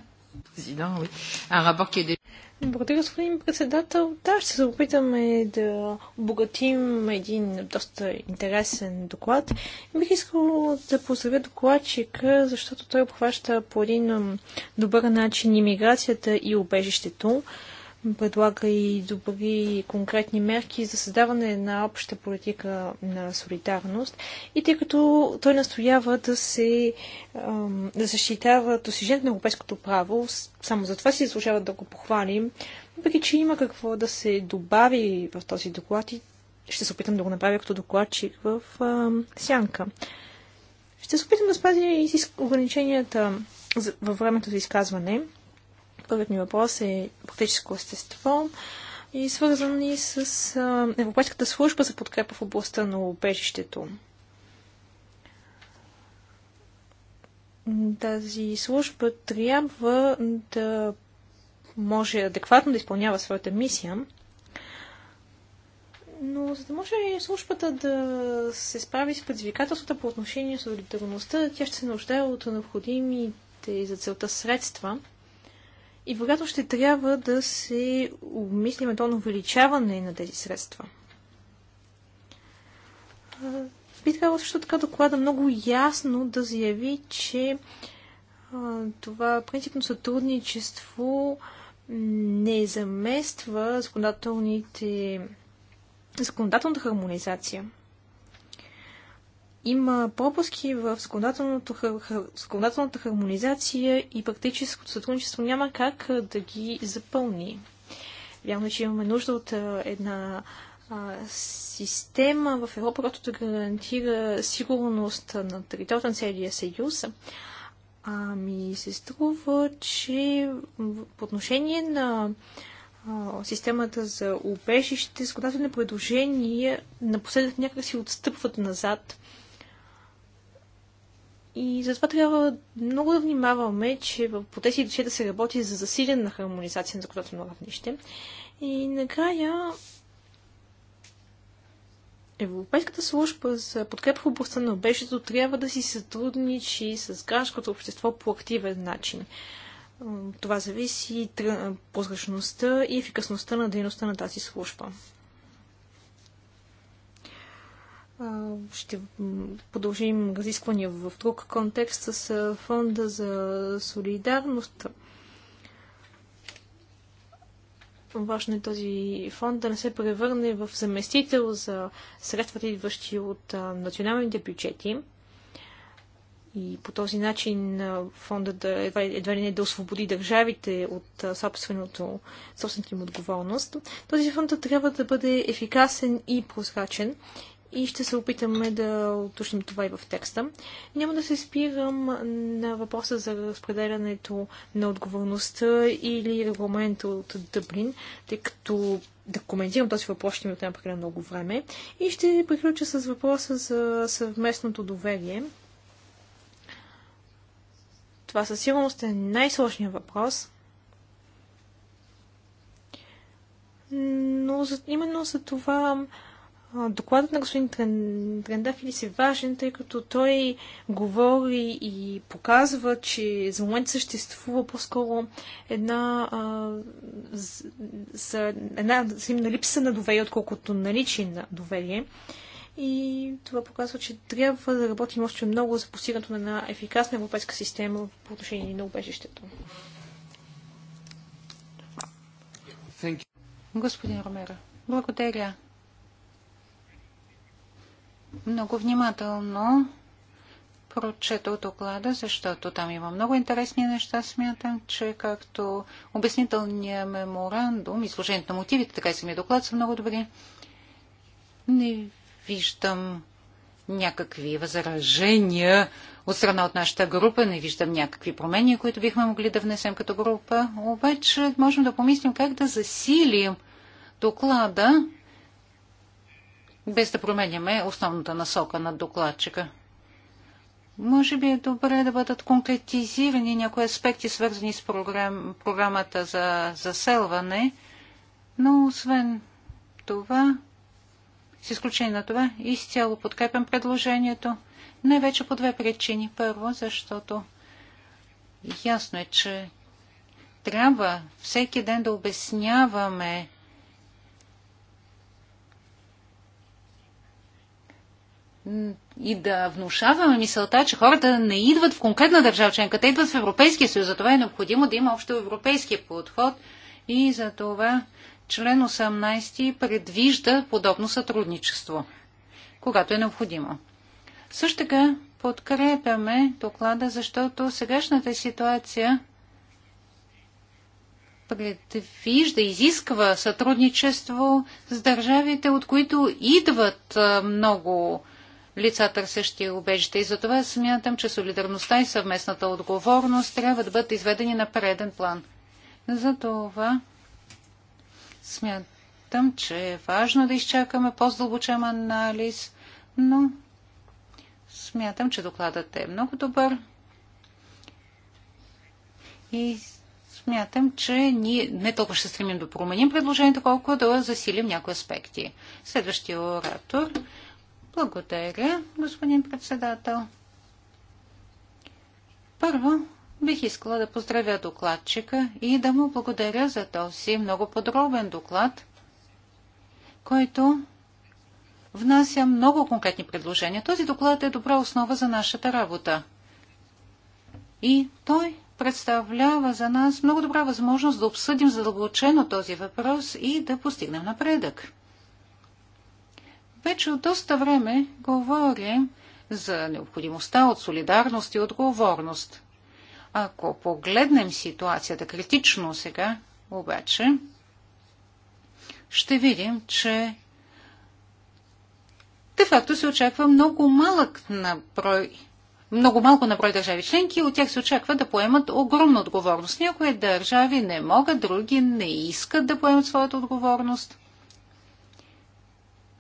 Благодаря, господин председател. Да, ще се опитаме да обогатим един доста интересен доклад. Бих искал да поздравя докладчика, защото той обхваща по един добър начин иммиграцията и убежището предлага и добри конкретни мерки за създаване на обща политика на солидарност и тъй като той настоява да се да защитава досижент на европейското право, само за това си заслужава да го похвалим, въпреки че има какво да се добави в този доклад и ще се опитам да го направя като докладчик в сянка. Ще се опитам да спазя ограниченията във времето за изказване. Първият ми въпрос е практическо естество и свързани с Европейската служба за подкрепа в областта на убежището. Тази служба трябва да може адекватно да изпълнява своята мисия, но за да може службата да се справи с предизвикателствата по отношение с солидарността, тя ще се нуждае от необходимите за целта средства – и вероятно ще трябва да се обмислим едно увеличаване на тези средства. Би трябвало също така доклада много ясно да заяви, че това принципно сътрудничество не замества законодателните, законодателната хармонизация има пропуски в законодателната хармонизация и практическото сътрудничество няма как да ги запълни. Вярно, е, че имаме нужда от една система в Европа, която да гарантира сигурност на територията на целия съюз. Ами се струва, че по отношение на системата за убежище, законодателни предложения напоследък някак си отстъпват назад. И затова трябва много да внимаваме, че в по тези души да се работи за засилена хармонизация на законодателно равнище. И накрая Европейската служба за подкрепа в областта на обещето трябва да си сътрудничи с гражданското общество по активен начин. Това зависи прозрачността и ефикасността на дейността на тази служба ще продължим разисквания в друг контекст с фонда за солидарност. Важно е този фонд да не се превърне в заместител за средствата, идващи от националните бюджети. И по този начин фонда да, едва, едва ли не да освободи държавите от собственото, собствената им отговорност. Този фонд трябва да бъде ефикасен и прозрачен и ще се опитаме да уточним това и в текста. Няма да се спирам на въпроса за разпределянето на отговорността или регламента от Дъблин, тъй като да коментирам този въпрос ще ми отнема прекалено много време. И ще приключа с въпроса за съвместното доверие. Това със сигурност е най-сложният въпрос. Но за, именно за това Докладът на господин Трендафилис е важен, тъй като той говори и показва, че за момент съществува по-скоро една, а, за, една взаимна липса на доверие, отколкото наличие на доверие. И това показва, че трябва да работим още много за постигането на една ефикасна европейска система по отношение на убежището. Господин Ромера, благодаря много внимателно прочета от доклада, защото там има много интересни неща. Смятам, че както обяснителния меморандум, изложението на мотивите, така и самия доклад са много добри. Не виждам някакви възражения от страна от нашата група, не виждам някакви промени, които бихме могли да внесем като група. Обаче можем да помислим как да засилим доклада без да променяме основната насока на докладчика. Може би е добре да бъдат конкретизирани някои аспекти, свързани с програм, програмата за заселване, но освен това, с изключение на това, изцяло подкрепям предложението. Не вече по две причини. Първо, защото ясно е, че трябва всеки ден да обясняваме и да внушаваме мисълта, че хората не идват в конкретна държава членка, те идват в Европейския съюз. Затова е необходимо да има общо европейския подход и за това член 18 предвижда подобно сътрудничество, когато е необходимо. Също така подкрепяме доклада, защото сегашната ситуация предвижда, изисква сътрудничество с държавите, от които идват много лица, търсещи убежище. И затова смятам, че солидарността и съвместната отговорност трябва да бъдат изведени на преден план. Затова смятам, че е важно да изчакаме по-здълбочен анализ, но смятам, че докладът е много добър. И смятам, че ние не толкова ще стремим да променим предложението, колко да засилим някои аспекти. Следващия оратор. Благодаря, господин председател. Първо, бих искала да поздравя докладчика и да му благодаря за този много подробен доклад, който внася много конкретни предложения. Този доклад е добра основа за нашата работа. И той представлява за нас много добра възможност да обсъдим задълбочено този въпрос и да постигнем напредък. Вече от доста време говорим за необходимостта от солидарност и отговорност. Ако погледнем ситуацията критично сега, обаче, ще видим, че де-факто се очаква много малък наброй много малко на брой държави членки, от тях се очаква да поемат огромна отговорност. Някои държави не могат, други не искат да поемат своята отговорност.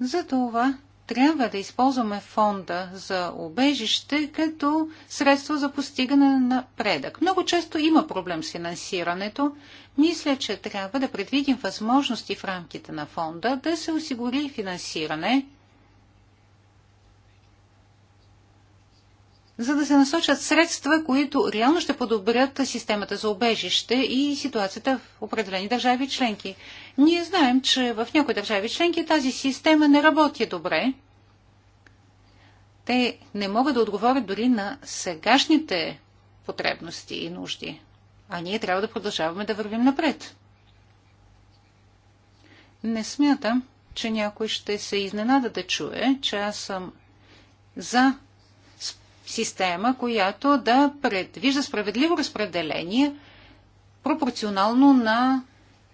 Затова трябва да използваме фонда за обежище като средство за постигане на предък. Много често има проблем с финансирането. Мисля, че трябва да предвидим възможности в рамките на фонда да се осигури финансиране за да се насочат средства, които реално ще подобрят системата за обежище и ситуацията в определени държави членки. Ние знаем, че в някои държави членки тази система не работи добре. Те не могат да отговорят дори на сегашните потребности и нужди. А ние трябва да продължаваме да вървим напред. Не смятам, че някой ще се изненада да чуе, че аз съм за система, която да предвижда справедливо разпределение пропорционално на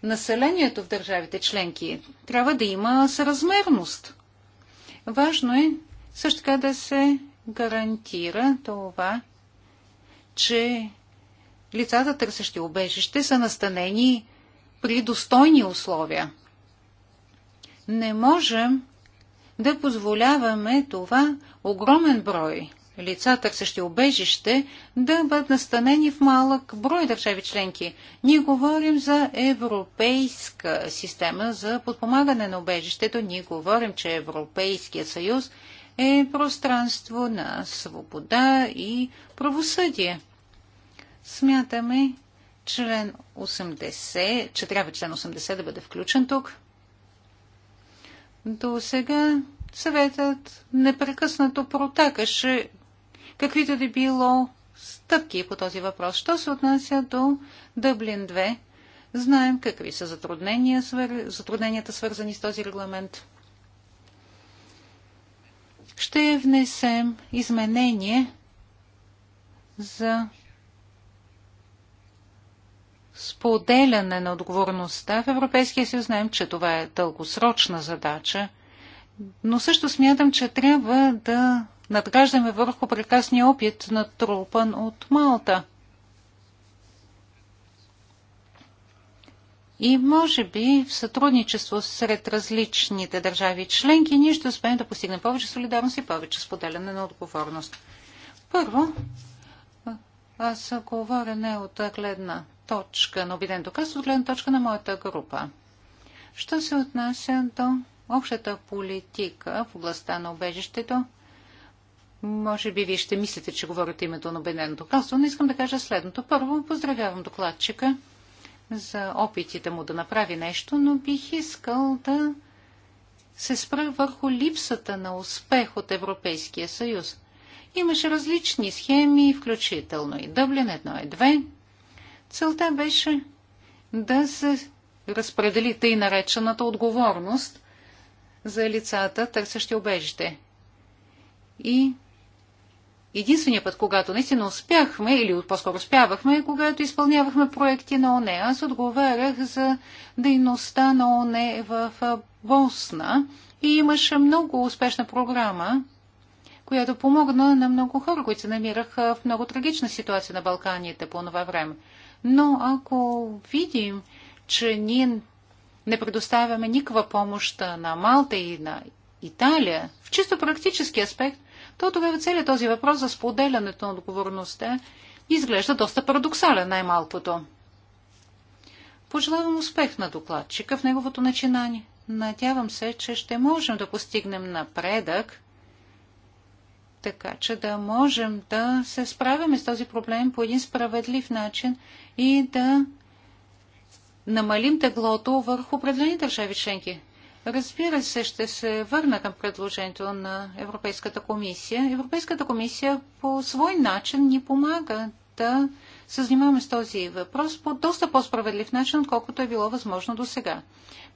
населението в държавите членки. Трябва да има съразмерност. Важно е също така да се гарантира това, че лицата, търсещи обежище, са настанени при достойни условия. Не можем да позволяваме това огромен брой лица, търсещи обежище, да бъдат настанени в малък брой държави членки. Ние говорим за европейска система за подпомагане на обежището. Ние говорим, че Европейският съюз е пространство на свобода и правосъдие. Смятаме член 80, че трябва член 80 да бъде включен тук. До сега съветът непрекъснато протакаше каквито да било стъпки по този въпрос. Що се отнася до Дъблин 2, знаем какви са затруднения, затрудненията свързани с този регламент. Ще внесем изменение за споделяне на отговорността в Европейския съюз. Знаем, че това е дългосрочна задача, но също смятам, че трябва да надграждаме върху прекрасния опит, на трупан от Малта. И може би в сътрудничество сред различните държави членки ние ще успеем да постигнем повече солидарност и повече споделяне на отговорност. Първо, аз говоря не от гледна точка на обиден доказ, от гледна точка на моята група. Що се отнася до общата политика в областта на убежището, може би вие ще мислите, че говорите името на Обединеното кралство, но искам да кажа следното. Първо, поздравявам докладчика за опитите му да направи нещо, но бих искал да се спра върху липсата на успех от Европейския съюз. Имаше различни схеми, включително и Дъблин 1 и 2. Целта беше да се разпредели тъй наречената отговорност за лицата, търсещи обежите И единствения път, когато наистина успяхме, или по-скоро успявахме, е когато изпълнявахме проекти на ОНЕ. Аз отговарях за дейността на ОНЕ в Босна и имаше много успешна програма, която помогна на много хора, които се намираха в много трагична ситуация на Балканите по това време. Но ако видим, че ние не предоставяме никаква помощ на Малта и на Италия, в чисто практически аспект, то тогава целият този въпрос за споделянето на отговорността изглежда доста парадоксален най-малкото. Пожелавам успех на докладчика в неговото начинание. Надявам се, че ще можем да постигнем напредък, така че да можем да се справяме с този проблем по един справедлив начин и да намалим теглото върху определени държави членки. Разбира се, ще се върна към предложението на Европейската комисия. Европейската комисия по свой начин ни помага да се занимаваме с този въпрос по доста по-справедлив начин, отколкото е било възможно до сега.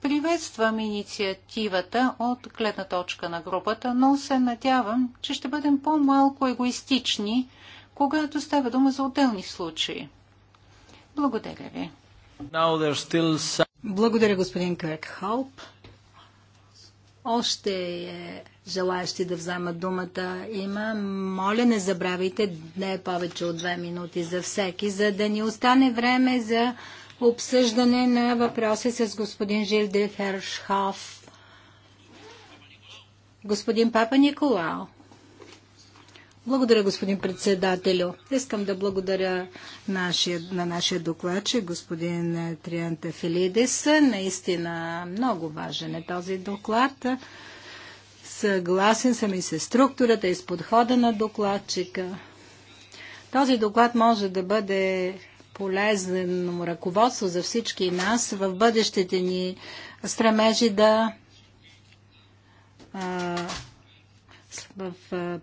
Приветствам инициативата от гледна точка на групата, но се надявам, че ще бъдем по-малко егоистични, когато става дума за отделни случаи. Благодаря ви. Still... Благодаря, господин Крек Халп. Още е желаящи да вземат думата има. Моля, не забравяйте, не е повече от две минути за всеки, за да ни остане време за обсъждане на въпроси с господин Жилде Хершхоф. Господин Папа Николао. Благодаря, господин председателю. Искам да благодаря нашия, на нашия докладчик, господин Трианта Филидис. Наистина много важен е този доклад. Съгласен съм и с структурата, и с подхода на докладчика. Този доклад може да бъде полезен ръководство за всички нас в бъдещите ни стремежи да а, в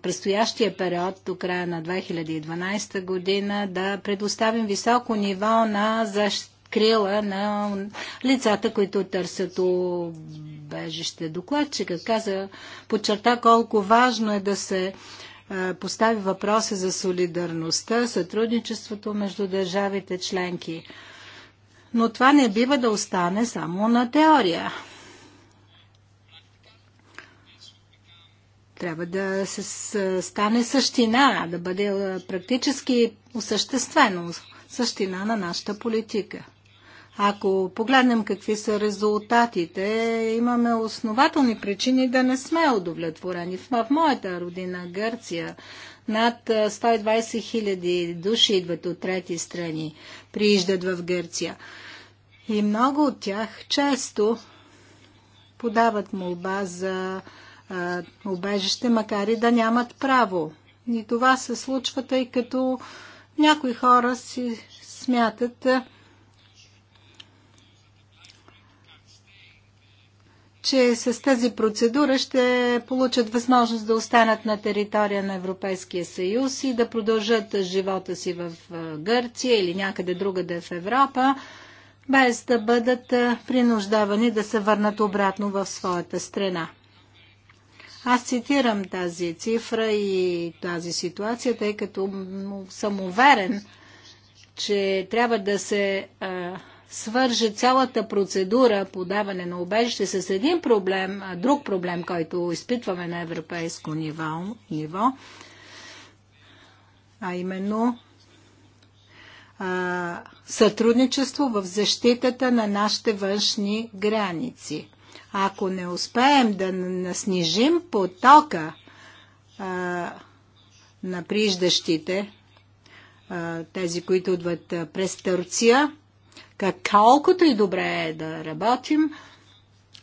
предстоящия период до края на 2012 година да предоставим високо ниво на закрила на лицата, които търсят убежище. докладчика. каза, подчерта колко важно е да се постави въпроса за солидарността, сътрудничеството между държавите членки. Но това не бива да остане само на теория. трябва да се стане същина, да бъде практически осъществено същина на нашата политика. Ако погледнем какви са резултатите, имаме основателни причини да не сме удовлетворени. В моята родина Гърция над 120 хиляди души идват от трети страни, прииждат в Гърция. И много от тях често подават молба за убежище, макар и да нямат право. И това се случва, тъй като някои хора си смятат, че с тези процедура ще получат възможност да останат на територия на Европейския съюз и да продължат живота си в Гърция или някъде другаде в Европа, без да бъдат принуждавани да се върнат обратно в своята страна. Аз цитирам тази цифра и тази ситуация, тъй като съм уверен, че трябва да се свърже цялата процедура по даване на убежище с един проблем, а друг проблем, който изпитваме на европейско ниво, ниво а именно а, сътрудничество в защитата на нашите външни граници. Ако не успеем да наснижим потока а, на приждащите, а, тези, които идват през Турция, как колкото и добре е да работим,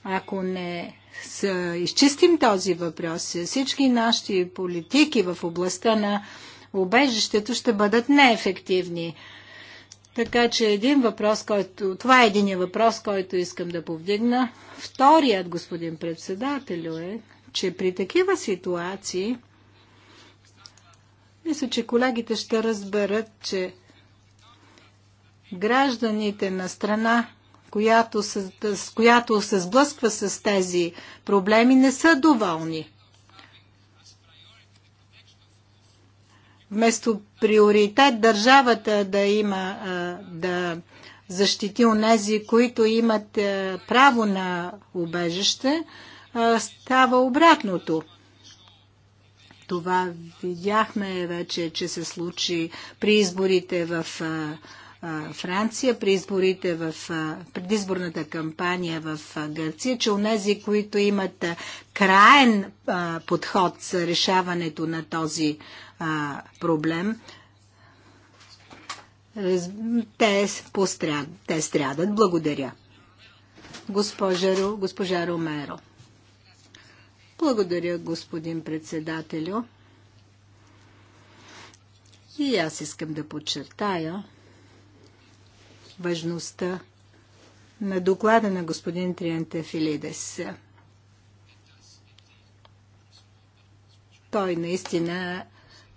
ако не изчистим този въпрос, всички наши политики в областта на убежището ще бъдат неефективни. Така че един въпрос, който... Това е един въпрос, който искам да повдигна. Вторият, господин председател, е, че при такива ситуации мисля, че колегите ще разберат, че гражданите на страна, която се, с която се сблъсква с тези проблеми, не са доволни. вместо приоритет държавата да има да защити онези, които имат право на убежище, става обратното. Това видяхме вече, че се случи при изборите в Франция, при изборите в предизборната кампания в Гърция, че онези, които имат краен подход за решаването на този а, проблем. Те, постряд, те страдат. Благодаря. Госпожа, госпожа Ромеро. Благодаря, господин председателю. И аз искам да подчертая важността на доклада на господин Триенте Филидес. Той наистина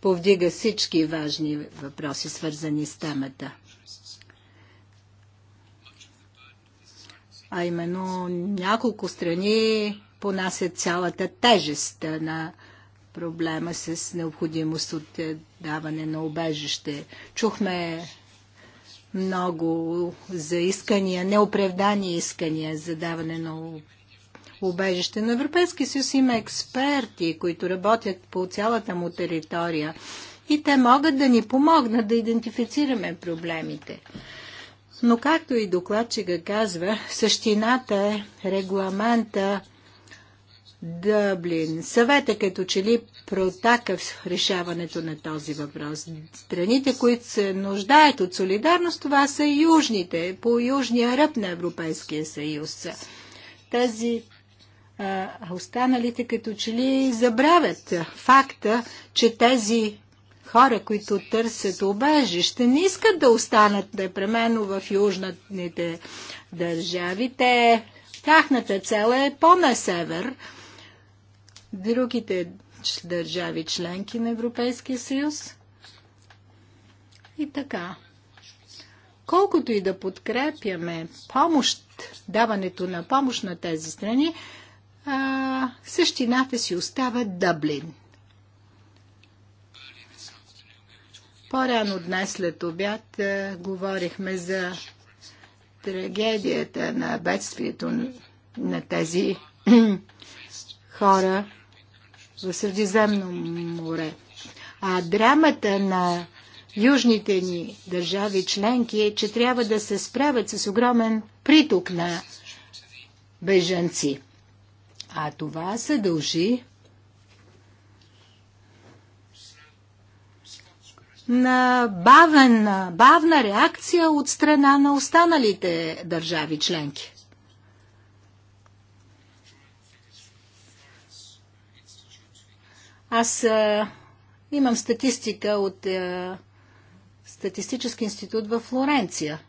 повдига всички важни въпроси, свързани с темата. А именно няколко страни понасят цялата тежест на проблема с необходимост от е, даване на обежище. Чухме много за искания, неоправдани искания за даване на убежище. На Европейския съюз има експерти, които работят по цялата му територия и те могат да ни помогнат да идентифицираме проблемите. Но както и докладчика казва, същината е регламента Дъблин. Съвета като че ли протака в решаването на този въпрос. Страните, които се нуждаят от солидарност, това са южните, по южния ръб на Европейския съюз. Тази а останалите като че ли забравят факта, че тези хора, които търсят обежище, не искат да останат непременно в южните държави. Те, тяхната цел е по-на север. Другите държави членки на Европейския съюз. И така. Колкото и да подкрепяме помощ, даването на помощ на тези страни, а, същината си остава Дъблин. По-рано днес след обяд а, говорихме за трагедията на бедствието на тези хора в Средиземно море. А драмата на южните ни държави членки е, че трябва да се справят с огромен приток на беженци. А това се дължи на бавен, бавна реакция от страна на останалите държави членки. Аз а, имам статистика от а, Статистически институт в Флоренция –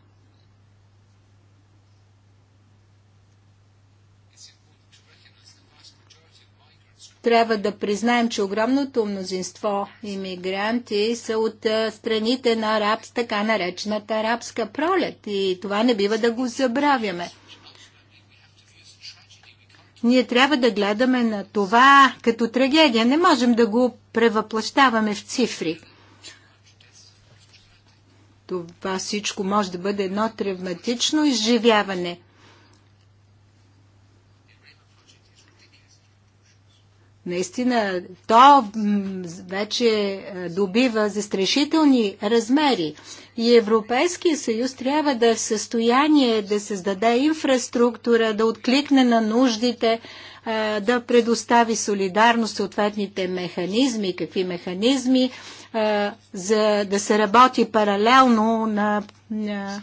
трябва да признаем, че огромното мнозинство иммигранти са от страните на арабс, така наречената арабска пролет. И това не бива да го забравяме. Ние трябва да гледаме на това като трагедия. Не можем да го превъплащаваме в цифри. Това всичко може да бъде едно травматично изживяване – Наистина, то вече е, добива застрашителни размери и Европейския съюз трябва да е в състояние да създаде инфраструктура, да откликне на нуждите, е, да предостави солидарност съответните механизми, какви механизми, е, за да се работи паралелно на, на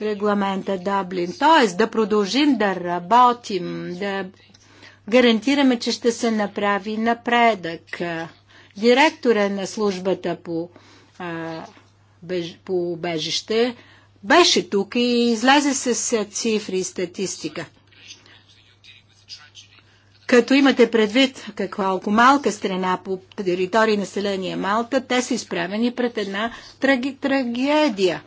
регламента Даблин. Тоест да продължим да работим, да гарантираме, че ще се направи напредък. Директора на службата по, а, беж, по убежище беше тук и излезе с цифри и статистика. Като имате предвид каква малка страна по територии население Малта, те са изправени пред една траги, трагедия.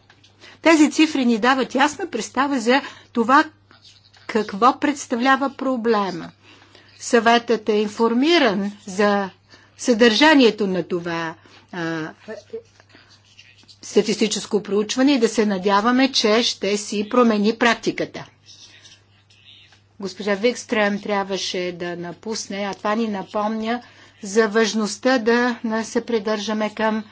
Тези цифри ни дават ясна представа за това какво представлява проблема съветът е информиран за съдържанието на това а, статистическо проучване и да се надяваме, че ще си промени практиката. Госпожа Викстрем трябваше да напусне, а това ни напомня за важността да се придържаме към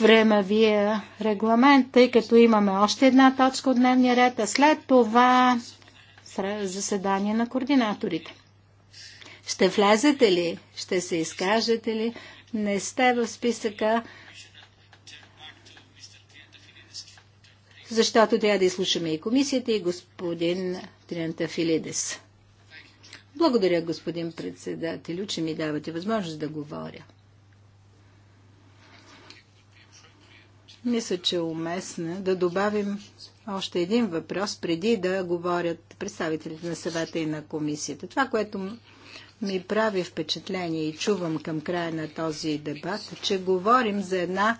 времевия регламент, тъй като имаме още една точка от дневния ред, а след това заседание на координаторите. Ще влезете ли? Ще се изкажете ли? Не сте в списъка, защото трябва да изслушаме и комисията, и господин Филидес. Благодаря, господин председател, че ми давате възможност да говоря. Мисля, че е уместно да добавим още един въпрос, преди да говорят представителите на съвета и на комисията. Това, което ми прави впечатление и чувам към края на този дебат, че говорим за една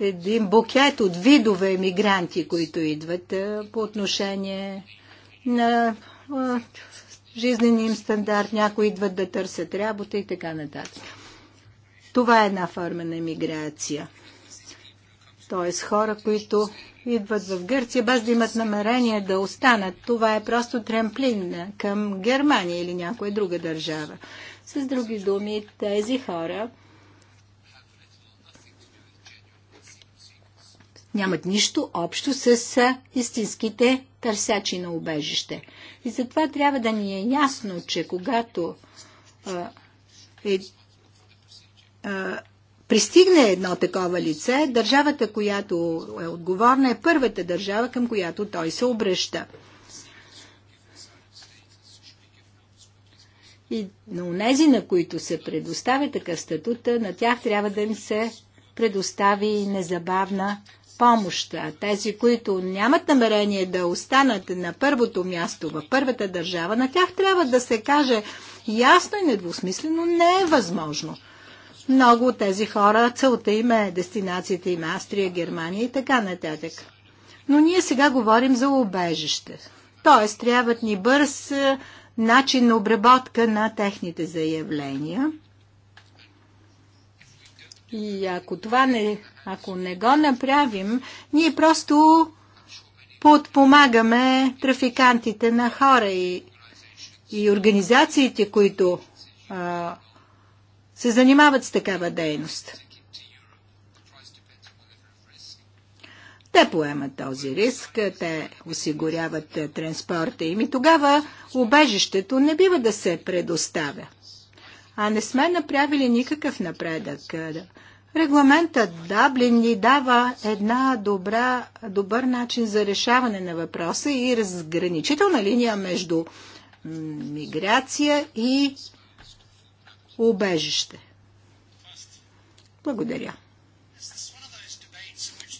един букет от видове емигранти, които идват по отношение на жизнения им стандарт. Някои идват да търсят работа и така нататък. Това е една форма на емиграция – т.е. хора, които идват в Гърция, без да имат намерение да останат. Това е просто тремплин към Германия или някоя друга държава. С други думи, тези хора нямат нищо общо с истинските търсачи на убежище. И затова трябва да ни е ясно, че когато а, е, а, пристигне едно такова лице, държавата, която е отговорна, е първата държава, към която той се обръща. И на унези, на които се предоставя така статута, на тях трябва да им се предостави незабавна помощ. А тези, които нямат намерение да останат на първото място, в първата държава, на тях трябва да се каже ясно и недвусмислено не е възможно – много от тези хора, целта им е дестинацията им Австрия, Германия и така нататък. Но ние сега говорим за обежище. Тоест, трябват ни бърз е, начин на обработка на техните заявления. И ако това не, ако не го направим, ние просто подпомагаме трафикантите на хора и, и организациите, които а, се занимават с такава дейност. Те поемат този риск, те осигуряват е, транспорта им и тогава убежището не бива да се предоставя. А не сме направили никакъв напредък. Регламентът Даблин ни дава една добра, добър начин за решаване на въпроса и разграничителна линия между миграция и убежище. Благодаря.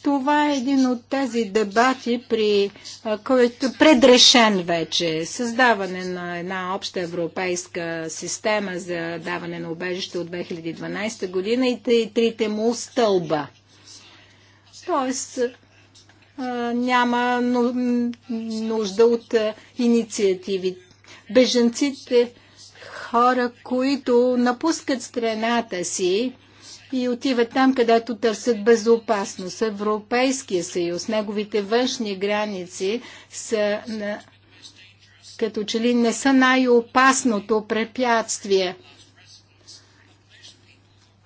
Това е един от тези дебати, при който е предрешен вече създаване на една обща европейска система за даване на убежище от 2012 година и трите му стълба. Тоест, няма нужда от инициативи. Беженците хора, които напускат страната си и отиват там, където търсят безопасност. Европейския съюз, неговите външни граници са на, като че ли не са най-опасното препятствие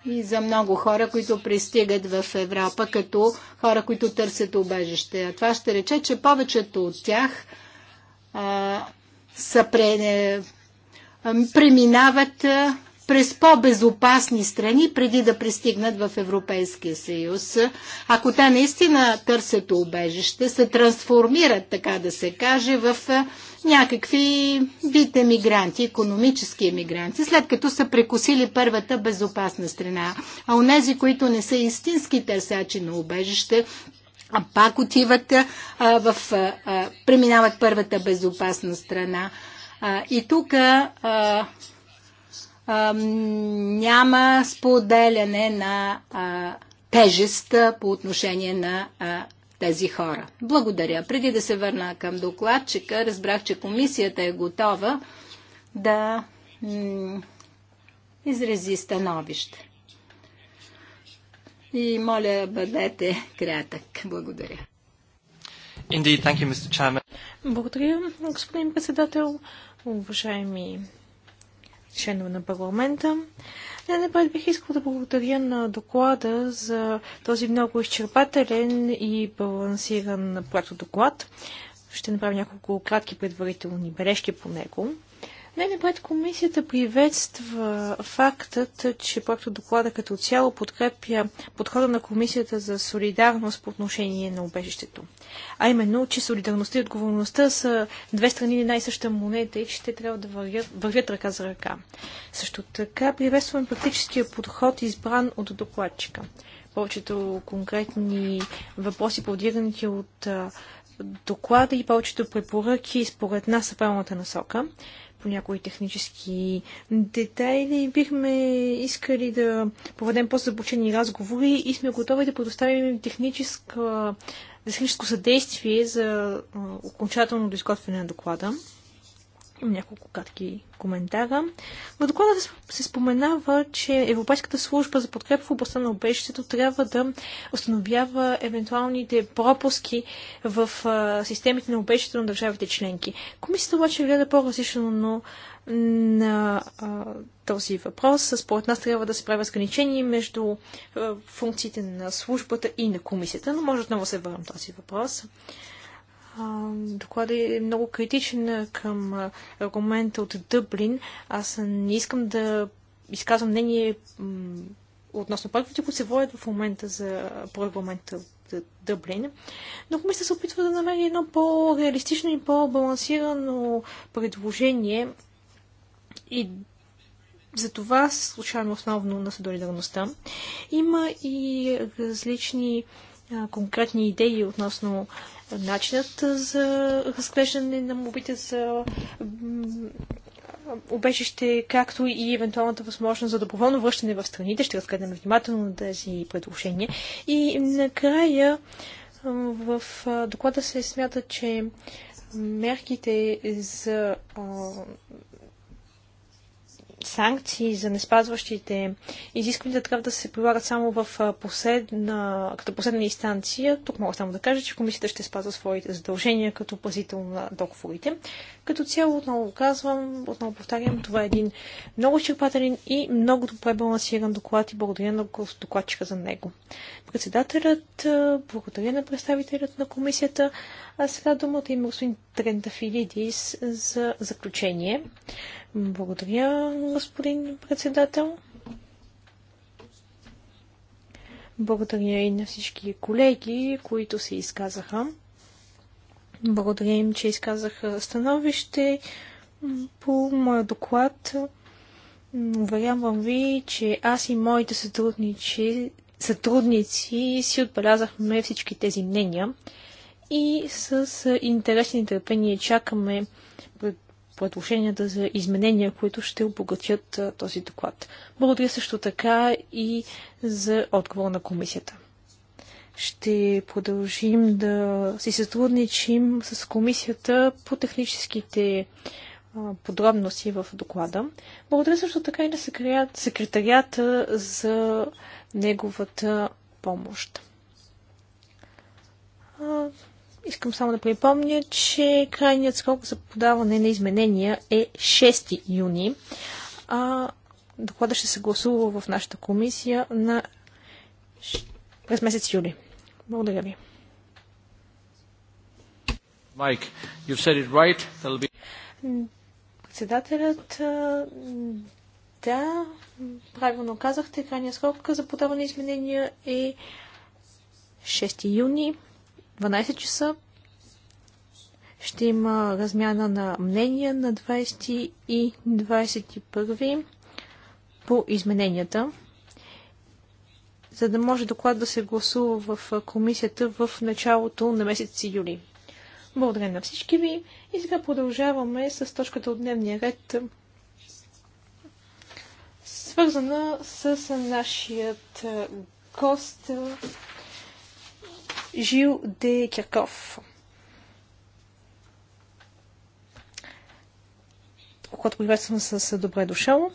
и за много хора, които пристигат в Европа, като хора, които търсят убежище. А това ще рече, че повечето от тях а, са преминават през по-безопасни страни, преди да пристигнат в Европейския съюз. Ако те наистина търсят убежище, се трансформират, така да се каже, в някакви вид емигранти, економически емигранти, след като са прекусили първата безопасна страна. А у нези, които не са истински търсачи на убежище, а пак отиват а, в, а, преминават първата безопасна страна. И тук няма споделяне на тежест по отношение на тези хора. Благодаря. Преди да се върна към докладчика, разбрах, че комисията е готова да изрази становище. И моля, бъдете кратък. Благодаря. Indeed, thank you, Mr. Chairman. Благодаря, господин председател уважаеми членове на парламента. не напред бих искал да благодаря на доклада за този много изчерпателен и балансиран проект доклад. Ще направя няколко кратки предварителни бележки по него. Най-напред комисията приветства фактът, че проекто доклада като цяло подкрепя подхода на комисията за солидарност по отношение на убежището. А именно, че солидарността и отговорността са две страни на най-съща монета и че те трябва да вървят, вървят ръка за ръка. Също така приветстваме практическия подход, избран от докладчика. Повечето конкретни въпроси, повдигнати от доклада и повечето препоръки според нас са правилната насока по някои технически детайли. Бихме искали да проведем по-забучени разговори и сме готови да предоставим техническо съдействие за окончателно изготвяне на доклада. Има няколко кратки коментара. В доклада се споменава, че Европейската служба за подкрепа в областта на обещането трябва да установява евентуалните пропуски в системите на обещането на държавите членки. Комисията обаче гледа по-различно на а, този въпрос. Според нас трябва да се прави разграничение между а, функциите на службата и на комисията, но може отново се върнем този въпрос. Докладът е много критичен към аргумента от Дъблин. Аз не искам да изказвам мнение относно проектите, които се водят в момента за, по от Дъблин. Но комисията се опитва да намери едно по-реалистично и по-балансирано предложение и за това се случайно основно на солидарността. Има и различни конкретни идеи относно начинът за разглеждане на мобите за обежище, както и евентуалната възможност за доброволно връщане в страните. Ще разгледаме внимателно тези предложения. И накрая в доклада се смята, че мерките за санкции за неспазващите изисквания трябва да се прилагат само в последна, като последна инстанция. Тук мога само да кажа, че комисията ще спазва своите задължения като пазител на договорите. Като цяло, отново казвам, отново повтарям, това е един много черпателен и много добре балансиран доклад и благодаря на докладчика за него. Председателят, благодаря на представителят на комисията, а сега думата има господин Трентафилидис за заключение. Благодаря, господин председател. Благодаря и на всички колеги, които се изказаха. Благодаря им, че изказаха становище по моя доклад. Уверявам ви, че аз и моите сътрудници, сътрудници си отбелязахме всички тези мнения и с интересни търпение чакаме предложенията за изменения, които ще обогатят този доклад. Благодаря също така и за отговор на комисията. Ще продължим да си сътрудничим с комисията по техническите подробности в доклада. Благодаря също така и на секретарията за неговата помощ. Искам само да припомня, че крайният срок за подаване на изменения е 6 юни. А доклада ще се гласува в нашата комисия на... през месец юли. Благодаря ви. Майк, you've said it right. be... Председателят, да, правилно казахте, крайният срок за подаване изменения е 6 юни. 12 часа ще има размяна на мнения на 20 и 21 по измененията, за да може доклад да се гласува в комисията в началото на месец юли. Благодаря на всички ви и сега продължаваме с точката от дневния ред, свързана с нашият гост Жил de Кирков. Когато приветствам с добре дошъл.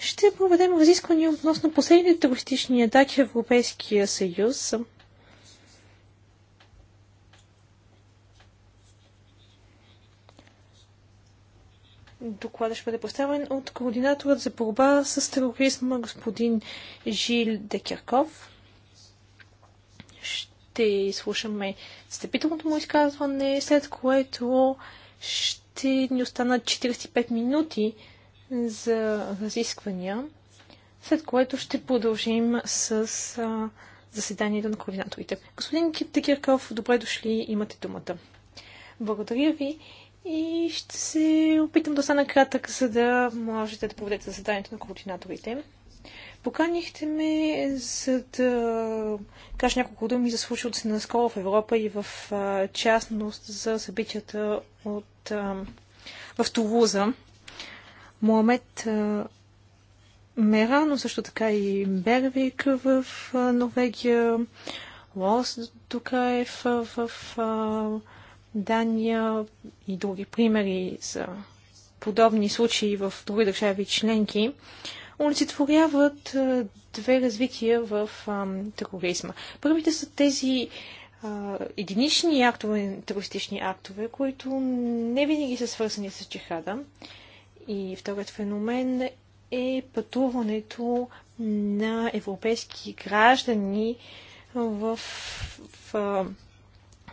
Ще проведем разисквания относно последните терористични атаки в Европейския съюз. Докладът ще бъде поставен от координаторът за борба с тероризма господин Жил Декерков ще изслушаме степителното му изказване, след което ще ни останат 45 минути за разисквания, след което ще продължим с а, заседанието на координаторите. Господин Кирков, добре дошли, имате думата. Благодаря ви и ще се опитам да остана кратък, за да можете да проведете заседанието на координаторите. Поканихте ме, за да кажа няколко думи за случилото се наскоро в Европа и в частност за събитията от, в Тулуза. Моамед Мера, но също така и Бервик в Норвегия, Лос Дукаев в, Дания и други примери за подобни случаи в други държави членки олицетворяват две развития в тероризма. Първите са тези единични актове, терористични актове, които не винаги са свързани с джихада. И вторият феномен е пътуването на европейски граждани в, в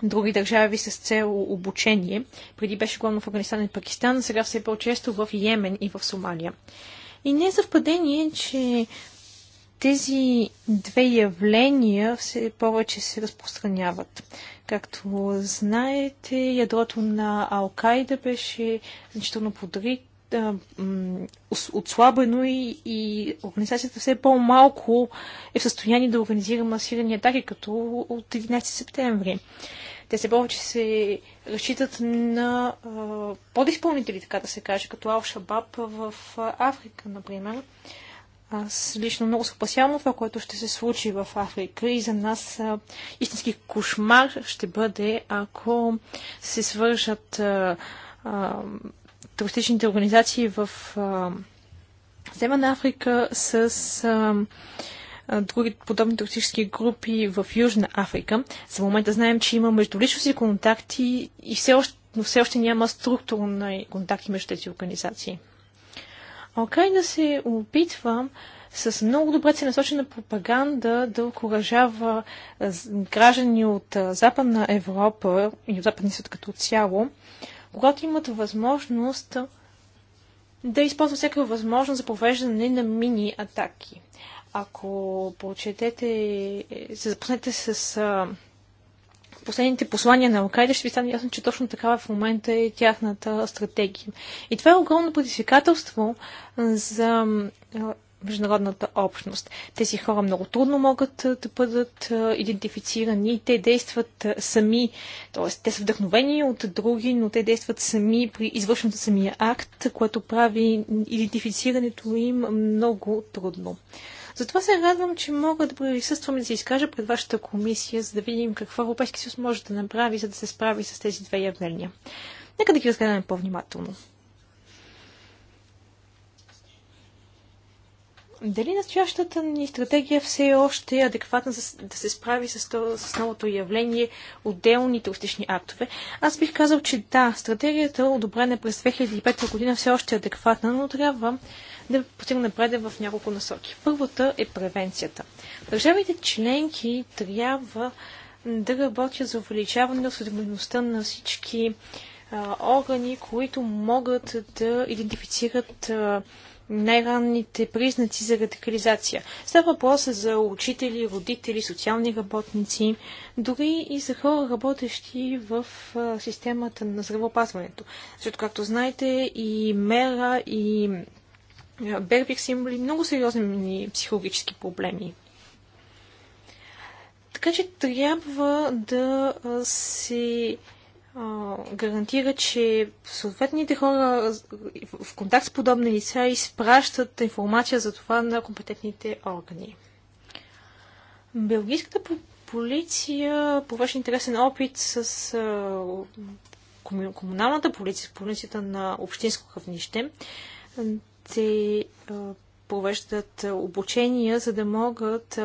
други държави с цел обучение. Преди беше главно в Афганистан и Пакистан, сега все по-често в Йемен и в Сомалия. И не е съвпадение, че тези две явления все повече се разпространяват. Както знаете, ядрото на Алкайда беше значително подрит отслабено и, и организацията все по-малко е в състояние да организира масирани атаки, като от 11 септември. Те се повече се разчитат на а, подизпълнители, така да се каже, като Ал-Шабаб в Африка, например. Аз лично много се опасявам това, което ще се случи в Африка и за нас а, истински кошмар ще бъде, ако се свържат а, а, туристичните организации в а, Северна Африка с а, други подобни туристически групи в Южна Африка. За момента знаем, че има междуличностни контакти и все още, но все още няма структурни контакти между тези организации. А Украина се опитва с много добре целенасочена пропаганда да окоръжава граждани от Западна Европа и от Западния свят като цяло, когато имат възможност да използват всяка възможност за провеждане на мини-атаки. Ако прочетете, се запознете с а, последните послания на Алкайда, ще ви стане ясно, че точно такава в момента е тяхната стратегия. И това е огромно предизвикателство за международната общност. Тези хора много трудно могат да бъдат идентифицирани. Те действат сами, т.е. те са вдъхновени от други, но те действат сами при извършването самия акт, което прави идентифицирането им много трудно. Затова се радвам, че мога да присъствам и да се изкажа пред вашата комисия, за да видим какво Европейски съюз може да направи, за да се справи с тези две явления. Нека да ги разгледаме по-внимателно. Дали настоящата ни стратегия все още е адекватна за, да се справи с, то, с новото явление, отделните устични актове? Аз бих казал, че да, стратегията, одобрена през 2005 година, все още е адекватна, но трябва да постигне напредък в няколко насоки. Първата е превенцията. Държавите членки трябва да работят за увеличаване на съдебността на всички а, органи, които могат да идентифицират а, най-ранните признаци за радикализация. Става въпрос за учители, родители, социални работници, дори и за хора, работещи в системата на здравеопазването. Защото, както знаете, и мера, и е, Бербик са имали много сериозни психологически проблеми. Така че трябва да се гарантира, че съответните хора в контакт с подобни лица изпращат информация за това на компетентните органи. Белгийската полиция повърши интересен опит с комуналната полиция, с полицията на общинско равнище се провеждат обучения, за да могат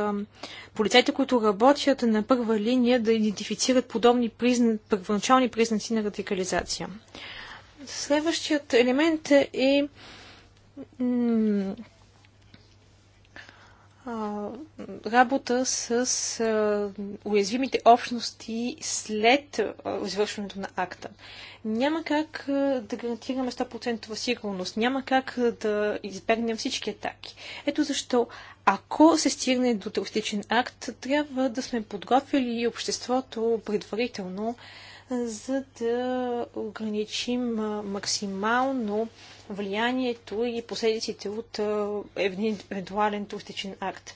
полицайите, които работят на първа линия, да идентифицират подобни призна... първоначални признаци на радикализация. Следващият елемент е работа с а, уязвимите общности след а, извършването на акта. Няма как а, да гарантираме 100% сигурност, няма как да избегнем всички атаки. Ето защо, ако се стигне до терористичен акт, трябва да сме подготвили обществото предварително за да ограничим максимално влиянието и последиците от евентуален туристичен акт.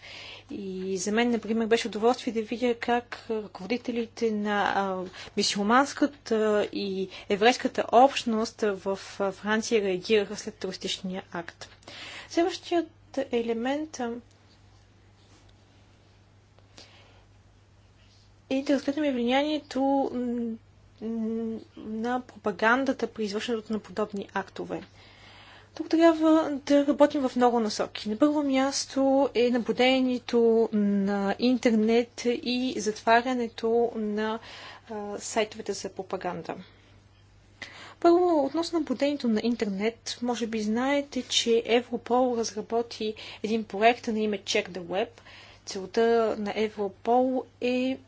И за мен, например, беше удоволствие да видя как ръководителите на мисиоманската и еврейската общност в Франция реагираха след туристичния акт. Следващият елемент е да разгледаме влиянието на пропагандата при извършването на подобни актове. Тук трябва да работим в много насоки. На първо място е наблюдението на интернет и затварянето на а, сайтовете за пропаганда. Първо, относно наблюдението на интернет, може би знаете, че Европол разработи един проект на име Check the Web. Целта на Европол е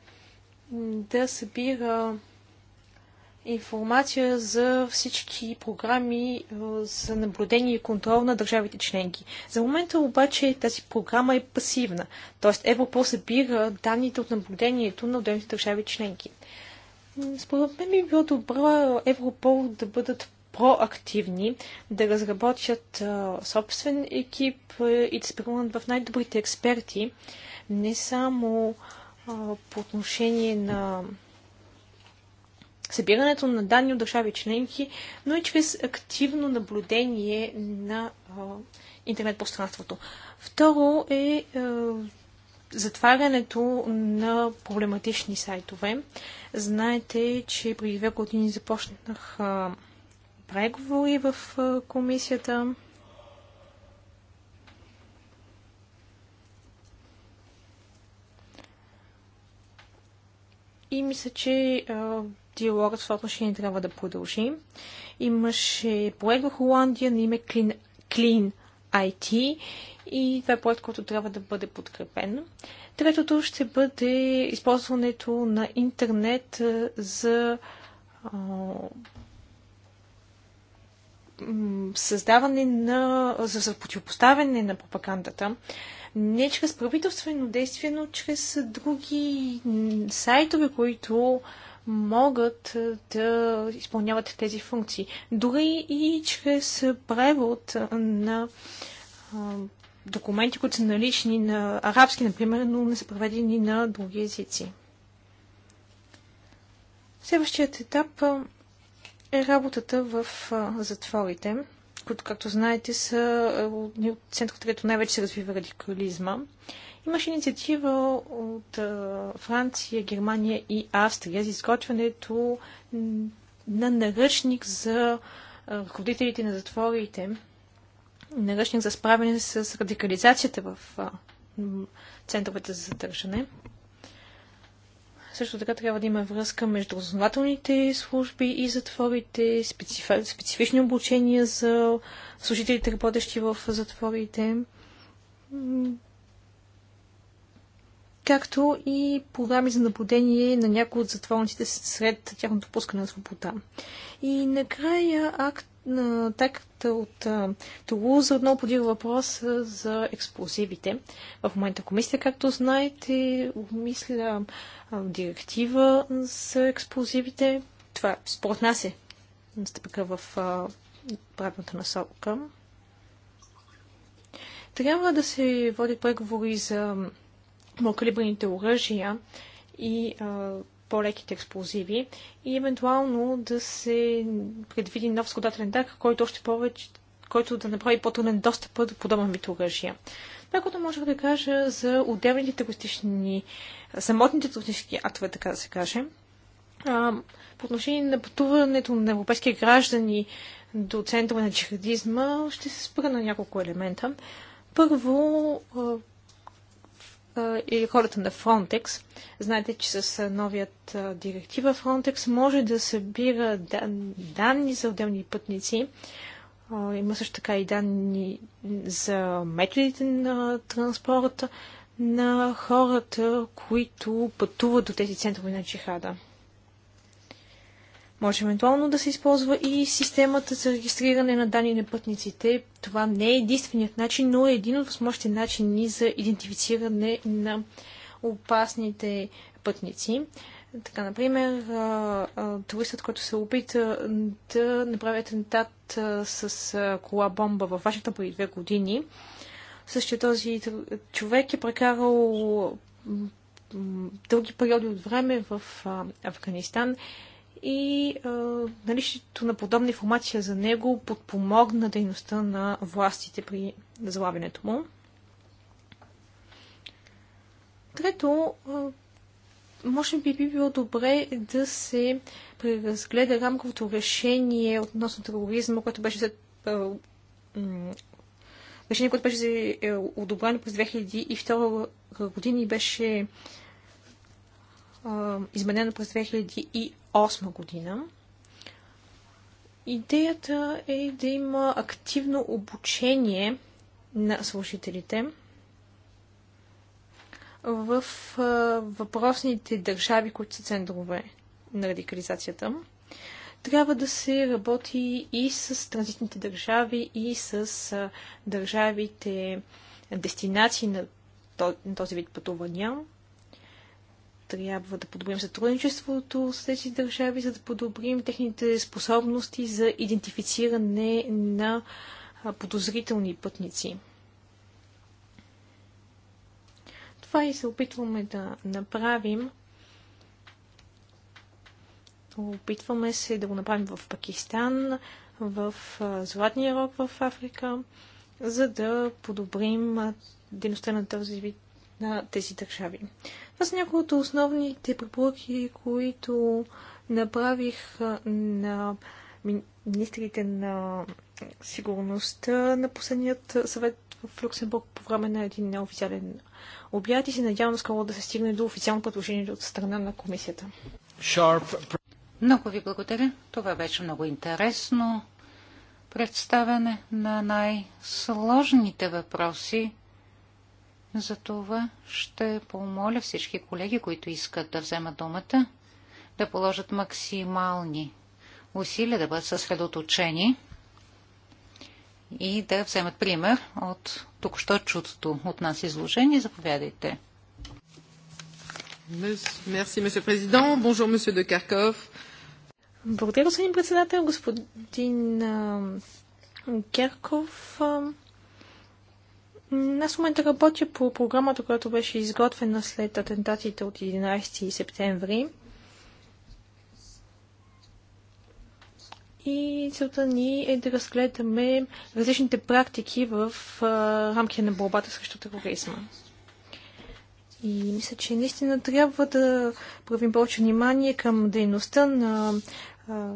да събира информация за всички програми е, за наблюдение и контрол на държавите членки. За момента обаче тази програма е пасивна, т.е. Европол събира данните от наблюдението на отделните държави членки. Според мен би било добро Европол да бъдат проактивни, да разработят а, е, собствен екип а, е, и да спрегнат в най-добрите експерти, не само а, по отношение на събирането на данни от държави членки, но и чрез активно наблюдение на интернет пространството. Второ е, е затварянето на проблематични сайтове. Знаете, че преди две години започнах преговори в комисията. И мисля, че диалогът в това отношение трябва да продължи. Имаше проект в Холандия на име Clean, Clean IT и това е проект, който трябва да бъде подкрепен. Третото ще бъде използването на интернет за създаване на, за, за противопоставяне на пропагандата. Не чрез правителствено действие, но чрез други сайтове, които а, могат е, да изпълняват тези функции. Дори и чрез превод е, на е, документи, които са налични на арабски, например, но не са преведени на други езици. Следващият етап е работата в затворите които, както знаете, са център, от където най-вече се развива радикализма. Имаше инициатива от е, Франция, Германия и Австрия за изготвянето на наръчник за е, ръководителите на затворите, наръчник за справяне с радикализацията в е, центровете за задържане. Също така трябва да има връзка между разузнавателните служби и затворите, специфи... специфични обучения за служителите, работещи в затворите, както и програми за наблюдение на някои от затворниците сред тяхното пускане на свобода. И накрая акт атаката от Тулуза е отново подига въпрос за експлозивите. В момента комисия, както знаете, обмисля директива за експлозивите. Това според нас е стъпка в правилната насока. Трябва да се водят преговори за малкалибрените оръжия и а, по-леките експлозиви и евентуално да се предвиди нов складателен дак, който още повече който да направи по-труден достъп до подобен вид оръжия. Това, което да кажа за отделните терористични, самотните терористични актове, така да се каже, а, по отношение на пътуването на европейски граждани до центъра на джихадизма, ще се спра на няколко елемента. Първо, или хората на Frontex. Знаете, че с новият директива Frontex може да събира данни за отделни пътници. Има също така и данни за методите на транспорта на хората, които пътуват до тези центрове на джихада. Може евентуално да се използва и системата за регистриране на данни на пътниците. Това не е единственият начин, но е един от възможните начини за идентифициране на опасните пътници. Така, например, туристът, който се опита да направи атентат с кола-бомба във Вашингтон преди две години, същия този човек е прекарал дълги периоди от време в Афганистан и а, наличието на подобна информация за него подпомогна дейността на властите при залавянето му. Трето, а, може би би било добре да се преразгледа рамковото решение относно тероризма, което беше за. решение, което беше е, одобрено през 2002 година и беше изменено през 2008 година. Идеята е да има активно обучение на служителите в въпросните държави, които са центрове на радикализацията. Трябва да се работи и с транзитните държави, и с държавите дестинации на този вид пътувания трябва да подобрим сътрудничеството с тези държави, за да подобрим техните способности за идентифициране на подозрителни пътници. Това и се опитваме да направим. Опитваме се да го направим в Пакистан, в Златния рог в Африка, за да подобрим дейността на този вид на тези държави. Това са няколко от основните препоръки, които направих на министрите на сигурността на последният съвет в Люксембург по време на един неофициален обяд и се надявам скоро да се стигне до официално предложение от страна на комисията. Sharp. Много ви благодаря. Това беше много интересно представяне на най-сложните въпроси, затова ще помоля всички колеги, които искат да вземат думата, да положат максимални усилия, да бъдат съсредоточени и да вземат пример от току-що чутото от нас изложение. Заповядайте. Merci, monsieur président. Bonjour, monsieur de Благодаря, господин председател. Господин Керков, аз в момента работя по програмата, която беше изготвена след атентатите от 11 септември. И целта ни е да разгледаме различните практики в рамки рамките на борбата срещу тероризма. И мисля, че наистина трябва да правим повече внимание към дейността на а,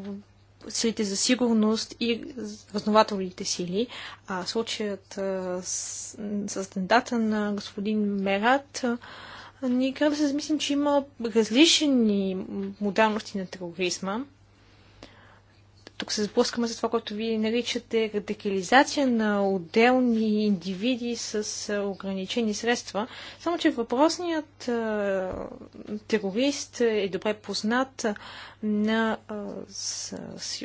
силите за сигурност и възнователните сили. А случаят с, с на господин Мерат ние трябва да се замислим, че има различни модалности на тероризма тук се сблъскаме за това, което вие наричате радикализация на отделни индивиди с ограничени средства. Само, че въпросният терорист е добре познат на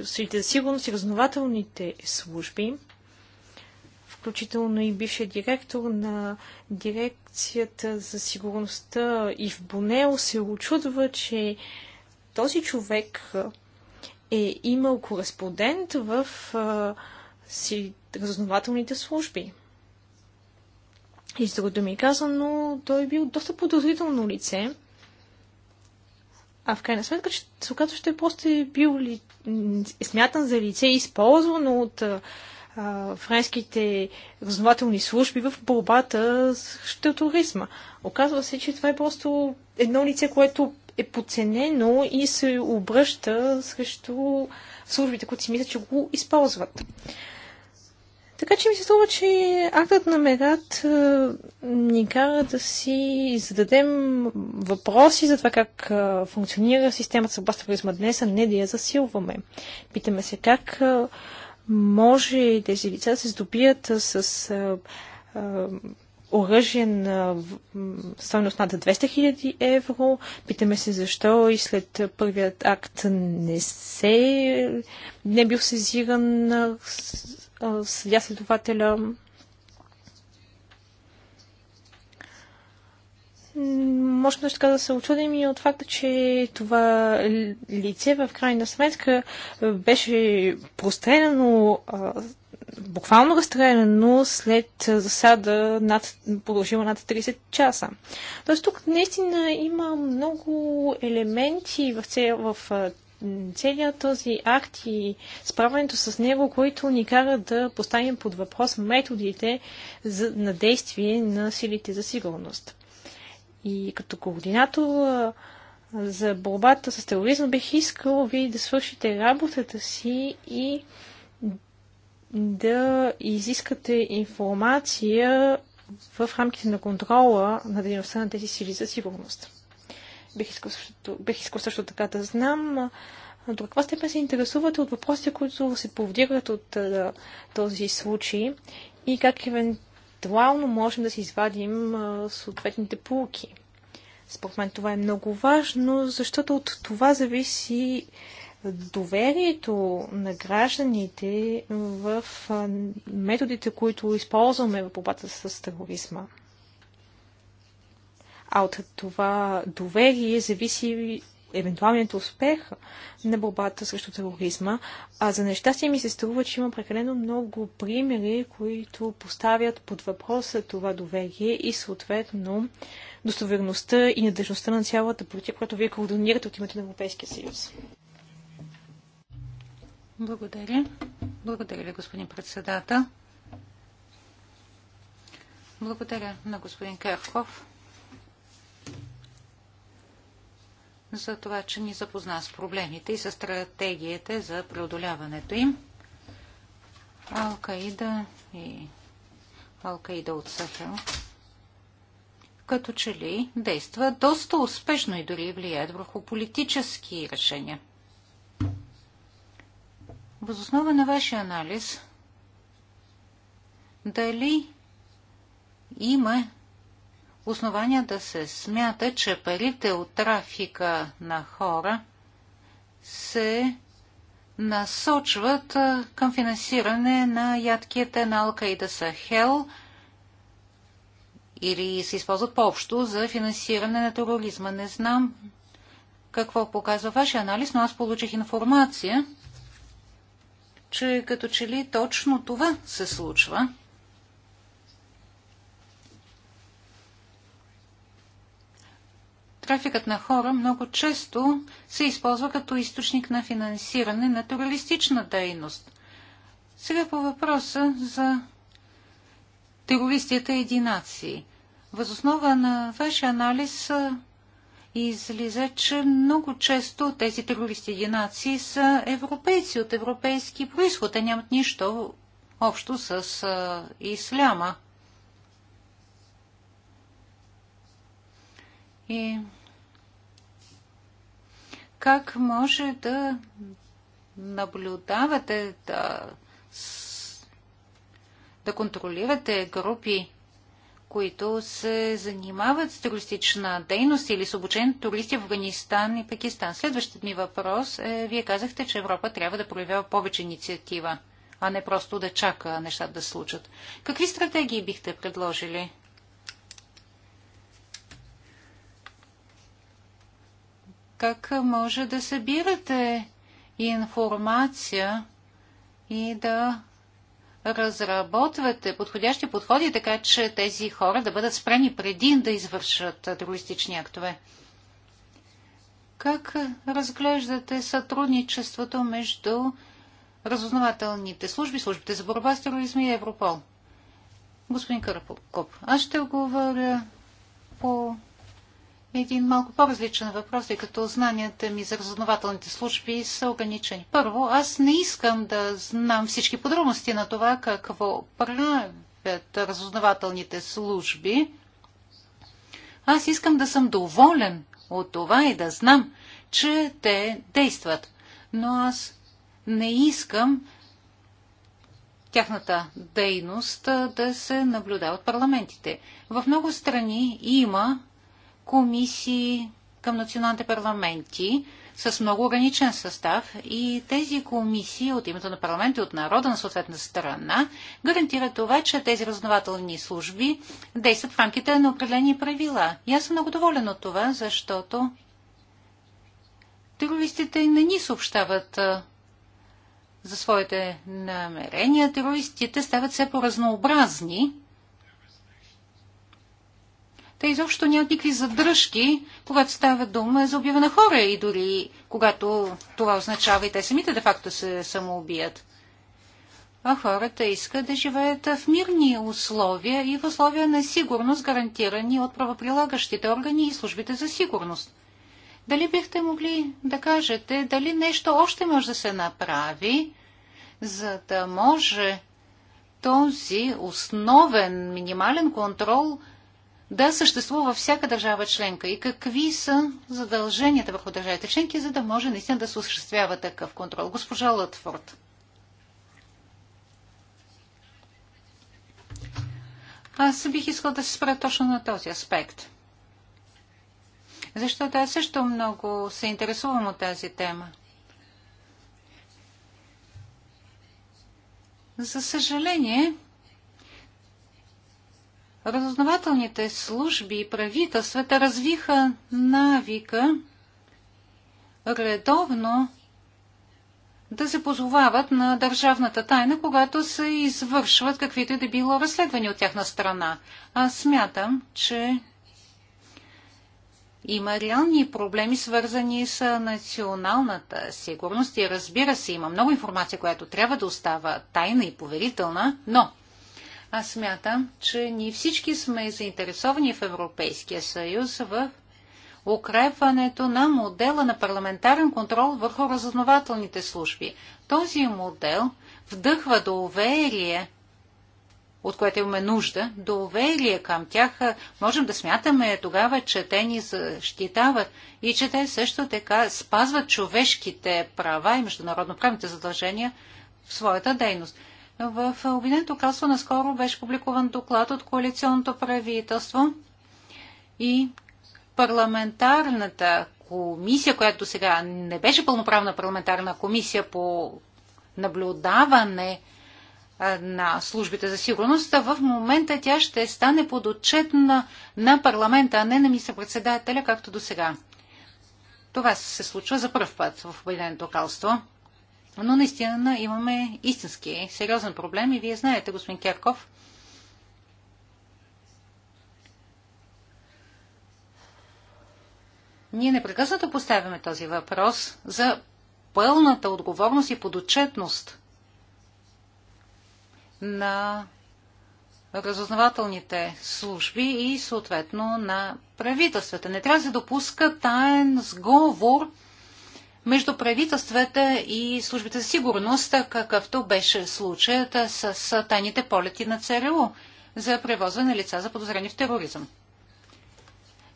силите за сигурност и разнователните служби, включително и бившия директор на дирекцията за сигурността и в Бонел се очудва, че този човек е имал кореспондент в а, си разнователните служби. И с ми думи казано, той е бил доста подозрително лице. А в крайна сметка, че се оказва, че просто е бил ли, е смятан за лице, използвано от а, френските разнователни служби в борбата с тероризма. Оказва се, че това е просто едно лице, което е подценено и се обръща срещу службите, които си мислят, че го използват. Така че ми се струва, че актът на Медат е, ни кара да си зададем въпроси за това как е, функционира системата съгласно туризма днес, а не да я засилваме. Питаме се как е, може тези лица се здобият с оръжие на стойност над 200 000 евро. Питаме се защо и след първият акт не се не бил сезиран съдя следователя. може също така да се очудим и от факта, че това лице в крайна сметка беше прострелено буквално разстреляно след засада над, продължила над 30 часа. Тоест тук наистина има много елементи в, цел, в целият този акт и справянето с него, които ни карат да поставим под въпрос методите за, на действие на силите за сигурност. И като координатор за борбата с тероризма бих искал ви да свършите работата си и да изискате информация в рамките на контрола на дейността на тези сили за сигурност. Бих искал също, бих искал също така да знам до каква степен се интересувате от въпросите, които се повдигат от да, този случай и как евентуално можем да си извадим а, съответните полуки. Според мен това е много важно, защото от това зависи доверието на гражданите в методите, които използваме в борбата с тероризма. А от това доверие зависи евентуалният успех на борбата срещу тероризма. А за нещастие ми се струва, че има прекалено много примери, които поставят под въпроса това доверие и съответно достоверността и надежността на цялата политика, която вие координирате от името на Европейския съюз. Благодаря. Благодаря ви, господин председател. Благодаря на господин Керхов за това, че ни запозна с проблемите и с стратегиите за преодоляването им. Алкаида и Алкаида от Сахел като че ли действа доста успешно и дори влияят върху политически решения – Възоснова на вашия анализ, дали има основания да се смята, че парите от трафика на хора се насочват към финансиране на ядките на Алкаида Сахел или се използват по-общо за финансиране на тероризма. Не знам какво показва вашия анализ, но аз получих информация, че като че ли точно това се случва. Трафикът на хора много често се използва като източник на финансиране на терористична дейност. Сега по въпроса за терористията и единации. Възоснова на вашия анализ излиза, че много често тези терористи и нации са европейци от европейски происход. Те нямат нищо общо с а, исляма. И как може да наблюдавате, да, да контролирате групи които се занимават с туристична дейност или с обучен туристи в Афганистан и Пакистан. Следващият ми въпрос е, вие казахте, че Европа трябва да проявява повече инициатива, а не просто да чака нещата да случат. Какви стратегии бихте предложили? Как може да събирате информация и да разработвате подходящи подходи, така че тези хора да бъдат спрени преди да извършат терористични актове? Как разглеждате сътрудничеството между разузнавателните служби, службите за борба с тероризма и Европол? Господин Каракоп, аз ще говоря по един малко по-различен въпрос, и като знанията ми за разузнавателните служби са ограничени. Първо, аз не искам да знам всички подробности на това какво правят разузнавателните служби. Аз искам да съм доволен от това и да знам, че те действат. Но аз не искам тяхната дейност да се наблюдава от парламентите. В много страни има комисии към националните парламенти с много ограничен състав и тези комисии от името на парламента и от народа на съответна страна гарантират това, че тези разнователни служби действат в рамките на определени правила. И аз съм много доволен от това, защото терористите не ни съобщават за своите намерения. Терористите стават все по-разнообразни те изобщо нямат никакви задръжки, когато става дума за убива на хора и дори когато това означава и те самите де-факто се самоубият. А хората искат да живеят в мирни условия и в условия на сигурност, гарантирани от правоприлагащите органи и службите за сигурност. Дали бихте могли да кажете, дали нещо още може да се направи, за да може този основен минимален контрол – да съществува във всяка държава членка и какви са задълженията върху държавите членки, за да може наистина да се осъществява такъв контрол. Госпожа Лътфорд. Аз бих искал да се спра точно на този аспект. Защото аз също много се интересувам от тази тема. За съжаление, разузнавателните служби и правителствата развиха навика редовно да се позовават на държавната тайна, когато се извършват каквито и да било разследвания от тяхна страна. Аз смятам, че има реални проблеми, свързани с националната сигурност и разбира се, има много информация, която трябва да остава тайна и поверителна, но аз смятам, че ние всички сме заинтересовани в Европейския съюз в укрепването на модела на парламентарен контрол върху разузнавателните служби. Този модел вдъхва доверие, от което имаме нужда, доверие към тях. Можем да смятаме тогава, че те ни защитават и че те също така спазват човешките права и международно правните задължения в своята дейност. В Обединеното кралство наскоро беше публикуван доклад от коалиционното правителство и парламентарната комисия, която сега не беше пълноправна парламентарна комисия по наблюдаване на службите за сигурност, в момента тя ще стане подотчетна на парламента, а не на министър-председателя, както до сега. Това се случва за първ път в Обединеното кралство. Но наистина имаме истински сериозен проблем и вие знаете, господин Керков, Ние непрекъснато поставяме този въпрос за пълната отговорност и подотчетност на разузнавателните служби и съответно на правителствата. Не трябва да се допуска таен сговор между правителствата и службите за сигурност, какъвто беше случаят с тайните полети на ЦРУ за превозване на лица за подозрени в тероризъм.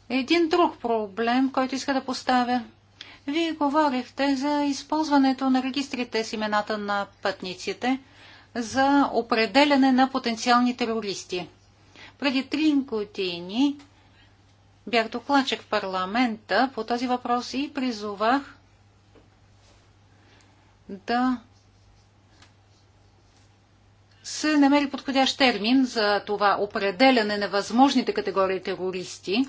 Един друг проблем, който иска да поставя. Вие говорихте за използването на регистрите с имената на пътниците за определяне на потенциални терористи. Преди три години бях докладчик в парламента по този въпрос и призовах да се намери подходящ термин за това определяне на възможните категории терористи,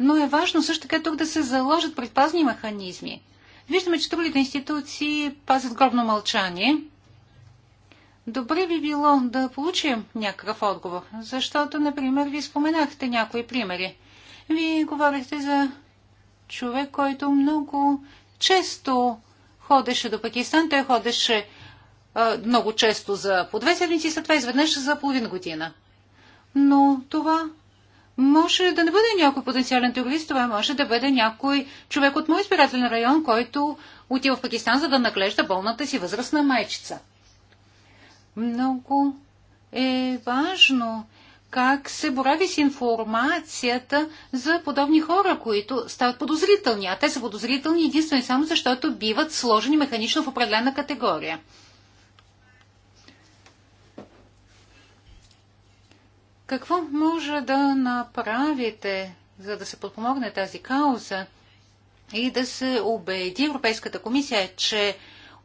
но е важно също така тук да се заложат предпазни механизми. Виждаме, че другите институции пазят гробно мълчание. Добре би било да получим някакъв отговор, защото, например, ви споменахте някои примери. Вие говорихте за човек, който много често ходеше до Пакистан, той ходеше а, много често за по две седмици след това изведнъж за половин година. Но това може да не бъде някой потенциален терорист, това може да бъде някой човек от мой избирателен район, който отива в Пакистан, за да наглежда болната си възрастна майчица. Много е важно как се борави с информацията за подобни хора, които стават подозрителни. А те са подозрителни единствено и само защото биват сложени механично в определена категория. Какво може да направите, за да се подпомогне тази кауза и да се убеди Европейската комисия, че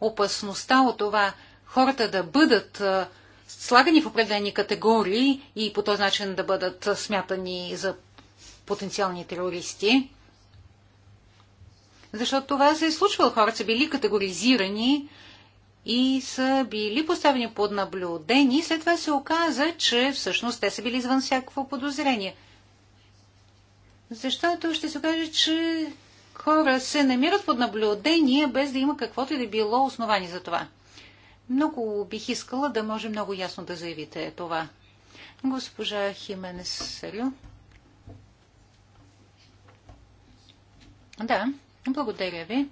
опасността от това хората да бъдат слагани в определени категории и по този начин да бъдат смятани за потенциални терористи. Защото това се е случвало. Хората са били категоризирани и са били поставени под наблюдение. След това се оказа, че всъщност те са били извън всякакво подозрение. Защото ще се окаже, че хора се намират под наблюдение, без да има каквото и да било основание за това. Много бих искала да може много ясно да заявите това. Госпожа Хименес Селю. Да, благодаря ви.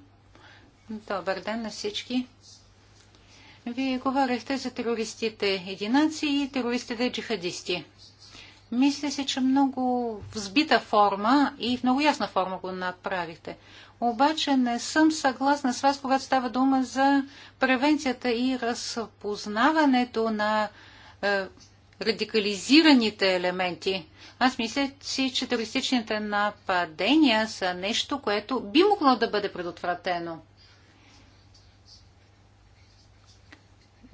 Добър ден на всички. Вие говорихте за терористите единаци и терористите джихадисти. Мисля се, че много взбита форма и в много ясна форма го направихте. Обаче не съм съгласна с вас, когато става дума за превенцията и разпознаването на е, радикализираните елементи. Аз мисля си, че терористичните нападения са нещо, което би могло да бъде предотвратено.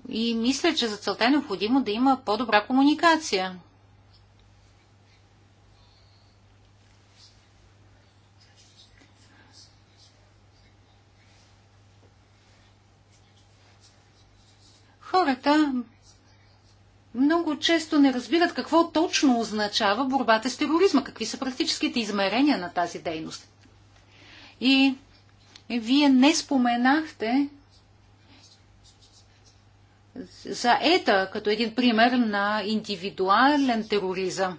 И мисля, че за целта е необходимо да има по-добра комуникация. Хората много често не разбират какво точно означава борбата с тероризма, какви са практическите измерения на тази дейност. И вие не споменахте за ета като един пример на индивидуален тероризъм.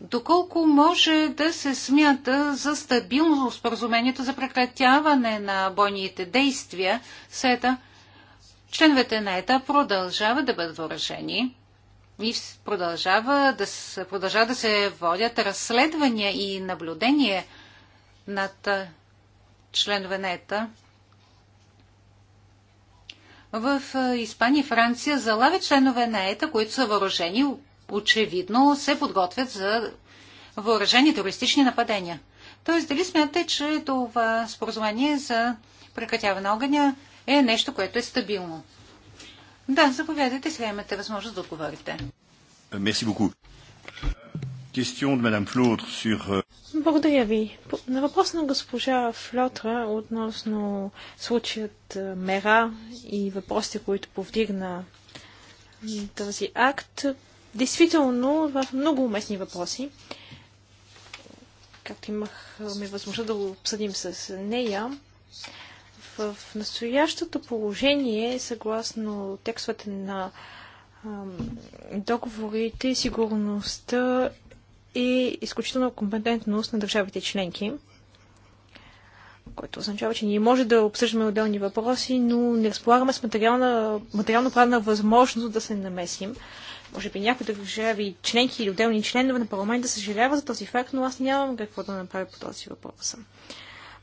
Доколко може да се смята за стабилно споразумението за прекратяване на бойните действия с ета – Членовете на ЕТА продължават да бъдат въоръжени и продължава да, се, продължава да се водят разследвания и наблюдения над членове на ЕТА. В Испания и Франция залавят членове на ЕТА, които са въоръжени, очевидно се подготвят за въоръжени терористични нападения. Тоест, дали смятате, че това споразумение за прекратяване на огъня е нещо, което е стабилно. Да, заповядайте, сега имате възможност да отговорите. Мерси beaucoup. Euh, Благодаря ви. На въпрос на госпожа Флотра относно случаят е, Мера и въпросите, които повдигна този акт, действително в много уместни въпроси. Както имахме възможност да го обсъдим с нея, в настоящото положение, съгласно текстовете на договорите, сигурността е изключително компетентност на държавите членки, което означава, че ние може да обсъждаме отделни въпроси, но не разполагаме с материално-правна възможност да се намесим. Може би някои държави, членки или отделни членове на парламента съжалява съжаляват за този факт, но аз нямам какво да направя по този въпрос.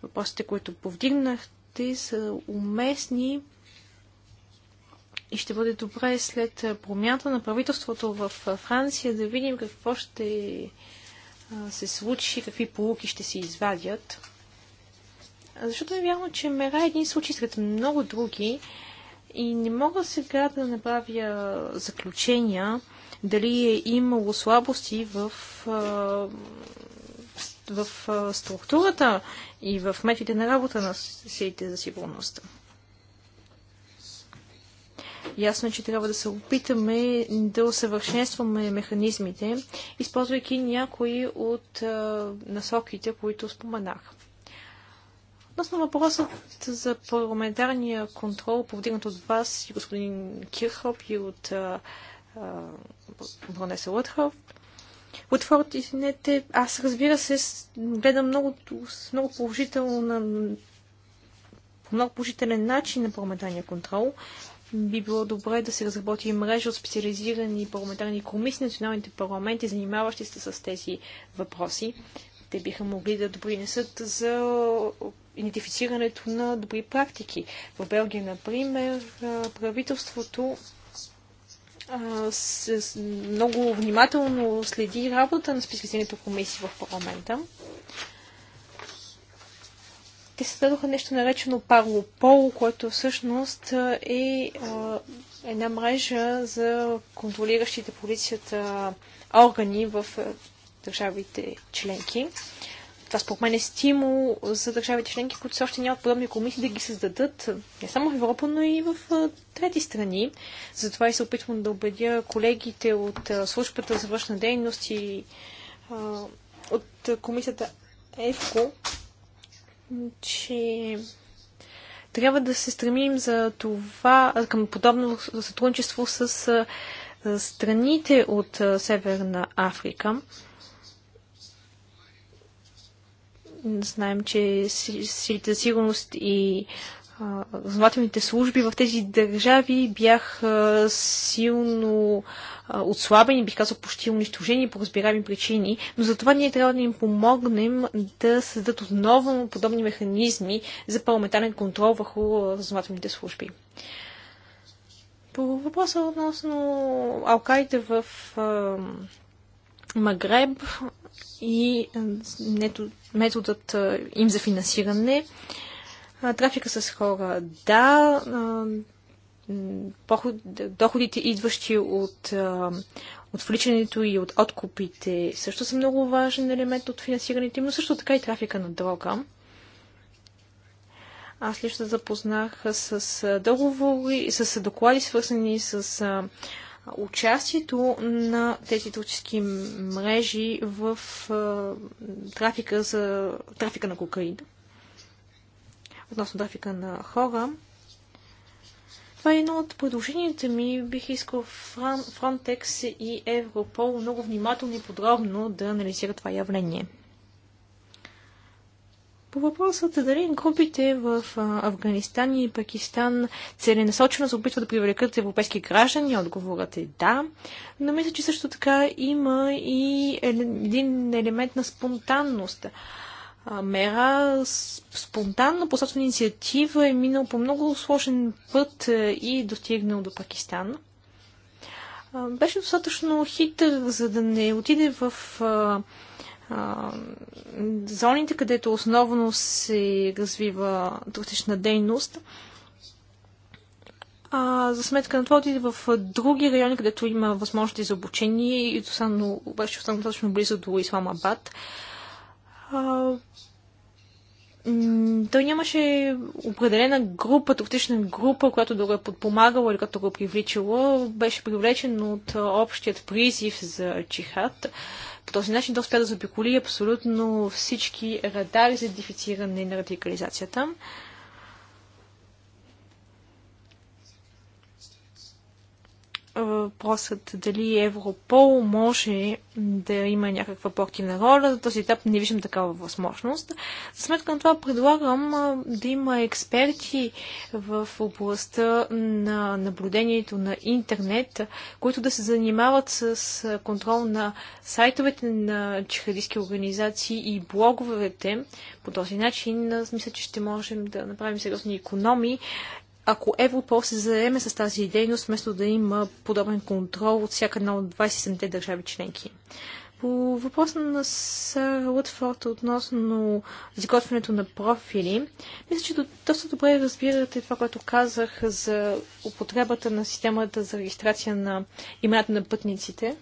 Въпросите, които повдигнах, ще са уместни и ще бъде добре след промяната на правителството в Франция да видим какво ще се случи, какви полуки ще се извадят. Защото е вярно, че мера е един случай сред много други и не мога сега да направя заключения дали е имало слабости в в структурата и в методите на работа на силите за сигурност. Ясно е, че трябва да се опитаме да усъвършенстваме механизмите, използвайки някои от насоките, които споменах. Относно въпросът за парламентарния контрол, повдигнат от вас и господин Кирхоп и от Бронеса Лътхоп, от Fortinet, аз разбира се, гледам много, много положително на по много положителен начин на парламентарния контрол. Би било добре да се разработи мрежа от специализирани парламентарни комисии националните парламенти, занимаващи се с тези въпроси. Те биха могли да допринесат за идентифицирането на добри практики. В Белгия, например, правителството с, много внимателно следи работа на специализираните комисии в парламента. Те създадоха нещо наречено Парлопол, което всъщност е а, една мрежа за контролиращите полицията органи в държавите членки това според мен е стимул за държавите членки, които все още нямат подобни комисии да ги създадат не само в Европа, но и в трети страни. Затова и се опитвам да убедя колегите от службата за външна дейност и а, от комисията ЕФКО, че трябва да се стремим за това, към подобно сътрудничество с страните от Северна Африка. Знаем, че силите за сигурност и разузнавателните служби в тези държави бяха силно отслабени, бих казал почти унищожени по разбираеми причини, но за това ние трябва да им помогнем да създадат отново подобни механизми за парламентарен контрол върху разузнавателните служби. По въпроса относно алкаите в Магреб и нето методът им за финансиране. Трафика с хора, да. Доходите, идващи от отвличането и от откупите, също са много важен елемент от финансирането им, но също така и трафика на дрога. Аз лично запознах с договори, с доклади, свързани с участието на тези творчески мрежи в трафика, за, трафика на кокаин. Относно трафика на хора. Това е едно от предложенията ми. Бих искал Фронтекс и Европол много внимателно и подробно да анализира това явление. По въпросът дали групите в Афганистан и Пакистан целенасочено се опитват да привлекат европейски граждани, отговорът е да. Но мисля, че също така има и един елемент на спонтанност. Мера спонтанно по собствена инициатива е минал по много сложен път е, и достигнал до Пакистан. Беше достатъчно хитър, за да не отиде в зоните, където основно се развива туристична дейност, а, за сметка на това отиде в други райони, където има възможности за обучение и достатъчно, беше достатъчно близо до Исламабад. А, той нямаше определена група, туристична група, която да го е подпомагала или като го е привличала. Беше привлечен от общият призив за чихад по този начин то успя да заобиколи абсолютно всички радари за идентифициране на радикализацията. въпросът дали Европол може да има някаква по-активна роля. За този етап не виждам такава възможност. За сметка на това предлагам да има експерти в областта на наблюдението на интернет, които да се занимават с контрол на сайтовете на чехадистски организации и блоговете. По този начин мисля, че ще можем да направим сериозни економии ако Европол се заеме с тази дейност, вместо да има подобен контрол от всяка една от 27-те държави членки. По въпроса на Сър Лутфорд относно изготвянето на профили, мисля, че доста добре разбирате това, което казах за употребата на системата за регистрация на имената на пътниците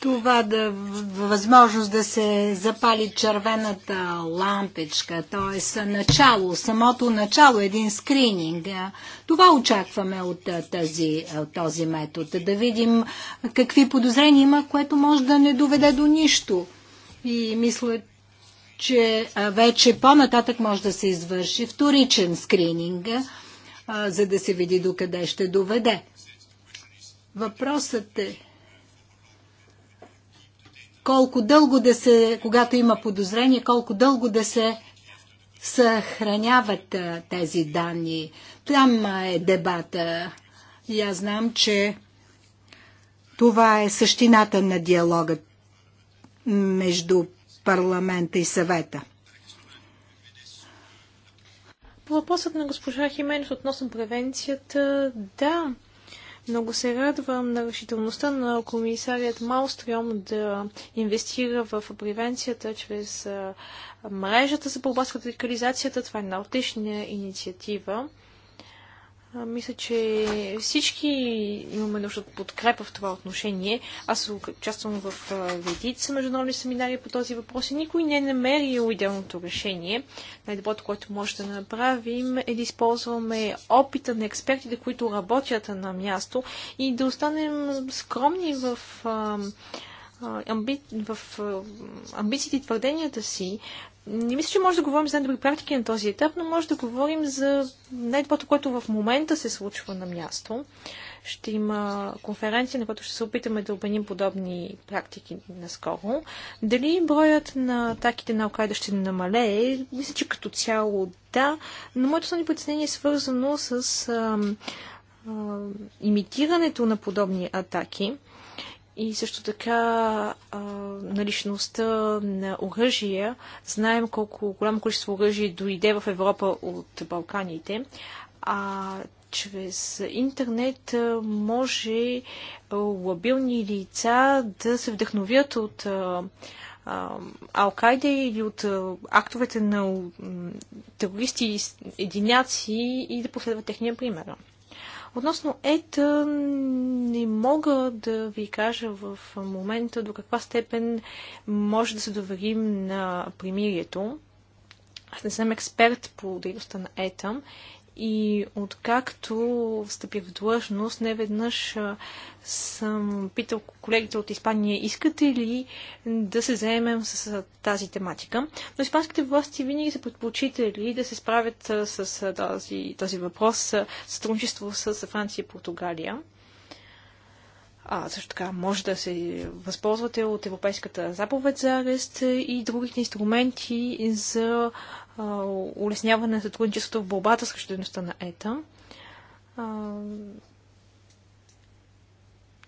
това да възможност да се запали червената лампичка, т.е. начало, самото начало, един скрининг. Това очакваме от тази, този метод. Да видим какви подозрения има, което може да не доведе до нищо. И мисля, че вече по-нататък може да се извърши вторичен скрининг, за да се види докъде ще доведе. Въпросът е колко дълго да се, когато има подозрение, колко дълго да се съхраняват тези данни. Там е дебата. И аз знам, че това е същината на диалога между парламента и съвета. По въпросът на госпожа Хименес относно превенцията, да, много се радвам на решителността на комисарият Малстрем да инвестира в превенцията чрез мрежата за борба с радикализацията. Това е една отлична инициатива мисля, че всички имаме нужда от подкрепа в това отношение. Аз участвам в редица международни семинари по този въпрос и никой не е намерил идеалното решение. Най-доброто, което може да направим е да използваме опита на експертите, които работят на място и да останем скромни в амби... в амбициите и твърденията си, не мисля, че може да говорим за най-добри практики на този етап, но може да говорим за най-доброто, което в момента се случва на място. Ще има конференция, на която ще се опитаме да обменим подобни практики наскоро. Дали броят на атаките на Алкайда ще намалее? Мисля, че като цяло да, но моето основно притеснение е свързано с а, а, имитирането на подобни атаки и също така а, наличността на оръжия. Знаем колко голямо количество оръжие дойде в Европа от Балканите. А чрез интернет може лабилни лица да се вдъхновят от Алкайда или от актовете на терористи единяци и да последват техния пример. Относно ета не мога да ви кажа в момента до каква степен може да се доверим на примирието. Аз не съм експерт по дейността на ЕТА и откакто встъпих в длъжност, не веднъж съм питал колегите от Испания, искате ли да се заемем с тази тематика. Но испанските власти винаги са предпочитали да се справят с този, този въпрос, сътрудничество с Франция и Португалия. А, също така, може да се възползвате от Европейската заповед за арест и другите инструменти за улесняване на сътрудничеството в борбата срещу дейността на ЕТА.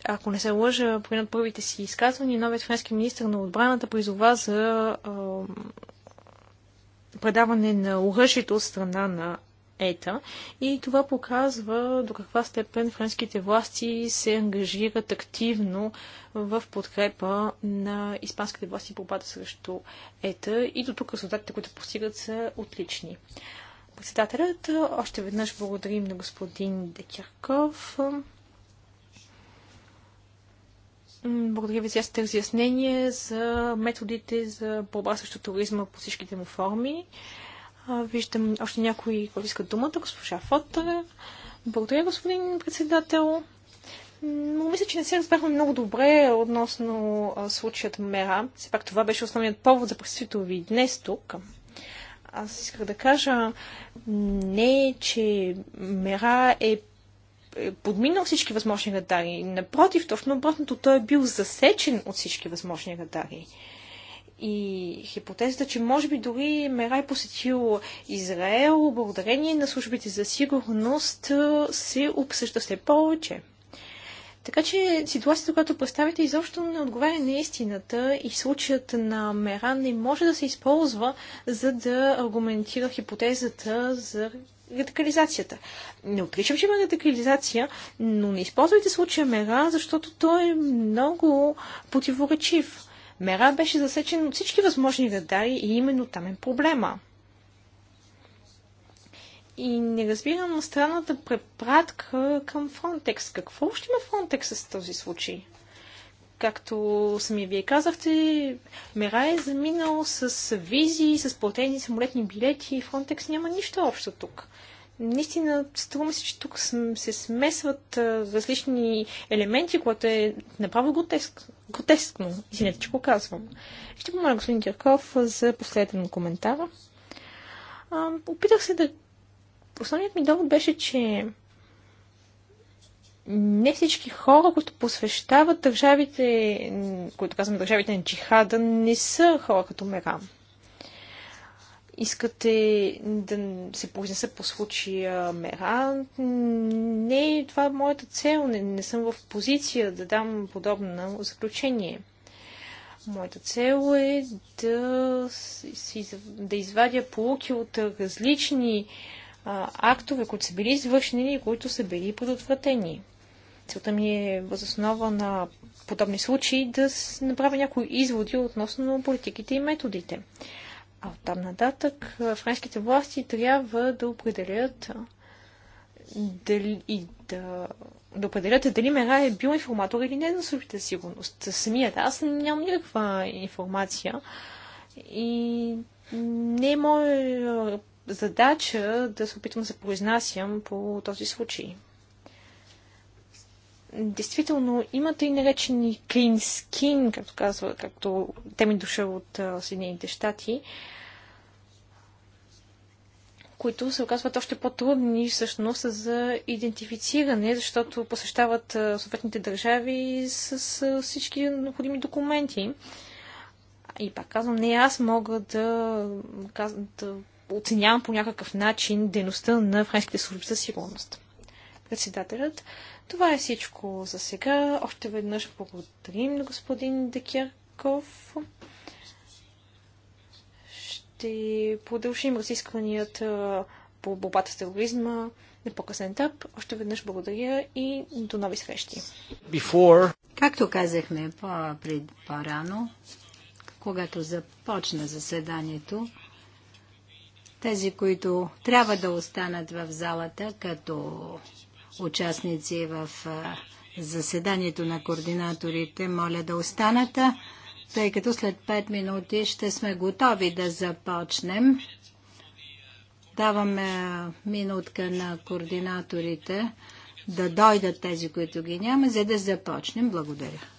Ако не се лъжа, при над първите си изказвания, новият френски министр на отбраната призова за предаване на оръжието от страна на ета. И това показва до каква степен френските власти се ангажират активно в подкрепа на испанските власти по бата срещу ета. И до тук резултатите, които постигат, са отлични. Председателят, още веднъж благодарим на господин Декерков. Благодаря ви за ясните разяснения за методите за борба срещу туризма по всичките му форми. Виждам още някои които искат думата. Госпожа Фотър. Благодаря, господин председател. Но мисля, че не се разбрахме много добре относно а, случаят Мера. Все пак това беше основният повод за присъствието ви днес тук. Аз исках да кажа не, че Мера е, е подминал всички възможни радари. Напротив, точно обратното, той е бил засечен от всички възможни радари. И хипотезата, че може би дори Мерай посетил Израел, благодарение на службите за сигурност, се обсъжда все повече. Така че ситуацията, която представите, изобщо не отговаря на истината и случаят на Меран не може да се използва, за да аргументира хипотезата за радикализацията. Не отричам, че има радикализация, но не използвайте случая Меран, защото той е много противоречив. Мера беше засечен от всички възможни радари и именно там е проблема. И не разбирам странната препратка към Фронтекс. Какво още има Фронтекс с този случай? Както сами вие казахте, Мера е заминал с визи, с платени самолетни билети и Фронтекс няма нищо общо тук наистина струва се, че тук се смесват различни елементи, което е направо гротеск, гротескно. Извинете, че го казвам. Ще помоля господин Кирков за последен коментар. опитах се да... Основният ми довод беше, че не всички хора, които посвещават държавите, които казвам държавите на джихада, не са хора като Мерам искате да се произнеса по случая Мера. Не, това е моята цел. Не, не съм в позиция да дам подобно заключение. Моята цел е да, да извадя полуки от различни а, актове, които са били извършени и които са били предотвратени. Целта ми е възоснова на подобни случаи да направя някои изводи относно политиките и методите. А от там нататък френските власти трябва да определят дали, и да, да определят дали Мера е бил информатор или не на службите за сигурност. Самият аз нямам никаква информация и не е моя задача да се опитвам да се произнасям по този случай действително има тъй наречени clean skin, както казва, както те ми дошъл от Съединените щати, които се оказват още по-трудни всъщност за идентифициране, защото посещават съответните държави с всички необходими документи. И пак казвам, не аз мога да, да оценявам по някакъв начин дейността на френските служби за сигурност. Председателят, това е всичко за сега. Още веднъж благодарим на господин Декерков. Ще продължим разискванията по борбата с тероризма на по-късен етап. Още веднъж благодаря и до нови срещи. Before... Както казахме по-рано, когато започна заседанието, тези, които трябва да останат в залата като участници в заседанието на координаторите, моля да останат, тъй като след 5 минути ще сме готови да започнем. Даваме минутка на координаторите да дойдат тези, които ги няма, за да започнем. Благодаря.